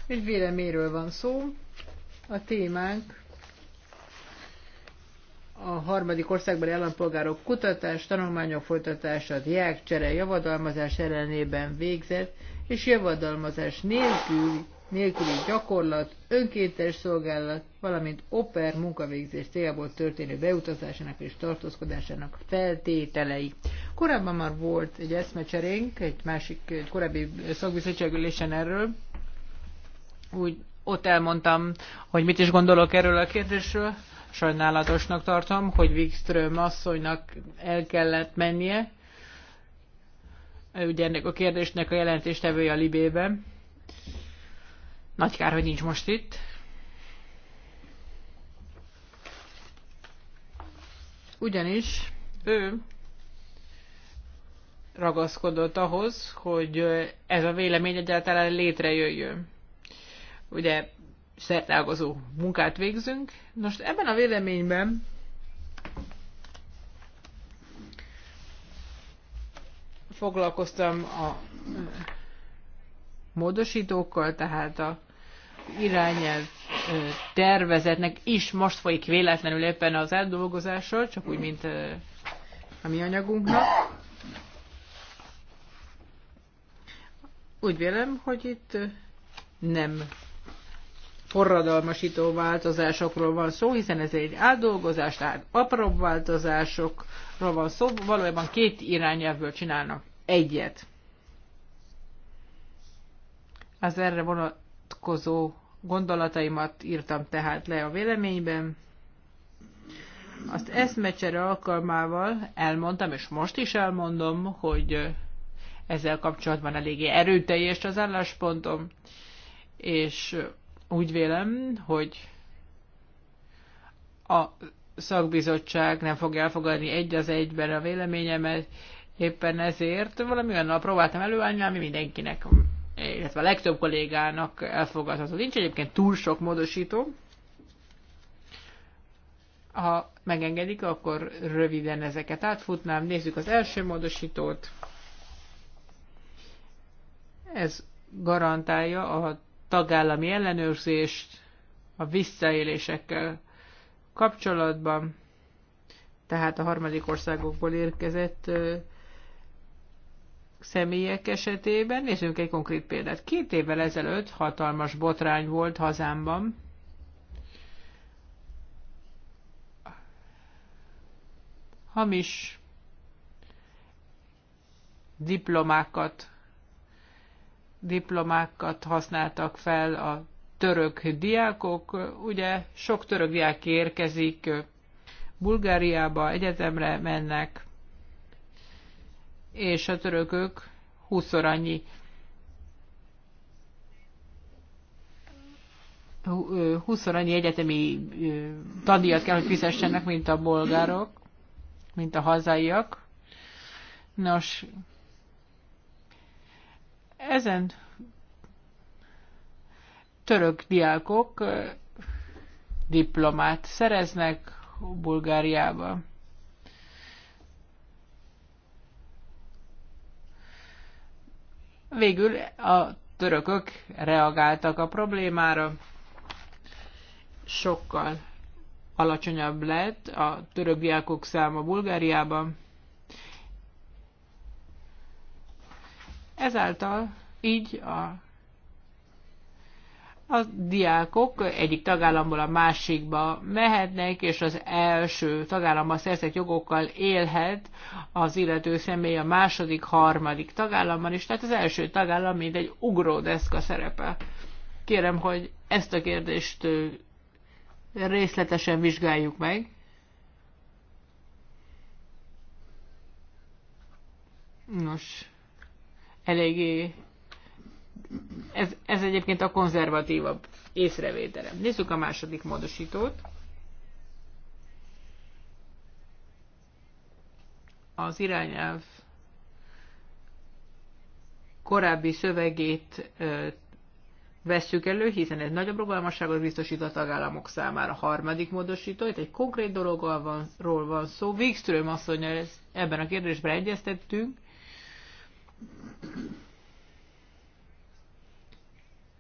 Egy véleményről van szó. A témánk a harmadik országban állampolgárok kutatás, tanulmányok folytatása, diákcsere, javadalmazás ellenében végzett és javadalmazás nélkül, nélküli gyakorlat, önkéntes szolgálat, valamint oper munkavégzés céljából történő beutazásának és tartózkodásának feltételei. Korábban már volt egy eszmecserénk, egy másik, egy korábbi szakbizottságülésen erről, úgy ott elmondtam, hogy mit is gondolok erről a kérdésről. Sajnálatosnak tartom, hogy Wikström asszonynak el kellett mennie, ugye ennek a kérdésnek a jelentéstevője a Libében. Nagy kár, hogy nincs most itt. Ugyanis ő ragaszkodott ahhoz, hogy ez a vélemény egyáltalán létrejöjjön. Ugye szertágozó munkát végzünk. Most ebben a véleményben foglalkoztam a módosítókkal, tehát a irányelv tervezetnek is most folyik véletlenül éppen az átdolgozással, csak úgy, mint a mi anyagunknak. Úgy vélem, hogy itt nem forradalmasító változásokról van szó, hiszen ez egy átdolgozás, tehát apróbb változások, van szó, valójában két irányelvből csinálnak egyet. Az erre vonatkozó gondolataimat írtam tehát le a véleményben. Azt eszmecsere alkalmával elmondtam, és most is elmondom, hogy ezzel kapcsolatban eléggé erőteljes az álláspontom, és úgy vélem, hogy a szakbizottság nem fogja elfogadni egy az egyben a véleményemet, éppen ezért valami olyannal próbáltam előállni, ami mindenkinek, illetve a legtöbb kollégának elfogadható. Nincs egyébként túl sok módosító. Ha megengedik, akkor röviden ezeket átfutnám. Nézzük az első módosítót. Ez garantálja a tagállami ellenőrzést a visszaélésekkel kapcsolatban, tehát a harmadik országokból érkezett személyek esetében. Nézzünk egy konkrét példát. Két évvel ezelőtt hatalmas botrány volt hazámban. Hamis diplomákat diplomákat használtak fel a török diákok. Ugye sok török diák érkezik Bulgáriába, egyetemre mennek, és a törökök 20 annyi 20 annyi egyetemi tandíjat kell, hogy fizessenek, mint a bolgárok, mint a hazaiak. Nos, ezen török diákok diplomát szereznek Bulgáriába. Végül a törökök reagáltak a problémára, sokkal alacsonyabb lett a török diákok száma Bulgáriában. Ezáltal így a a diákok egyik tagállamból a másikba mehetnek, és az első tagállamban szerzett jogokkal élhet az illető személy a második, harmadik tagállamban is, tehát az első tagállam mint egy ugródeszka szerepe. Kérem, hogy ezt a kérdést részletesen vizsgáljuk meg. Nos, eléggé ez, ez egyébként a konzervatívabb észrevétele. Nézzük a második módosítót. Az irányelv korábbi szövegét ö, vesszük elő, hiszen egy nagyobb rugalmasságot biztosít a tagállamok számára. A harmadik módosító, itt egy konkrét dologról van, ról van szó. Wikström asszonyjal ebben a kérdésben egyeztettünk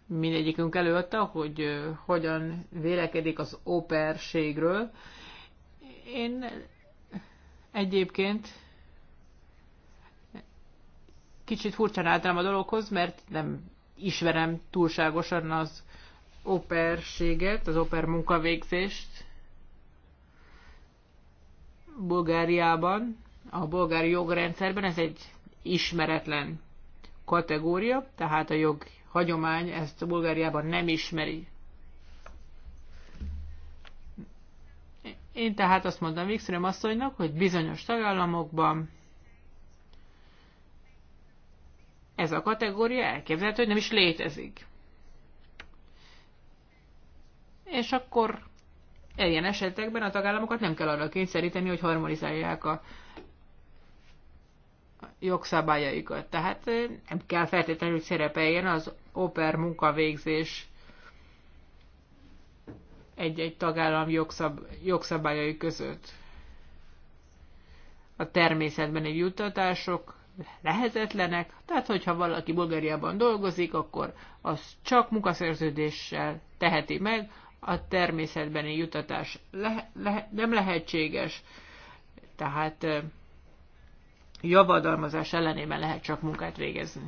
mindegyikünk előadta, hogy hogyan vélekedik az operségről. Én egyébként kicsit furcsán álltam a dologhoz, mert nem ismerem túlságosan az operséget, az oper munkavégzést Bulgáriában, a bulgári jogrendszerben ez egy ismeretlen kategória, tehát a jog hagyomány ezt Bulgáriában nem ismeri. Én tehát azt mondom Vixrem asszonynak, hogy bizonyos tagállamokban ez a kategória elképzelhető, hogy nem is létezik. És akkor ilyen esetekben a tagállamokat nem kell arra kényszeríteni, hogy harmonizálják a jogszabályaikat. Tehát nem kell feltétlenül szerepeljen az oper munkavégzés egy-egy tagállam jogszab, jogszabályai között. A természetben egy juttatások lehetetlenek, tehát hogyha valaki Bulgáriában dolgozik, akkor az csak munkaszerződéssel teheti meg, a természetbeni jutatás le, le, nem lehetséges, tehát javadalmazás ellenében lehet csak munkát végezni.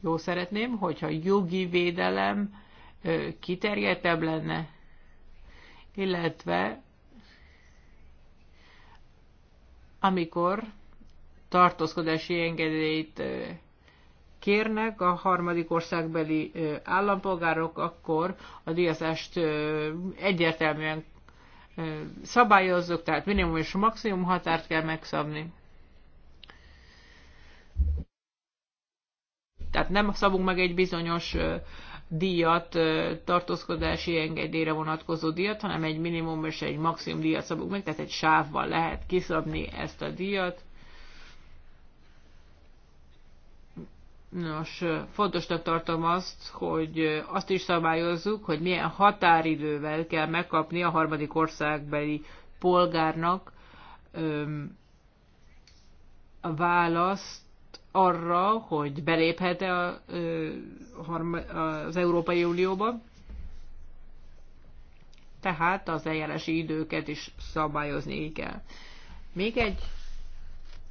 Jó szeretném, hogyha jogi védelem kiterjedtebb lenne, illetve amikor tartózkodási engedélyt kérnek a harmadik országbeli állampolgárok, akkor a díjazást egyértelműen szabályozzuk, tehát minimum és maximum határt kell megszabni. Tehát nem szabunk meg egy bizonyos díjat, tartózkodási engedélyre vonatkozó díjat, hanem egy minimum és egy maximum díjat szabunk meg, tehát egy sávval lehet kiszabni ezt a díjat. Nos, fontosnak tartom azt, hogy azt is szabályozzuk, hogy milyen határidővel kell megkapni a harmadik országbeli polgárnak a választ arra, hogy beléphet-e az Európai Unióba. Tehát az eljárási időket is szabályozni kell. Még egy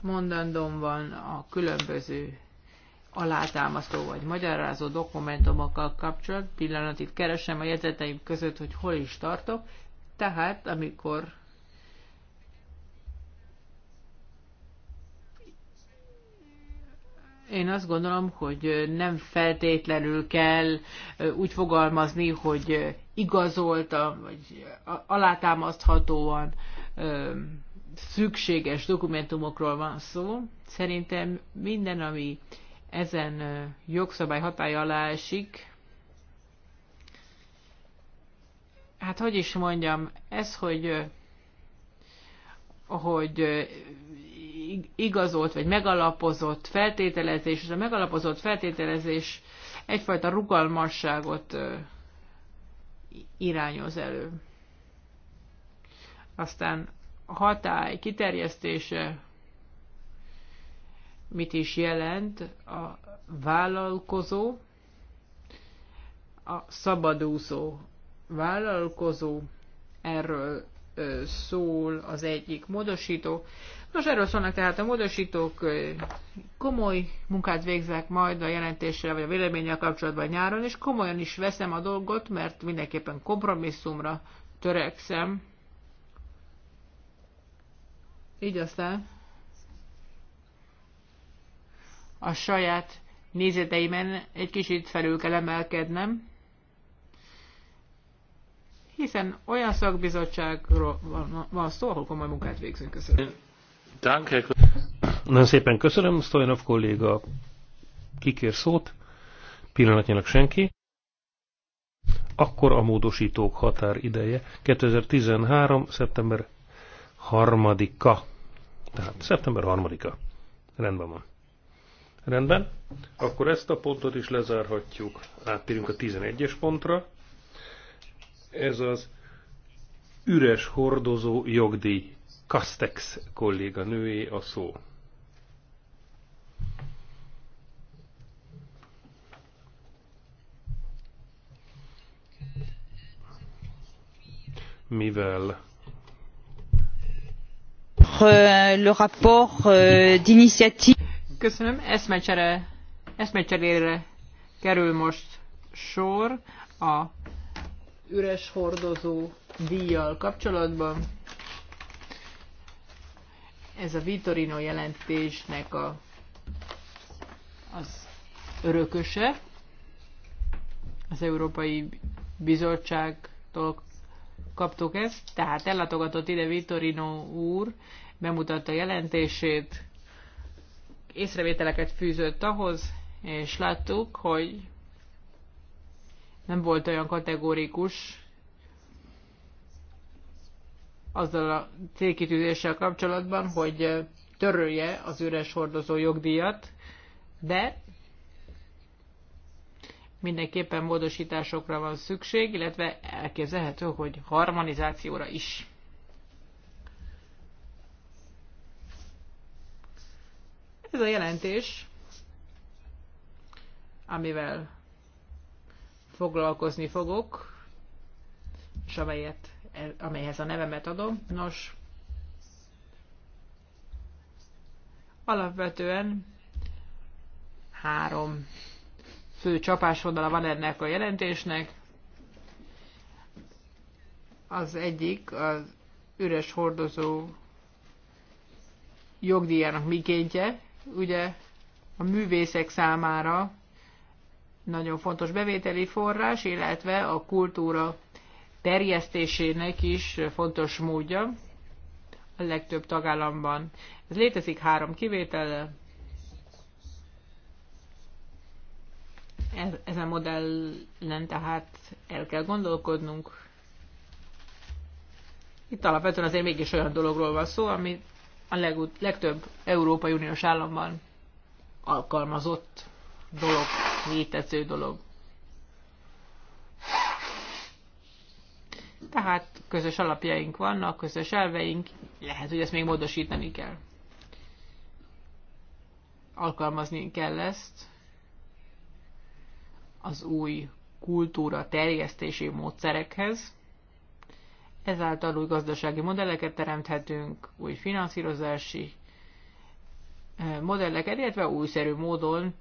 mondandóm van a különböző alátámasztó vagy magyarázó dokumentumokkal kapcsolat. Pillanatig keresem a jegyzeteim között, hogy hol is tartok. Tehát, amikor Én azt gondolom, hogy nem feltétlenül kell úgy fogalmazni, hogy igazoltan, vagy alátámaszthatóan szükséges dokumentumokról van szó. Szerintem minden, ami ezen jogszabály hatája alá esik. Hát hogy is mondjam, ez, hogy, hogy igazolt vagy megalapozott feltételezés, és a megalapozott feltételezés egyfajta rugalmasságot irányoz elő. Aztán hatály kiterjesztése, mit is jelent a vállalkozó, a szabadúszó vállalkozó, erről szól az egyik módosító. Nos, erről szólnak tehát a módosítók, komoly munkát végzek majd a jelentéssel vagy a véleménnyel kapcsolatban nyáron, és komolyan is veszem a dolgot, mert mindenképpen kompromisszumra törekszem. Így aztán a saját nézeteimen egy kicsit felül kell emelkednem, hiszen olyan szakbizottságról van, van szó, ahol komoly munkát végzünk. Köszönöm. Danke. Nagyon szépen köszönöm, Stojanov kolléga kikér szót, pillanatnyilag senki. Akkor a módosítók ideje 2013. szeptember 3-a. Tehát szeptember 3-a. Rendben van. Rendben, akkor ezt a pontot is lezárhatjuk. Áttérünk a 11-es pontra. Ez az üres hordozó jogdíj. Kastex kolléga nőé a szó. Mivel euh, le rapport euh, d'initiative Köszönöm. Eszmecsere, eszmecserére kerül most sor a üres hordozó díjjal kapcsolatban. Ez a Vitorino jelentésnek a, az örököse. Az Európai Bizottságtól kaptuk ezt, tehát ellátogatott ide Vitorino úr, bemutatta jelentését, észrevételeket fűzött ahhoz, és láttuk, hogy nem volt olyan kategórikus azzal a célkitűzéssel kapcsolatban, hogy törölje az üres hordozó jogdíjat, de mindenképpen módosításokra van szükség, illetve elképzelhető, hogy harmonizációra is. Ez a jelentés, amivel foglalkozni fogok, és amelyet, amelyhez a nevemet adom. Nos, alapvetően három fő csapásvonala van ennek a jelentésnek. Az egyik az üres hordozó jogdíjának mikéntje, ugye a művészek számára nagyon fontos bevételi forrás, illetve a kultúra terjesztésének is fontos módja a legtöbb tagállamban. Ez létezik három kivétellel. Ezen modellen tehát el kell gondolkodnunk. Itt alapvetően azért mégis olyan dologról van szó, amit a legut- legtöbb Európai Uniós államban alkalmazott dolog, létező dolog. Tehát közös alapjaink vannak, közös elveink, lehet, hogy ezt még módosítani kell. Alkalmazni kell ezt az új kultúra terjesztési módszerekhez, Ezáltal új gazdasági modelleket teremthetünk, új finanszírozási modelleket, illetve újszerű módon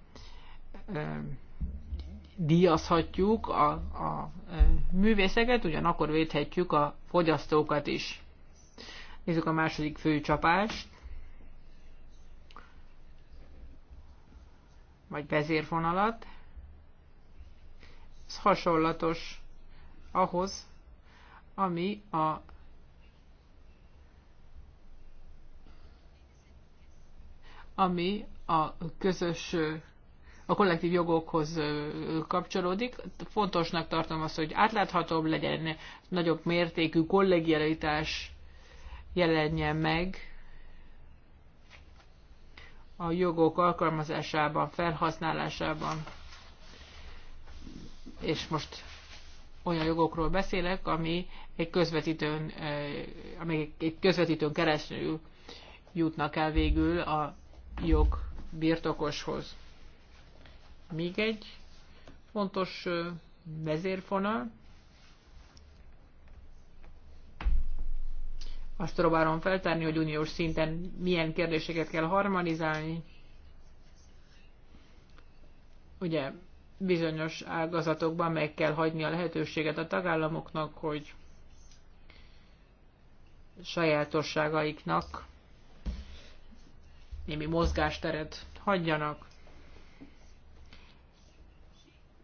díjazhatjuk a, a művészeket, ugyanakkor védhetjük a fogyasztókat is. Nézzük a második fő csapást, vagy vezérfonalat. Ez hasonlatos ahhoz, ami a ami a közös a kollektív jogokhoz kapcsolódik. Fontosnak tartom azt, hogy átláthatóbb legyen, nagyobb mértékű kollegialitás jelenjen meg a jogok alkalmazásában, felhasználásában. És most olyan jogokról beszélek, ami egy közvetítőn, eh, ami egy közvetítőn keresztül jutnak el végül a jog birtokoshoz. Még egy fontos eh, vezérfonal. Azt próbálom feltárni, hogy uniós szinten milyen kérdéseket kell harmonizálni. Ugye bizonyos ágazatokban meg kell hagyni a lehetőséget a tagállamoknak, hogy sajátosságaiknak némi mozgásteret hagyjanak.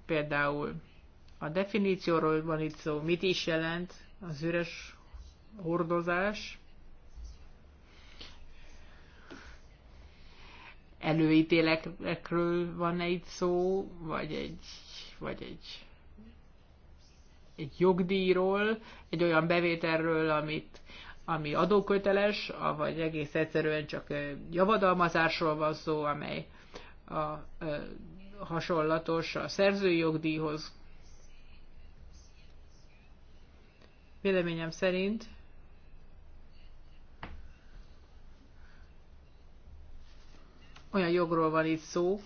Például a definícióról van itt szó, mit is jelent az üres hordozás, előítélekről van-e itt szó, vagy egy, vagy egy, egy jogdíjról, egy olyan bevételről, amit, ami adóköteles, vagy egész egyszerűen csak javadalmazásról van szó, amely a, a, hasonlatos a szerzői jogdíjhoz. Véleményem szerint Olyan jogról van itt szó,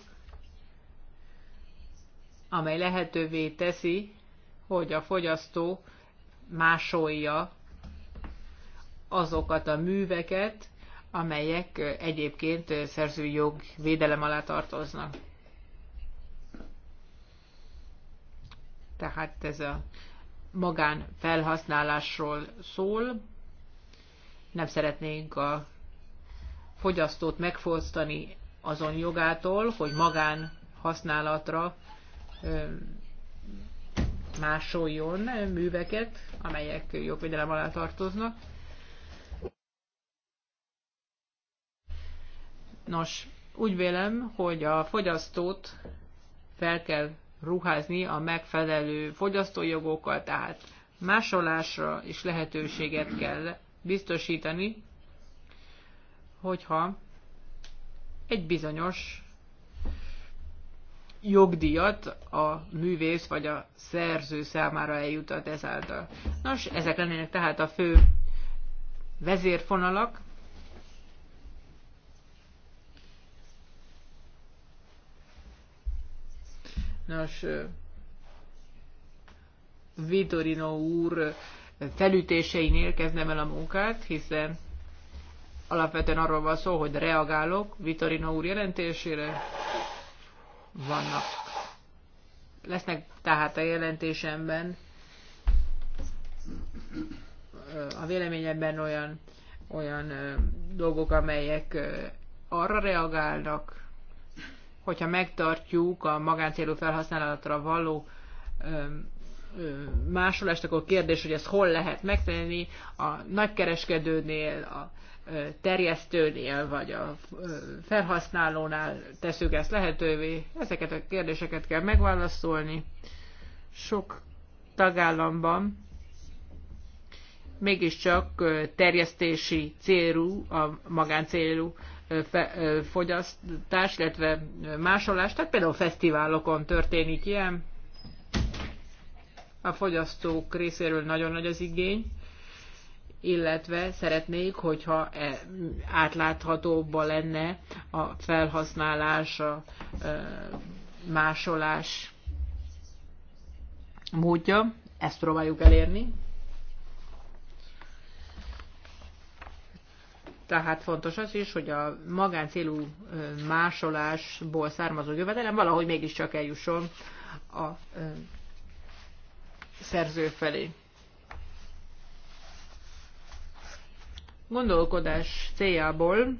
amely lehetővé teszi, hogy a fogyasztó másolja azokat a műveket, amelyek egyébként szerzői jog védelem alá tartoznak. Tehát ez a magán felhasználásról szól. Nem szeretnénk a fogyasztót megfosztani azon jogától, hogy magán használatra másoljon műveket, amelyek jogvédelem alá tartoznak. Nos, úgy vélem, hogy a fogyasztót fel kell ruházni a megfelelő fogyasztójogokkal, tehát másolásra is lehetőséget kell biztosítani, hogyha egy bizonyos jogdíjat a művész vagy a szerző számára eljutat ezáltal. Nos, ezek lennének tehát a fő vezérfonalak. Nos, Vitorino úr felütéseinél kezdem el a munkát, hiszen Alapvetően arról van szó, hogy reagálok Vitorino úr jelentésére. Vannak. Lesznek tehát a jelentésemben a véleményemben olyan, olyan dolgok, amelyek arra reagálnak, hogyha megtartjuk a magáncélú felhasználatra való másolást, akkor kérdés, hogy ezt hol lehet megtenni, a nagykereskedőnél, a terjesztőnél vagy a felhasználónál teszük ezt lehetővé. Ezeket a kérdéseket kell megválaszolni. Sok tagállamban mégiscsak terjesztési célú, a magáncélú fogyasztás, illetve másolás, tehát például fesztiválokon történik ilyen. A fogyasztók részéről nagyon nagy az igény illetve szeretnék, hogyha e, átláthatóbban lenne a felhasználás, a e, másolás módja. Ezt próbáljuk elérni. Tehát fontos az is, hogy a magáncélú e, másolásból származó jövedelem valahogy mégiscsak eljusson a szerző felé. gondolkodás céljából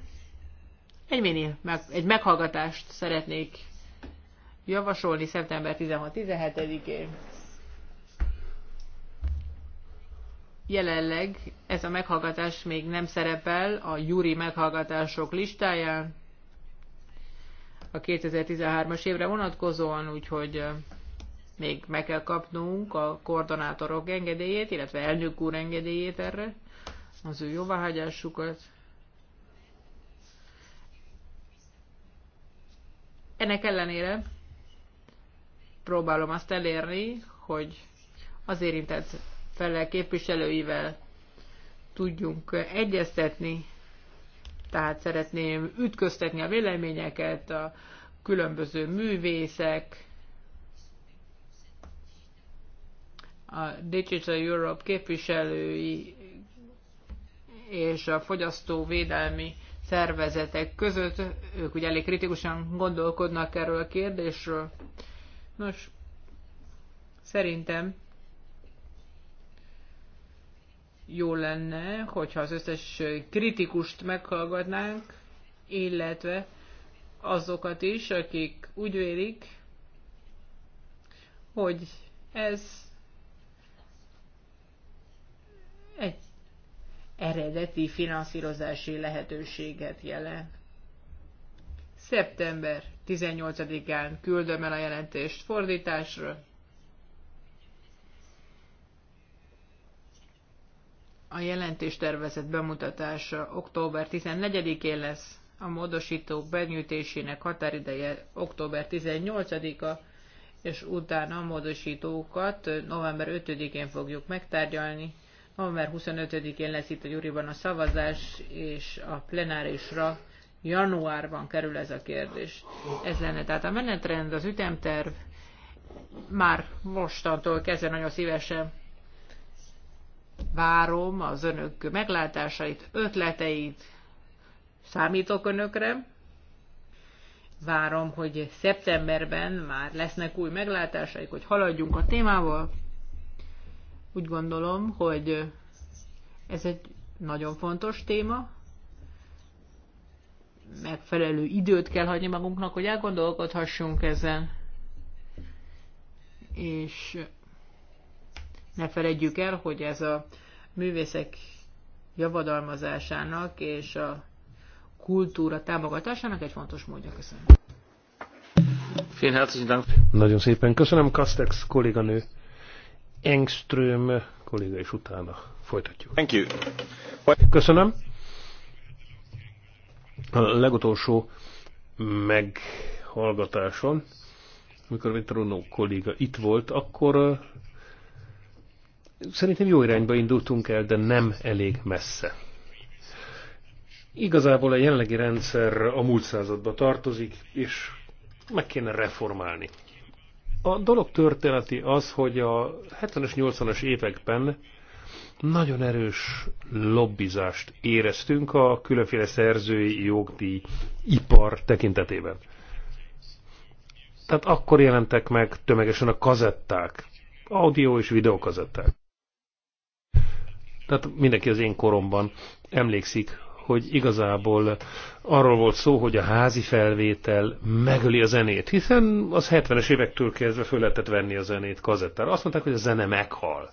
egy, mini, egy meghallgatást szeretnék javasolni szeptember 16-17-én. Jelenleg ez a meghallgatás még nem szerepel a júri meghallgatások listáján a 2013-as évre vonatkozóan, úgyhogy még meg kell kapnunk a koordinátorok engedélyét, illetve elnök úr engedélyét erre az ő jóváhagyásukat. Ennek ellenére próbálom azt elérni, hogy az érintett felel képviselőivel tudjunk egyeztetni, tehát szeretném ütköztetni a véleményeket, a különböző művészek, a Digital Europe képviselői és a fogyasztóvédelmi szervezetek között. Ők ugye elég kritikusan gondolkodnak erről a kérdésről. Nos, szerintem jó lenne, hogyha az összes kritikust meghallgatnánk, illetve azokat is, akik úgy vélik, hogy ez egy eredeti finanszírozási lehetőséget jelent. Szeptember 18-án küldöm el a jelentést fordításra. A jelentés tervezett bemutatása október 14-én lesz, a módosítók benyújtésének határideje október 18-a, és utána a módosítókat november 5-én fogjuk megtárgyalni, november 25-én lesz itt a Gyuriban a szavazás, és a plenárisra januárban kerül ez a kérdés. Ez lenne tehát a menetrend, az ütemterv. Már mostantól kezdve nagyon szívesen várom az önök meglátásait, ötleteit, számítok önökre. Várom, hogy szeptemberben már lesznek új meglátásaik, hogy haladjunk a témával. Úgy gondolom, hogy ez egy nagyon fontos téma, megfelelő időt kell hagyni magunknak, hogy elgondolkodhassunk ezen. És ne felejtjük el, hogy ez a művészek javadalmazásának és a kultúra támogatásának egy fontos módja. Köszönöm. Nagyon szépen köszönöm, Kastex kolléganő. Engström kolléga is utána folytatjuk. Thank you. Köszönöm. A legutolsó meghallgatáson, amikor Vitronó kolléga itt volt, akkor szerintem jó irányba indultunk el, de nem elég messze. Igazából a jelenlegi rendszer a múlt századba tartozik, és meg kéne reformálni. A dolog történeti az, hogy a 70-es, 80-as években nagyon erős lobbizást éreztünk a különféle szerzői jogdíj ipar tekintetében. Tehát akkor jelentek meg tömegesen a kazetták, audio és videokazetták. Tehát mindenki az én koromban emlékszik hogy igazából arról volt szó, hogy a házi felvétel megöli a zenét, hiszen az 70-es évektől kezdve föl lehetett venni a zenét kazettára. Azt mondták, hogy a zene meghal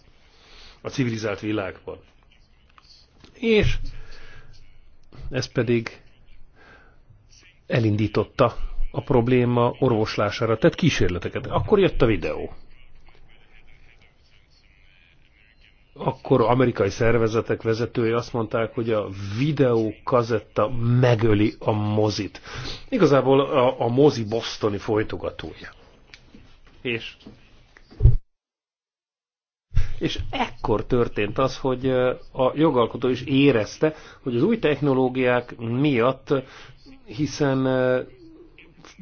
a civilizált világban. És ez pedig elindította a probléma orvoslására, tehát kísérleteket. Akkor jött a videó. akkor amerikai szervezetek vezetői azt mondták, hogy a videókazetta megöli a mozit. Igazából a, a mozi bosztoni folytogatója. És és ekkor történt az, hogy a jogalkotó is érezte, hogy az új technológiák miatt, hiszen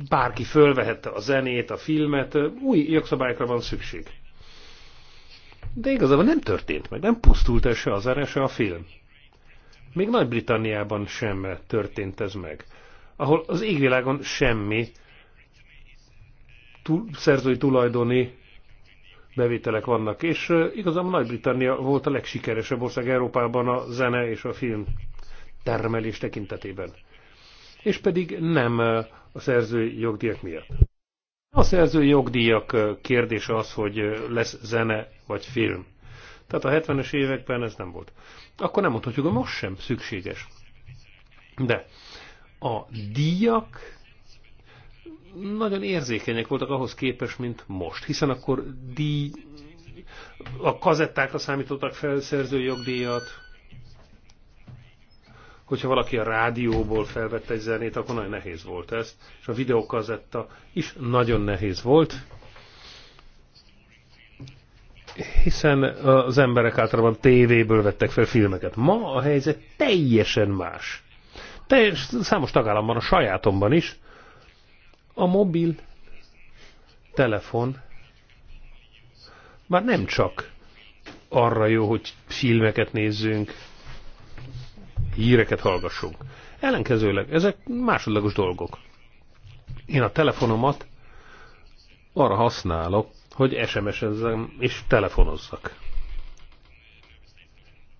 bárki fölvehette a zenét, a filmet, új jogszabályokra van szükség. De igazából nem történt meg, nem pusztult el se az se a film. Még Nagy-Britanniában sem történt ez meg, ahol az égvilágon semmi túl, szerzői tulajdoni bevételek vannak, és igazából Nagy-Britannia volt a legsikeresebb ország Európában a zene és a film termelés tekintetében. És pedig nem a szerzői jogdíjak miatt. A szerző jogdíjak kérdése az, hogy lesz zene vagy film. Tehát a 70-es években ez nem volt. Akkor nem mondhatjuk, hogy most sem szükséges. De a díjak nagyon érzékenyek voltak ahhoz képest, mint most, hiszen akkor díj, a kazettákra számítottak fel szerzői jogdíjat, hogyha valaki a rádióból felvette egy zenét, akkor nagyon nehéz volt ez, és a videokazetta is nagyon nehéz volt, hiszen az emberek általában tévéből vettek fel filmeket. Ma a helyzet teljesen más. Teljes, számos tagállamban, a sajátomban is, a mobil telefon már nem csak arra jó, hogy filmeket nézzünk, híreket hallgassunk. Ellenkezőleg, ezek másodlagos dolgok. Én a telefonomat arra használok, hogy SMS-ezzem és telefonozzak.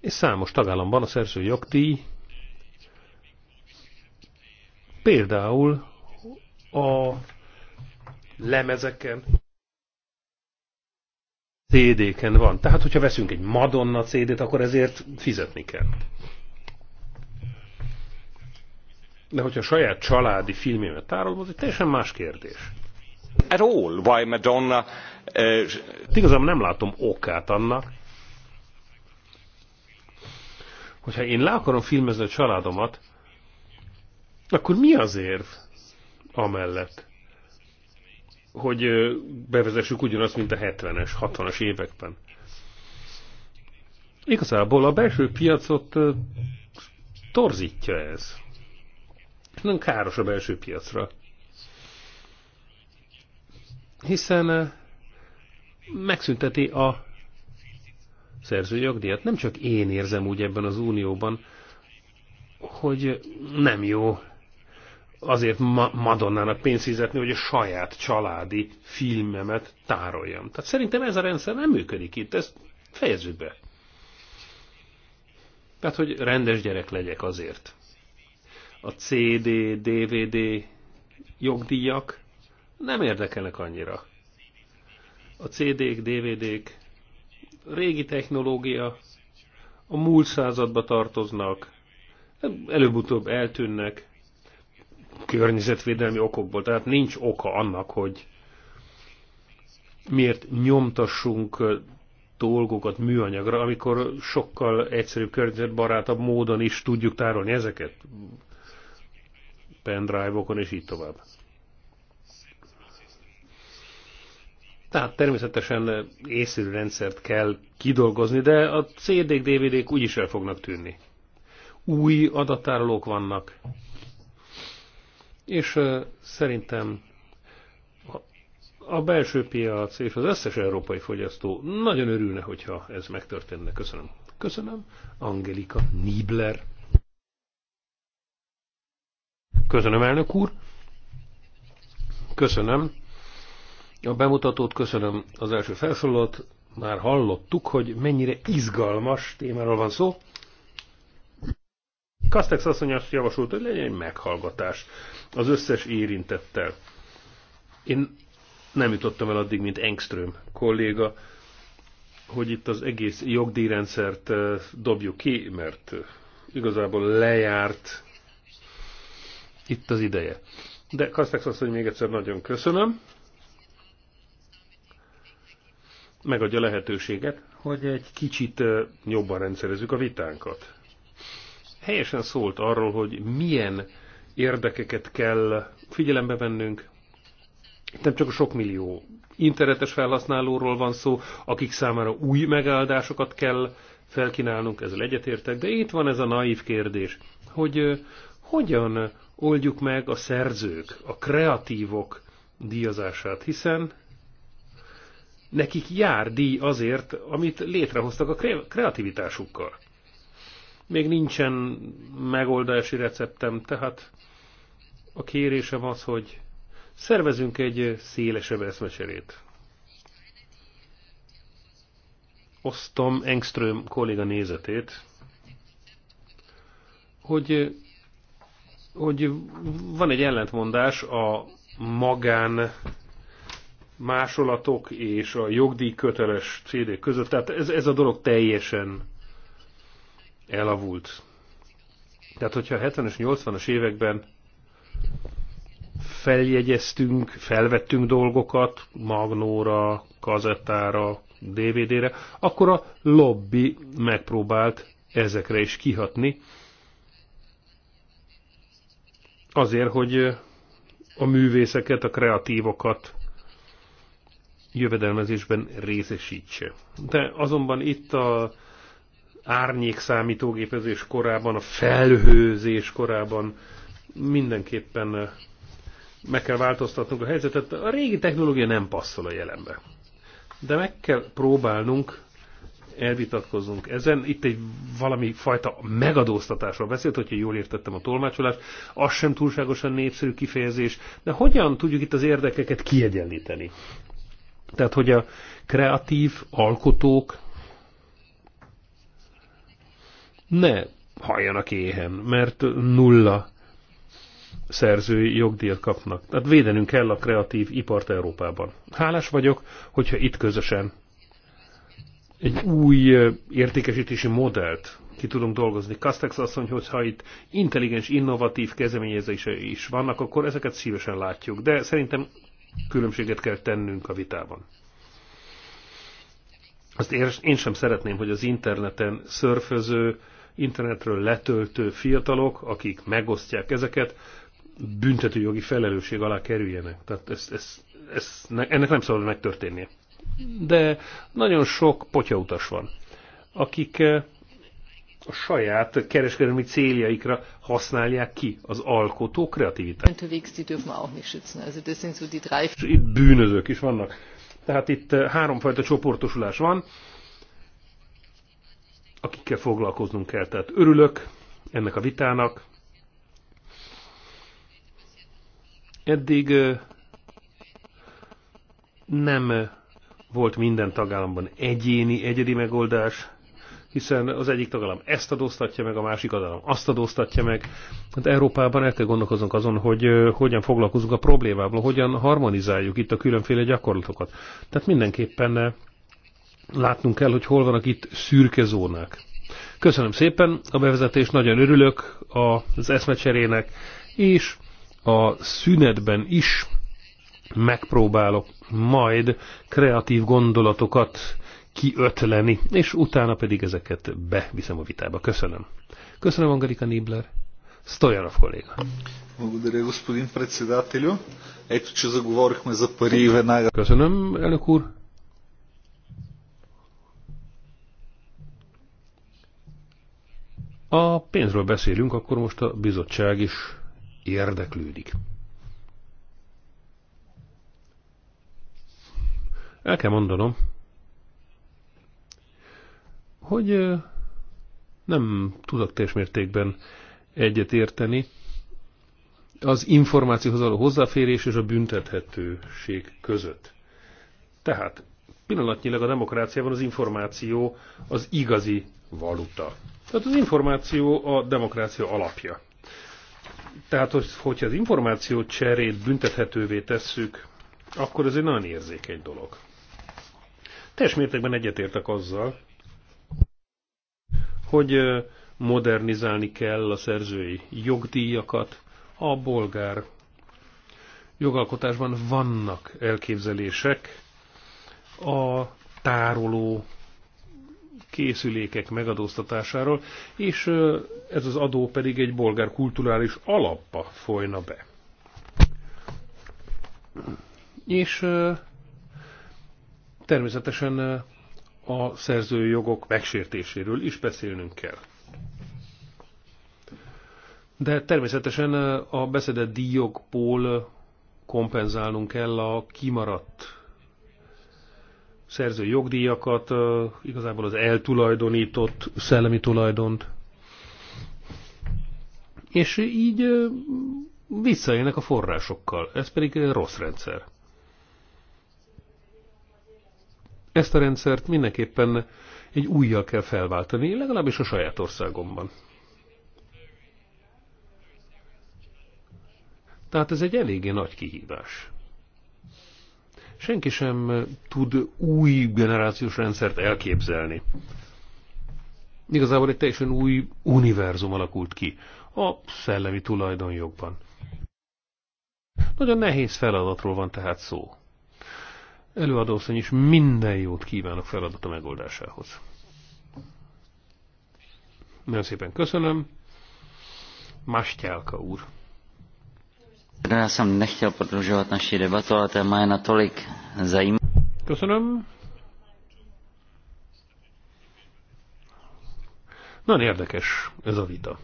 És számos tagállamban a szerző jogdíj például a lemezeken, CD-ken van. Tehát, hogyha veszünk egy Madonna CD-t, akkor ezért fizetni kell. de hogyha a saját családi filmjémet tárolom, az egy teljesen más kérdés. At all, why Madonna... Uh... Igazán nem látom okát annak, hogyha én le akarom filmezni a családomat, akkor mi az érv amellett, hogy eh, bevezessük ugyanazt, mint a 70-es, 60-as években? Igazából a belső piacot eh, torzítja ez nem káros a belső piacra. Hiszen eh, megszünteti a szerzőjogdíjat. Nem csak én érzem úgy ebben az unióban, hogy nem jó azért ma Madonnának pénzt fizetni, hogy a saját családi filmemet tároljam. Tehát szerintem ez a rendszer nem működik itt, ezt fejezzük be. Tehát, hogy rendes gyerek legyek azért a CD, DVD jogdíjak nem érdekelnek annyira. A CD-k, DVD-k régi technológia, a múlt századba tartoznak, előbb-utóbb eltűnnek környezetvédelmi okokból, tehát nincs oka annak, hogy miért nyomtassunk dolgokat műanyagra, amikor sokkal egyszerűbb környezetbarátabb módon is tudjuk tárolni ezeket pendrive-okon, és így tovább. Tehát természetesen észszerű rendszert kell kidolgozni, de a CD-k, DVD-k úgyis el fognak tűnni. Új adattárolók vannak, és szerintem a belső piac és az összes európai fogyasztó nagyon örülne, hogyha ez megtörténne. Köszönöm. Köszönöm. Angelika Nibler. Köszönöm, elnök úr. Köszönöm. A bemutatót köszönöm az első felszólalót. Már hallottuk, hogy mennyire izgalmas témáról van szó. Kastex asszony azt javasolt, hogy legyen egy meghallgatás az összes érintettel. Én nem jutottam el addig, mint Engström kolléga, hogy itt az egész jogdíjrendszert eh, dobjuk ki, mert igazából lejárt itt az ideje. De Kastex azt, hogy még egyszer nagyon köszönöm. Megadja lehetőséget, hogy egy kicsit jobban rendszerezzük a vitánkat. Helyesen szólt arról, hogy milyen érdekeket kell figyelembe vennünk. Nem csak a sok millió internetes felhasználóról van szó, akik számára új megoldásokat kell felkínálnunk, ezzel egyetértek, de itt van ez a naív kérdés, hogy hogyan oldjuk meg a szerzők, a kreatívok díjazását, hiszen nekik jár díj azért, amit létrehoztak a kreativitásukkal. Még nincsen megoldási receptem, tehát a kérésem az, hogy szervezünk egy szélesebb eszmecserét. Osztom Engström kolléga nézetét, hogy hogy van egy ellentmondás a magán másolatok és a jogdíj köteles CD között, tehát ez, ez a dolog teljesen elavult. Tehát, hogyha a 70-es, 80-as években feljegyeztünk, felvettünk dolgokat, magnóra, kazettára, DVD-re, akkor a lobby megpróbált ezekre is kihatni, azért, hogy a művészeket, a kreatívokat jövedelmezésben részesítse. De azonban itt a árnyék számítógépezés korában, a felhőzés korában mindenképpen meg kell változtatnunk a helyzetet. A régi technológia nem passzol a jelenbe. De meg kell próbálnunk elvitatkozunk ezen. Itt egy valami fajta megadóztatásról beszélt, hogyha jól értettem a tolmácsolást. Az sem túlságosan népszerű kifejezés, de hogyan tudjuk itt az érdekeket kiegyenlíteni? Tehát, hogy a kreatív alkotók ne halljanak éhen, mert nulla szerzői jogdíjat kapnak. Tehát védenünk kell a kreatív ipart Európában. Hálás vagyok, hogyha itt közösen egy új értékesítési modellt ki tudunk dolgozni. Castex hogy ha itt intelligens, innovatív kezdeményezései is vannak, akkor ezeket szívesen látjuk. De szerintem különbséget kell tennünk a vitában. Azt én sem szeretném, hogy az interneten szörföző, internetről letöltő fiatalok, akik megosztják ezeket, büntetőjogi felelősség alá kerüljenek. Tehát ez, ez, ez, ennek nem szabad megtörténnie de nagyon sok potyautas van, akik eh, a saját kereskedelmi céljaikra használják ki az alkotó kreativitást. itt bűnözők is vannak. Tehát itt eh, háromfajta csoportosulás van, akikkel foglalkoznunk kell. Tehát örülök ennek a vitának. Eddig eh, nem volt minden tagállamban egyéni, egyedi megoldás, hiszen az egyik tagállam ezt adóztatja meg, a másik tagállam azt adóztatja meg. Hát Európában el kell gondolkozunk azon, hogy hogyan foglalkozunk a problémával, hogyan harmonizáljuk itt a különféle gyakorlatokat. Tehát mindenképpen látnunk kell, hogy hol vannak itt szürke zónák. Köszönöm szépen a bevezetést, nagyon örülök az eszmecserének, és a szünetben is megpróbálok majd kreatív gondolatokat kiötleni, és utána pedig ezeket beviszem a vitába. Köszönöm. Köszönöm, Angelika Nibler. Stojanov kolléga. Благодаря, господин председателю. Ето, че заговорихме за пари и веднага. Köszönöm, elnök úr. A pénzről beszélünk, akkor most a bizottság is érdeklődik. El kell mondanom, hogy nem tudok teljes mértékben egyet érteni az információhoz való hozzáférés és a büntethetőség között. Tehát pillanatnyilag a demokráciában az információ az igazi valuta. Tehát az információ a demokrácia alapja. Tehát, hogyha az információ cserét büntethetővé tesszük, akkor ez egy nagyon érzékeny dolog. Teljes mértékben egyetértek azzal, hogy modernizálni kell a szerzői jogdíjakat. A bolgár jogalkotásban vannak elképzelések a tároló készülékek megadóztatásáról, és ez az adó pedig egy bolgár kulturális alappa folyna be. És Természetesen eh, a szerzői jogok megsértéséről is beszélnünk kell. De természetesen eh, a beszedett díjokból eh, kompenzálnunk kell a kimaradt szerző jogdíjakat, igazából az eltulajdonított szellemi tulajdont. És így visszaélnek a forrásokkal. Ez pedig rossz rendszer. Ezt a rendszert mindenképpen egy újjal kell felváltani, legalábbis a saját országomban. Tehát ez egy eléggé nagy kihívás. Senki sem tud új generációs rendszert elképzelni. Igazából egy teljesen új univerzum alakult ki a szellemi tulajdonjogban. Nagyon nehéz feladatról van tehát szó. Előadószony is minden jót kívánok feladata megoldásához. Nagyon szépen köszönöm. Mašťálka úr. Já jsem nechtěl prodlužovat naši debatu, ale téma je natolik zajímavé. Köszönöm. Nagyon érdekes ez a vita.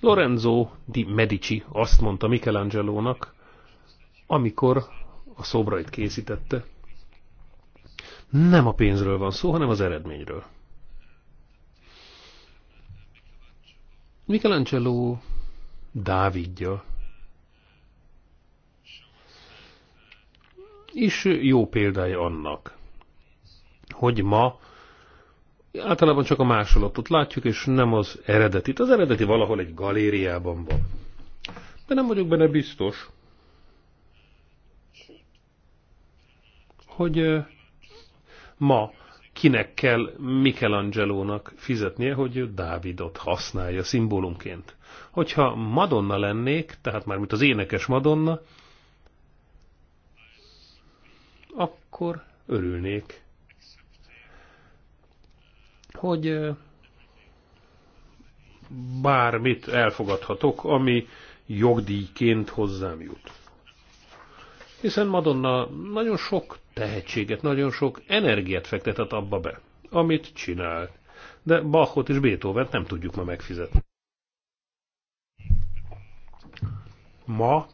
Lorenzo di Medici azt mondta Michelangelo-nak, amikor a szobrait készítette. Nem a pénzről van szó, hanem az eredményről. Michelangelo Dávidja is jó példája annak, hogy ma általában csak a másolatot látjuk, és nem az eredetit. Az eredeti valahol egy galériában van. De nem vagyok benne biztos, hogy ma kinek kell Michelangelo-nak fizetnie, hogy Dávidot használja szimbólumként. Hogyha Madonna lennék, tehát már mint az énekes Madonna, akkor örülnék, hogy bármit elfogadhatok, ami jogdíjként hozzám jut. Hiszen Madonna nagyon sok tehetséget, nagyon sok energiát fektetett abba be, amit csinál, De Bachot és Beethoven nem tudjuk ma megfizetni. Ma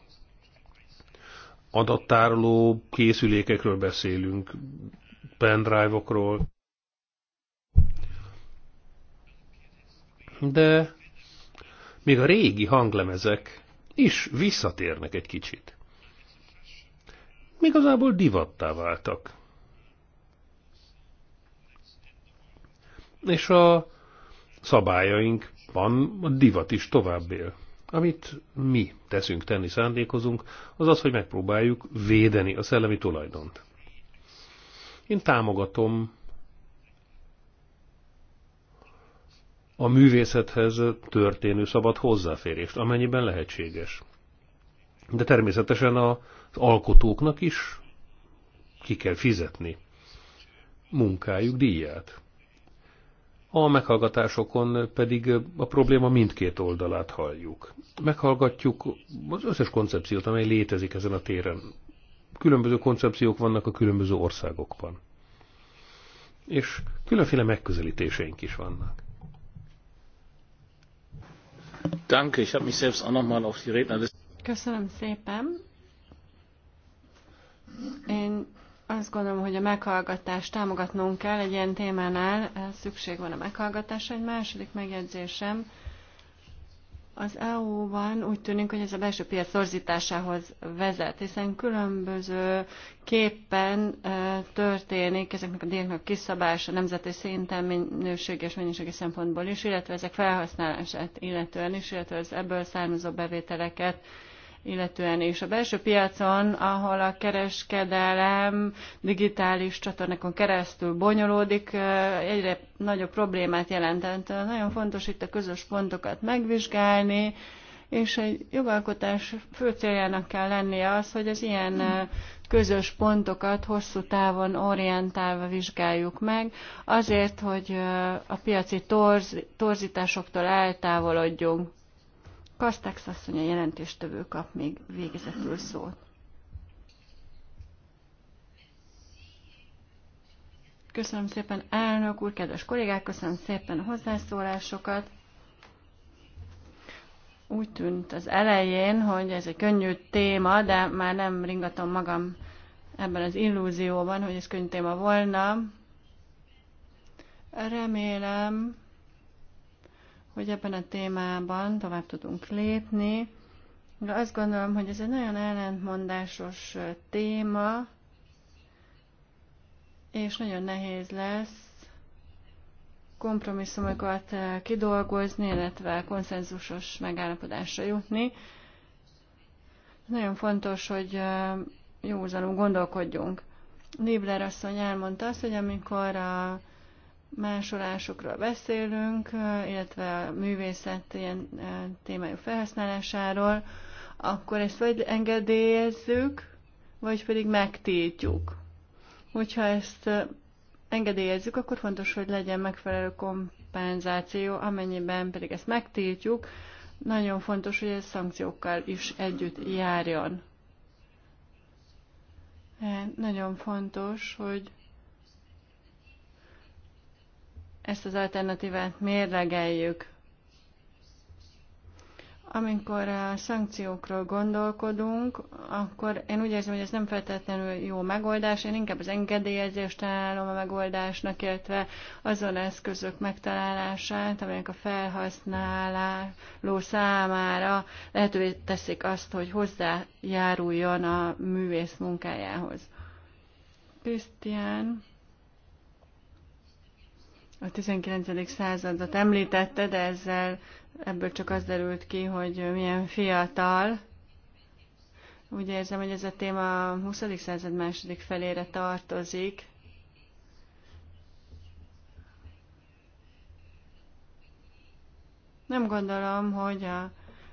adattároló készülékekről beszélünk, pendrive-okról, de még a régi hanglemezek is visszatérnek egy kicsit igazából divattá váltak. És a szabályainkban a divat is tovább él. Amit mi teszünk, tenni szándékozunk, az az, hogy megpróbáljuk védeni a szellemi tulajdont. Én támogatom a művészethez történő szabad hozzáférést, amennyiben lehetséges. De természetesen a az alkotóknak is ki kell fizetni munkájuk díját. A meghallgatásokon pedig a probléma mindkét oldalát halljuk. Meghallgatjuk az összes koncepciót, amely létezik ezen a téren. Különböző koncepciók vannak a különböző országokban. És különféle megközelítéseink is vannak. Danke, ich habe mich selbst auf die Köszönöm szépen. Én azt gondolom, hogy a meghallgatást támogatnunk kell egy ilyen témánál, szükség van a meghallgatásra. Egy második megjegyzésem, az EU-ban úgy tűnik, hogy ez a belső piac torzításához vezet, hiszen különböző képpen eh, történik ezeknek a díjaknak kiszabása nemzeti szinten minőség és mennyiségi szempontból is, illetve ezek felhasználását illetően is, illetve az ebből származó bevételeket illetően, és a belső piacon, ahol a kereskedelem digitális csatornákon keresztül bonyolódik, egyre nagyobb problémát jelentett. Nagyon fontos itt a közös pontokat megvizsgálni, és egy jogalkotás fő céljának kell lennie az, hogy az ilyen közös pontokat hosszú távon orientálva vizsgáljuk meg, azért, hogy a piaci torz, torzításoktól eltávolodjunk. Kastex asszony a jelentéstövő kap még végezetül szót. Köszönöm szépen, elnök úr, kedves kollégák, köszönöm szépen a hozzászólásokat. Úgy tűnt az elején, hogy ez egy könnyű téma, de már nem ringatom magam ebben az illúzióban, hogy ez könnyű téma volna. Remélem, hogy ebben a témában tovább tudunk lépni. De azt gondolom, hogy ez egy nagyon ellentmondásos téma, és nagyon nehéz lesz kompromisszumokat kidolgozni, illetve konszenzusos megállapodásra jutni. Nagyon fontos, hogy józanul gondolkodjunk. Nibler asszony elmondta azt, hogy amikor a másolásokról beszélünk, illetve a művészet ilyen e, témájú felhasználásáról, akkor ezt vagy engedélyezzük, vagy pedig megtiltjuk. Hogyha ezt e, engedélyezzük, akkor fontos, hogy legyen megfelelő kompenzáció, amennyiben pedig ezt megtiltjuk, nagyon fontos, hogy ez szankciókkal is együtt járjon. E, nagyon fontos, hogy ezt az alternatívát mérlegeljük. Amikor a szankciókról gondolkodunk, akkor én úgy érzem, hogy ez nem feltétlenül jó megoldás, én inkább az engedélyezést találom a megoldásnak, illetve azon eszközök megtalálását, amelyek a felhasználó számára lehetővé teszik azt, hogy hozzájáruljon a művész munkájához. Krisztián a 19. századot említette, de ezzel ebből csak az derült ki, hogy milyen fiatal. Úgy érzem, hogy ez a téma a 20. század második felére tartozik. Nem gondolom, hogy a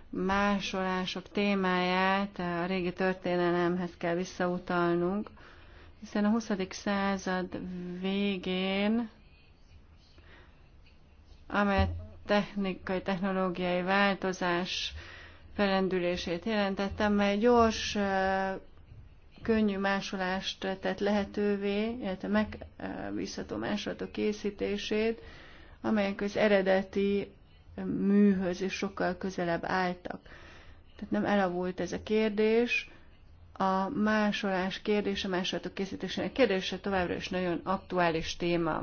másolások témáját a régi történelemhez kell visszautalnunk, hiszen a 20. század végén amely technikai, technológiai változás felendülését jelentette, mely gyors, könnyű másolást tett lehetővé, illetve megbízható másolatok készítését, amelyek az eredeti műhöz is sokkal közelebb álltak. Tehát nem elavult ez a kérdés, a másolás kérdése, másolatok készítésének kérdése továbbra is nagyon aktuális téma.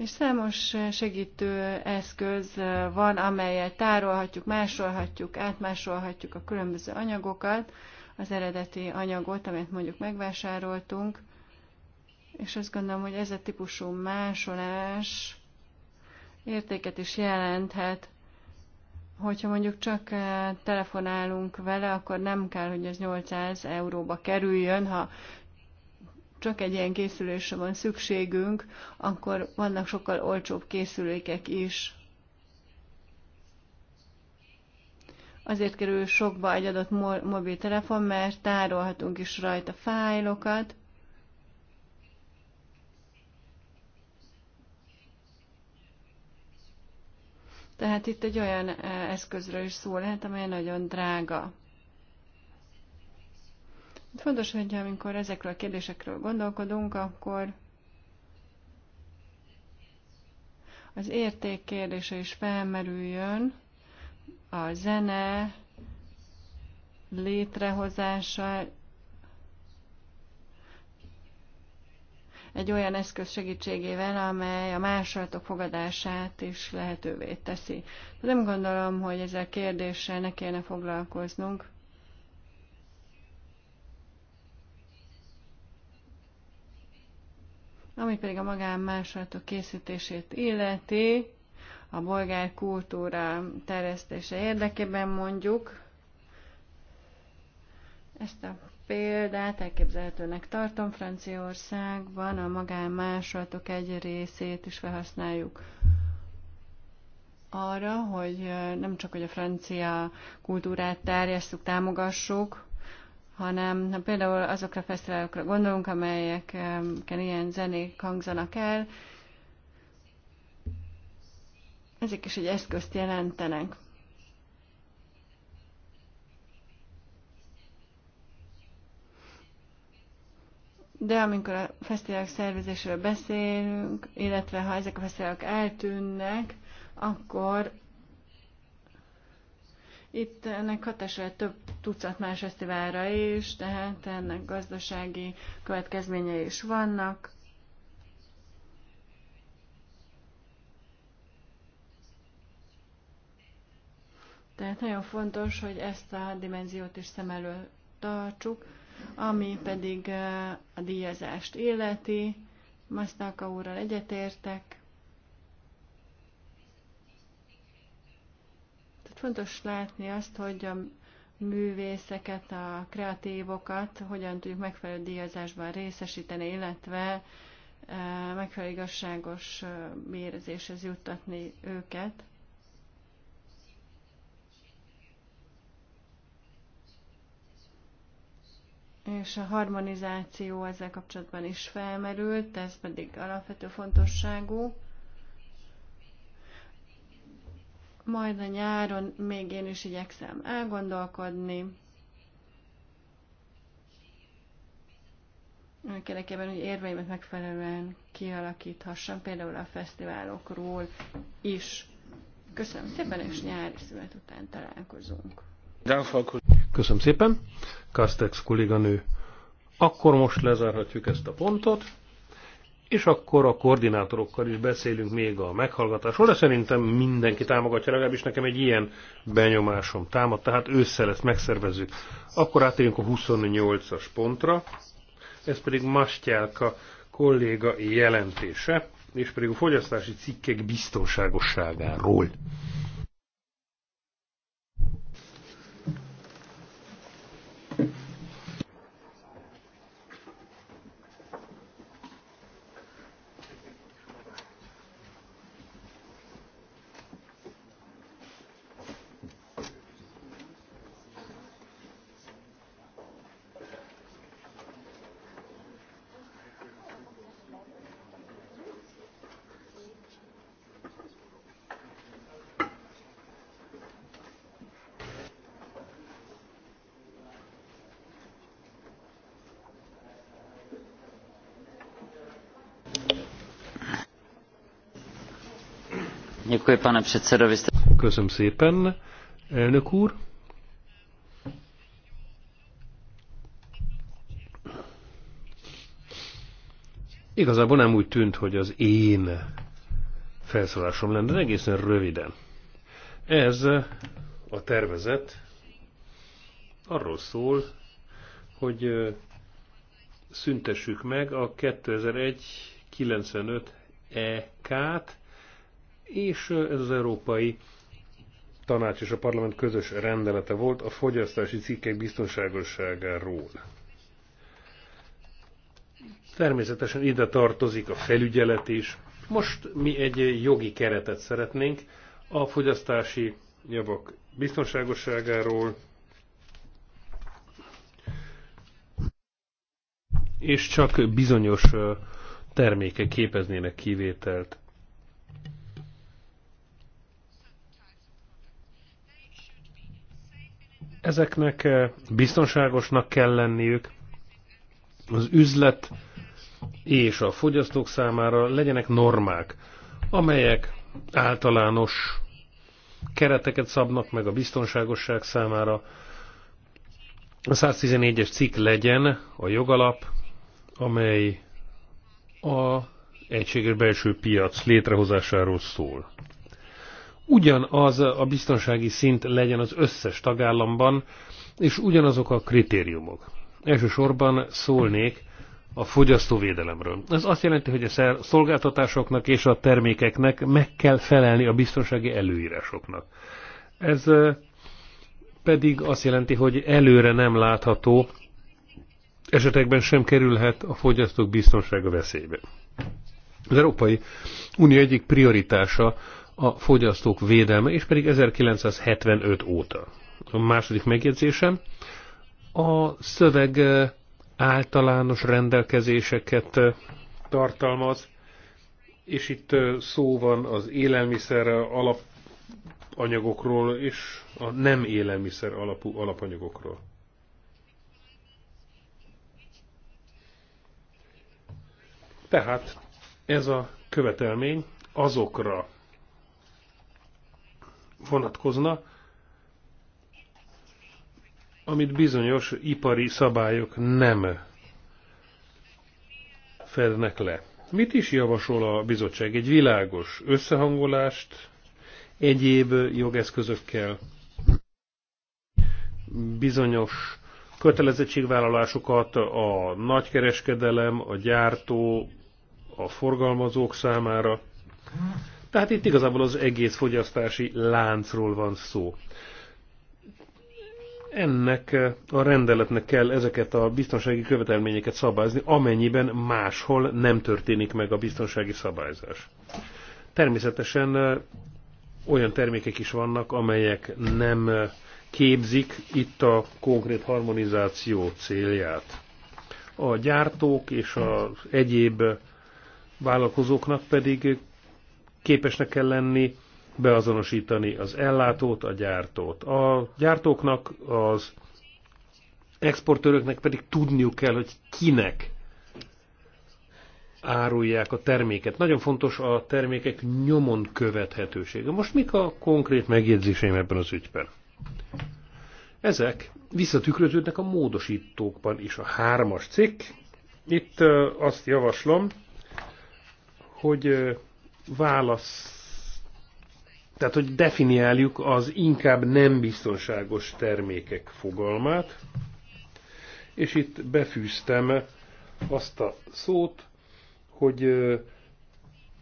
És számos segítő eszköz van, amelyet tárolhatjuk, másolhatjuk, átmásolhatjuk a különböző anyagokat, az eredeti anyagot, amit mondjuk megvásároltunk, és azt gondolom, hogy ez a típusú másolás értéket is jelenthet. Hogyha mondjuk csak eh, telefonálunk vele, akkor nem kell, hogy ez 800 euróba kerüljön, ha csak egy ilyen készülésre van szükségünk, akkor vannak sokkal olcsóbb készülékek is. Azért kerül sokba egy adott mobiltelefon, mert tárolhatunk is rajta fájlokat, Tehát itt egy olyan eh, eszközről is szó lehet, amely nagyon drága. Fontos, hogy amikor ezekről a kérdésekről gondolkodunk, akkor az érték kérdése is felmerüljön, a zene létrehozása egy olyan eszköz segítségével, amely a másolatok fogadását is lehetővé teszi. De nem gondolom, hogy ezzel a kérdéssel ne kéne foglalkoznunk. Ami pedig a másolatok készítését illeti, a bolgár kultúra terjesztése érdekében mondjuk, ezt a példát elképzelhetőnek tartom Franciaországban, a másolatok egy részét is felhasználjuk arra, hogy nem csak hogy a francia kultúrát terjesszük, támogassuk, hanem ha például azokra a fesztiválokra gondolunk, amelyeken ilyen zenék hangzanak el, ezek is egy eszközt jelentenek. De amikor a fesztiválok szervezésről beszélünk, illetve ha ezek a fesztiválok eltűnnek, akkor itt ennek hatása több tucat más fesztiválra is, tehát ennek gazdasági következményei is vannak. Tehát nagyon fontos, hogy ezt a dimenziót is szem előtt tartsuk, ami pedig eh, a díjazást illeti. Masztáka úrral egyetértek. Fontos látni azt, hogy a művészeket, a kreatívokat hogyan tudjuk megfelelő díjazásban részesíteni, illetve e, megfelelő igazságos mérzéshez e, juttatni őket. És a harmonizáció ezzel kapcsolatban is felmerült, ez pedig alapvető fontosságú. Majd a nyáron még én is igyekszem elgondolkodni. Kérdekében, hogy érveimet megfelelően kialakíthassam, például a fesztiválokról is. Köszönöm szépen, és nyári szület után találkozunk. Köszönöm szépen, Kastex kolléganő. Akkor most lezárhatjuk ezt a pontot és akkor a koordinátorokkal is beszélünk még a meghallgatásról, de szerintem mindenki támogatja, legalábbis nekem egy ilyen benyomásom támad, tehát ősszel ezt megszervezzük. Akkor átérünk a 28-as pontra, ez pedig Mastyálka kolléga jelentése, és pedig a fogyasztási cikkek biztonságosságáról. Köszönöm szépen, elnök úr. Igazából nem úgy tűnt, hogy az én felszólásom lenne, de egészen röviden. Ez a tervezet arról szól, hogy szüntessük meg a 2001-95 EK-t, és ez az európai tanács és a parlament közös rendelete volt a fogyasztási cikkek biztonságosságáról. Természetesen ide tartozik a felügyelet is. Most mi egy jogi keretet szeretnénk a fogyasztási javak biztonságosságáról, és csak bizonyos termékek képeznének kivételt. Ezeknek eh, biztonságosnak kell lenniük, az üzlet és a fogyasztók számára legyenek normák, amelyek általános kereteket szabnak meg a biztonságosság számára. A 114-es cikk legyen a jogalap, amely a egységes belső piac létrehozásáról szól ugyanaz a biztonsági szint legyen az összes tagállamban, és ugyanazok a kritériumok. Elsősorban szólnék a fogyasztóvédelemről. Ez azt jelenti, hogy a szolgáltatásoknak és a termékeknek meg kell felelni a biztonsági előírásoknak. Ez pedig azt jelenti, hogy előre nem látható esetekben sem kerülhet a fogyasztók biztonsága veszélybe. Az Európai Unió egyik prioritása a fogyasztók védelme, és pedig 1975 óta. A második megjegyzésem, a szöveg eh, általános rendelkezéseket eh, tartalmaz, és itt eh, szó van az élelmiszer alapanyagokról és a nem élelmiszer alapú alapanyagokról. Tehát ez a követelmény azokra vonatkozna, amit bizonyos ipari szabályok nem fednek le. Mit is javasol a bizottság? Egy világos összehangolást egyéb jogeszközökkel, bizonyos kötelezettségvállalásokat a nagykereskedelem, a gyártó, a forgalmazók számára. Tehát itt igazából az egész fogyasztási láncról van szó. Ennek eh, a rendeletnek kell ezeket a biztonsági követelményeket szabályozni, amennyiben máshol nem történik meg a biztonsági szabályzás. Természetesen eh, olyan termékek is vannak, amelyek nem eh, képzik itt a konkrét harmonizáció célját. A gyártók és az egyéb vállalkozóknak pedig képesnek kell lenni beazonosítani az ellátót, a gyártót. A gyártóknak, az exportőröknek pedig tudniuk kell, hogy kinek árulják a terméket. Nagyon fontos a termékek nyomon követhetősége. Most mik a konkrét megjegyzéseim ebben az ügyben? Ezek visszatükröződnek a módosítókban is. A hármas cikk. Itt azt javaslom, hogy válasz, tehát hogy definiáljuk az inkább nem biztonságos termékek fogalmát, és itt befűztem azt a szót, hogy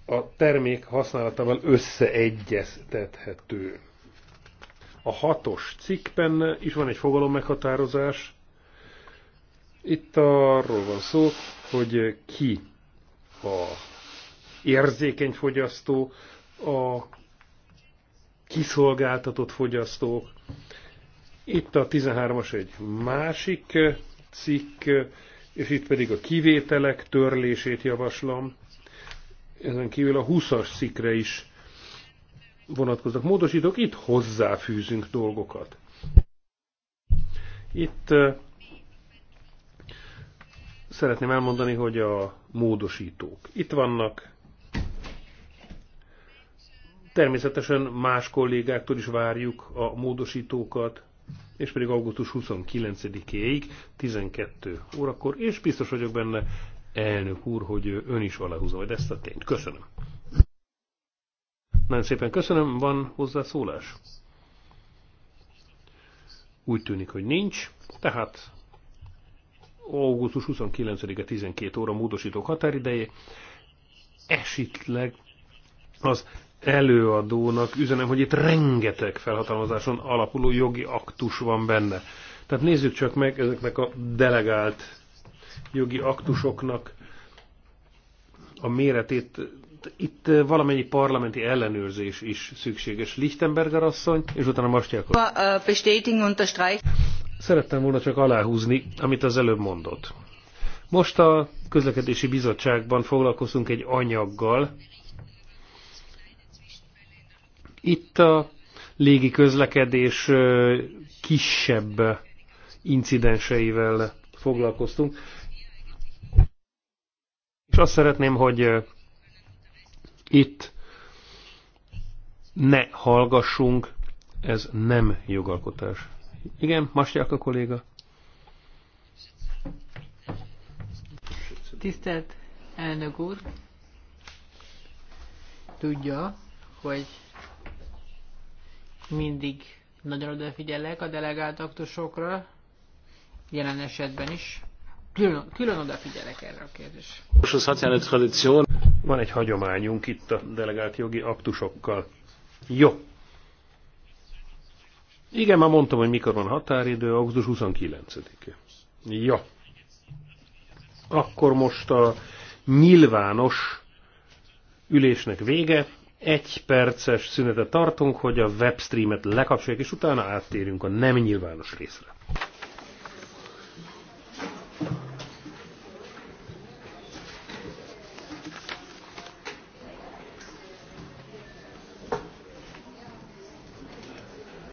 a termék használatával összeegyeztethető. A hatos cikkben is van egy fogalom meghatározás. Itt arról van szó, hogy ki a érzékeny fogyasztó, a kiszolgáltatott fogyasztók. Itt a 13-as egy másik cikk, és itt pedig a kivételek törlését javaslom. Ezen kívül a 20-as cikkre is vonatkoznak módosítók, itt hozzáfűzünk dolgokat. Itt szeretném elmondani, hogy a módosítók. Itt vannak Természetesen más kollégáktól is várjuk a módosítókat, és pedig augusztus 29-éig 12 órakor, és biztos vagyok benne, elnök úr, hogy ön is aláhúzza majd ezt a tényt. Köszönöm. Nagyon szépen köszönöm, van hozzászólás? Úgy tűnik, hogy nincs, tehát augusztus 29-e 12 óra módosítók határideje, esetleg az előadónak üzenem, hogy itt rengeteg felhatalmazáson alapuló jogi aktus van benne. Tehát nézzük csak meg ezeknek a delegált jogi aktusoknak a méretét. Itt valamennyi parlamenti ellenőrzés is szükséges. Lichtenberger asszony, és utána Mastyákov. Szerettem volna csak aláhúzni, amit az előbb mondott. Most a közlekedési bizottságban foglalkozunk egy anyaggal, itt a légi közlekedés kisebb incidenseivel foglalkoztunk. És azt szeretném, hogy itt ne hallgassunk, ez nem jogalkotás. Igen, Masják a kolléga. Tisztelt elnök úr, tudja, hogy mindig nagyon odafigyelek a delegált aktusokra, jelen esetben is. Külön, külön odafigyelek erre a kérdésre. Van egy hagyományunk itt a delegált jogi aktusokkal. Jó. Igen, már mondtam, hogy mikor van határidő, augusztus 29-e. Ja. Akkor most a nyilvános ülésnek vége. Egy perces szünetet tartunk, hogy a webstreamet lekapcsoljuk, és utána áttérünk a nem nyilvános részre.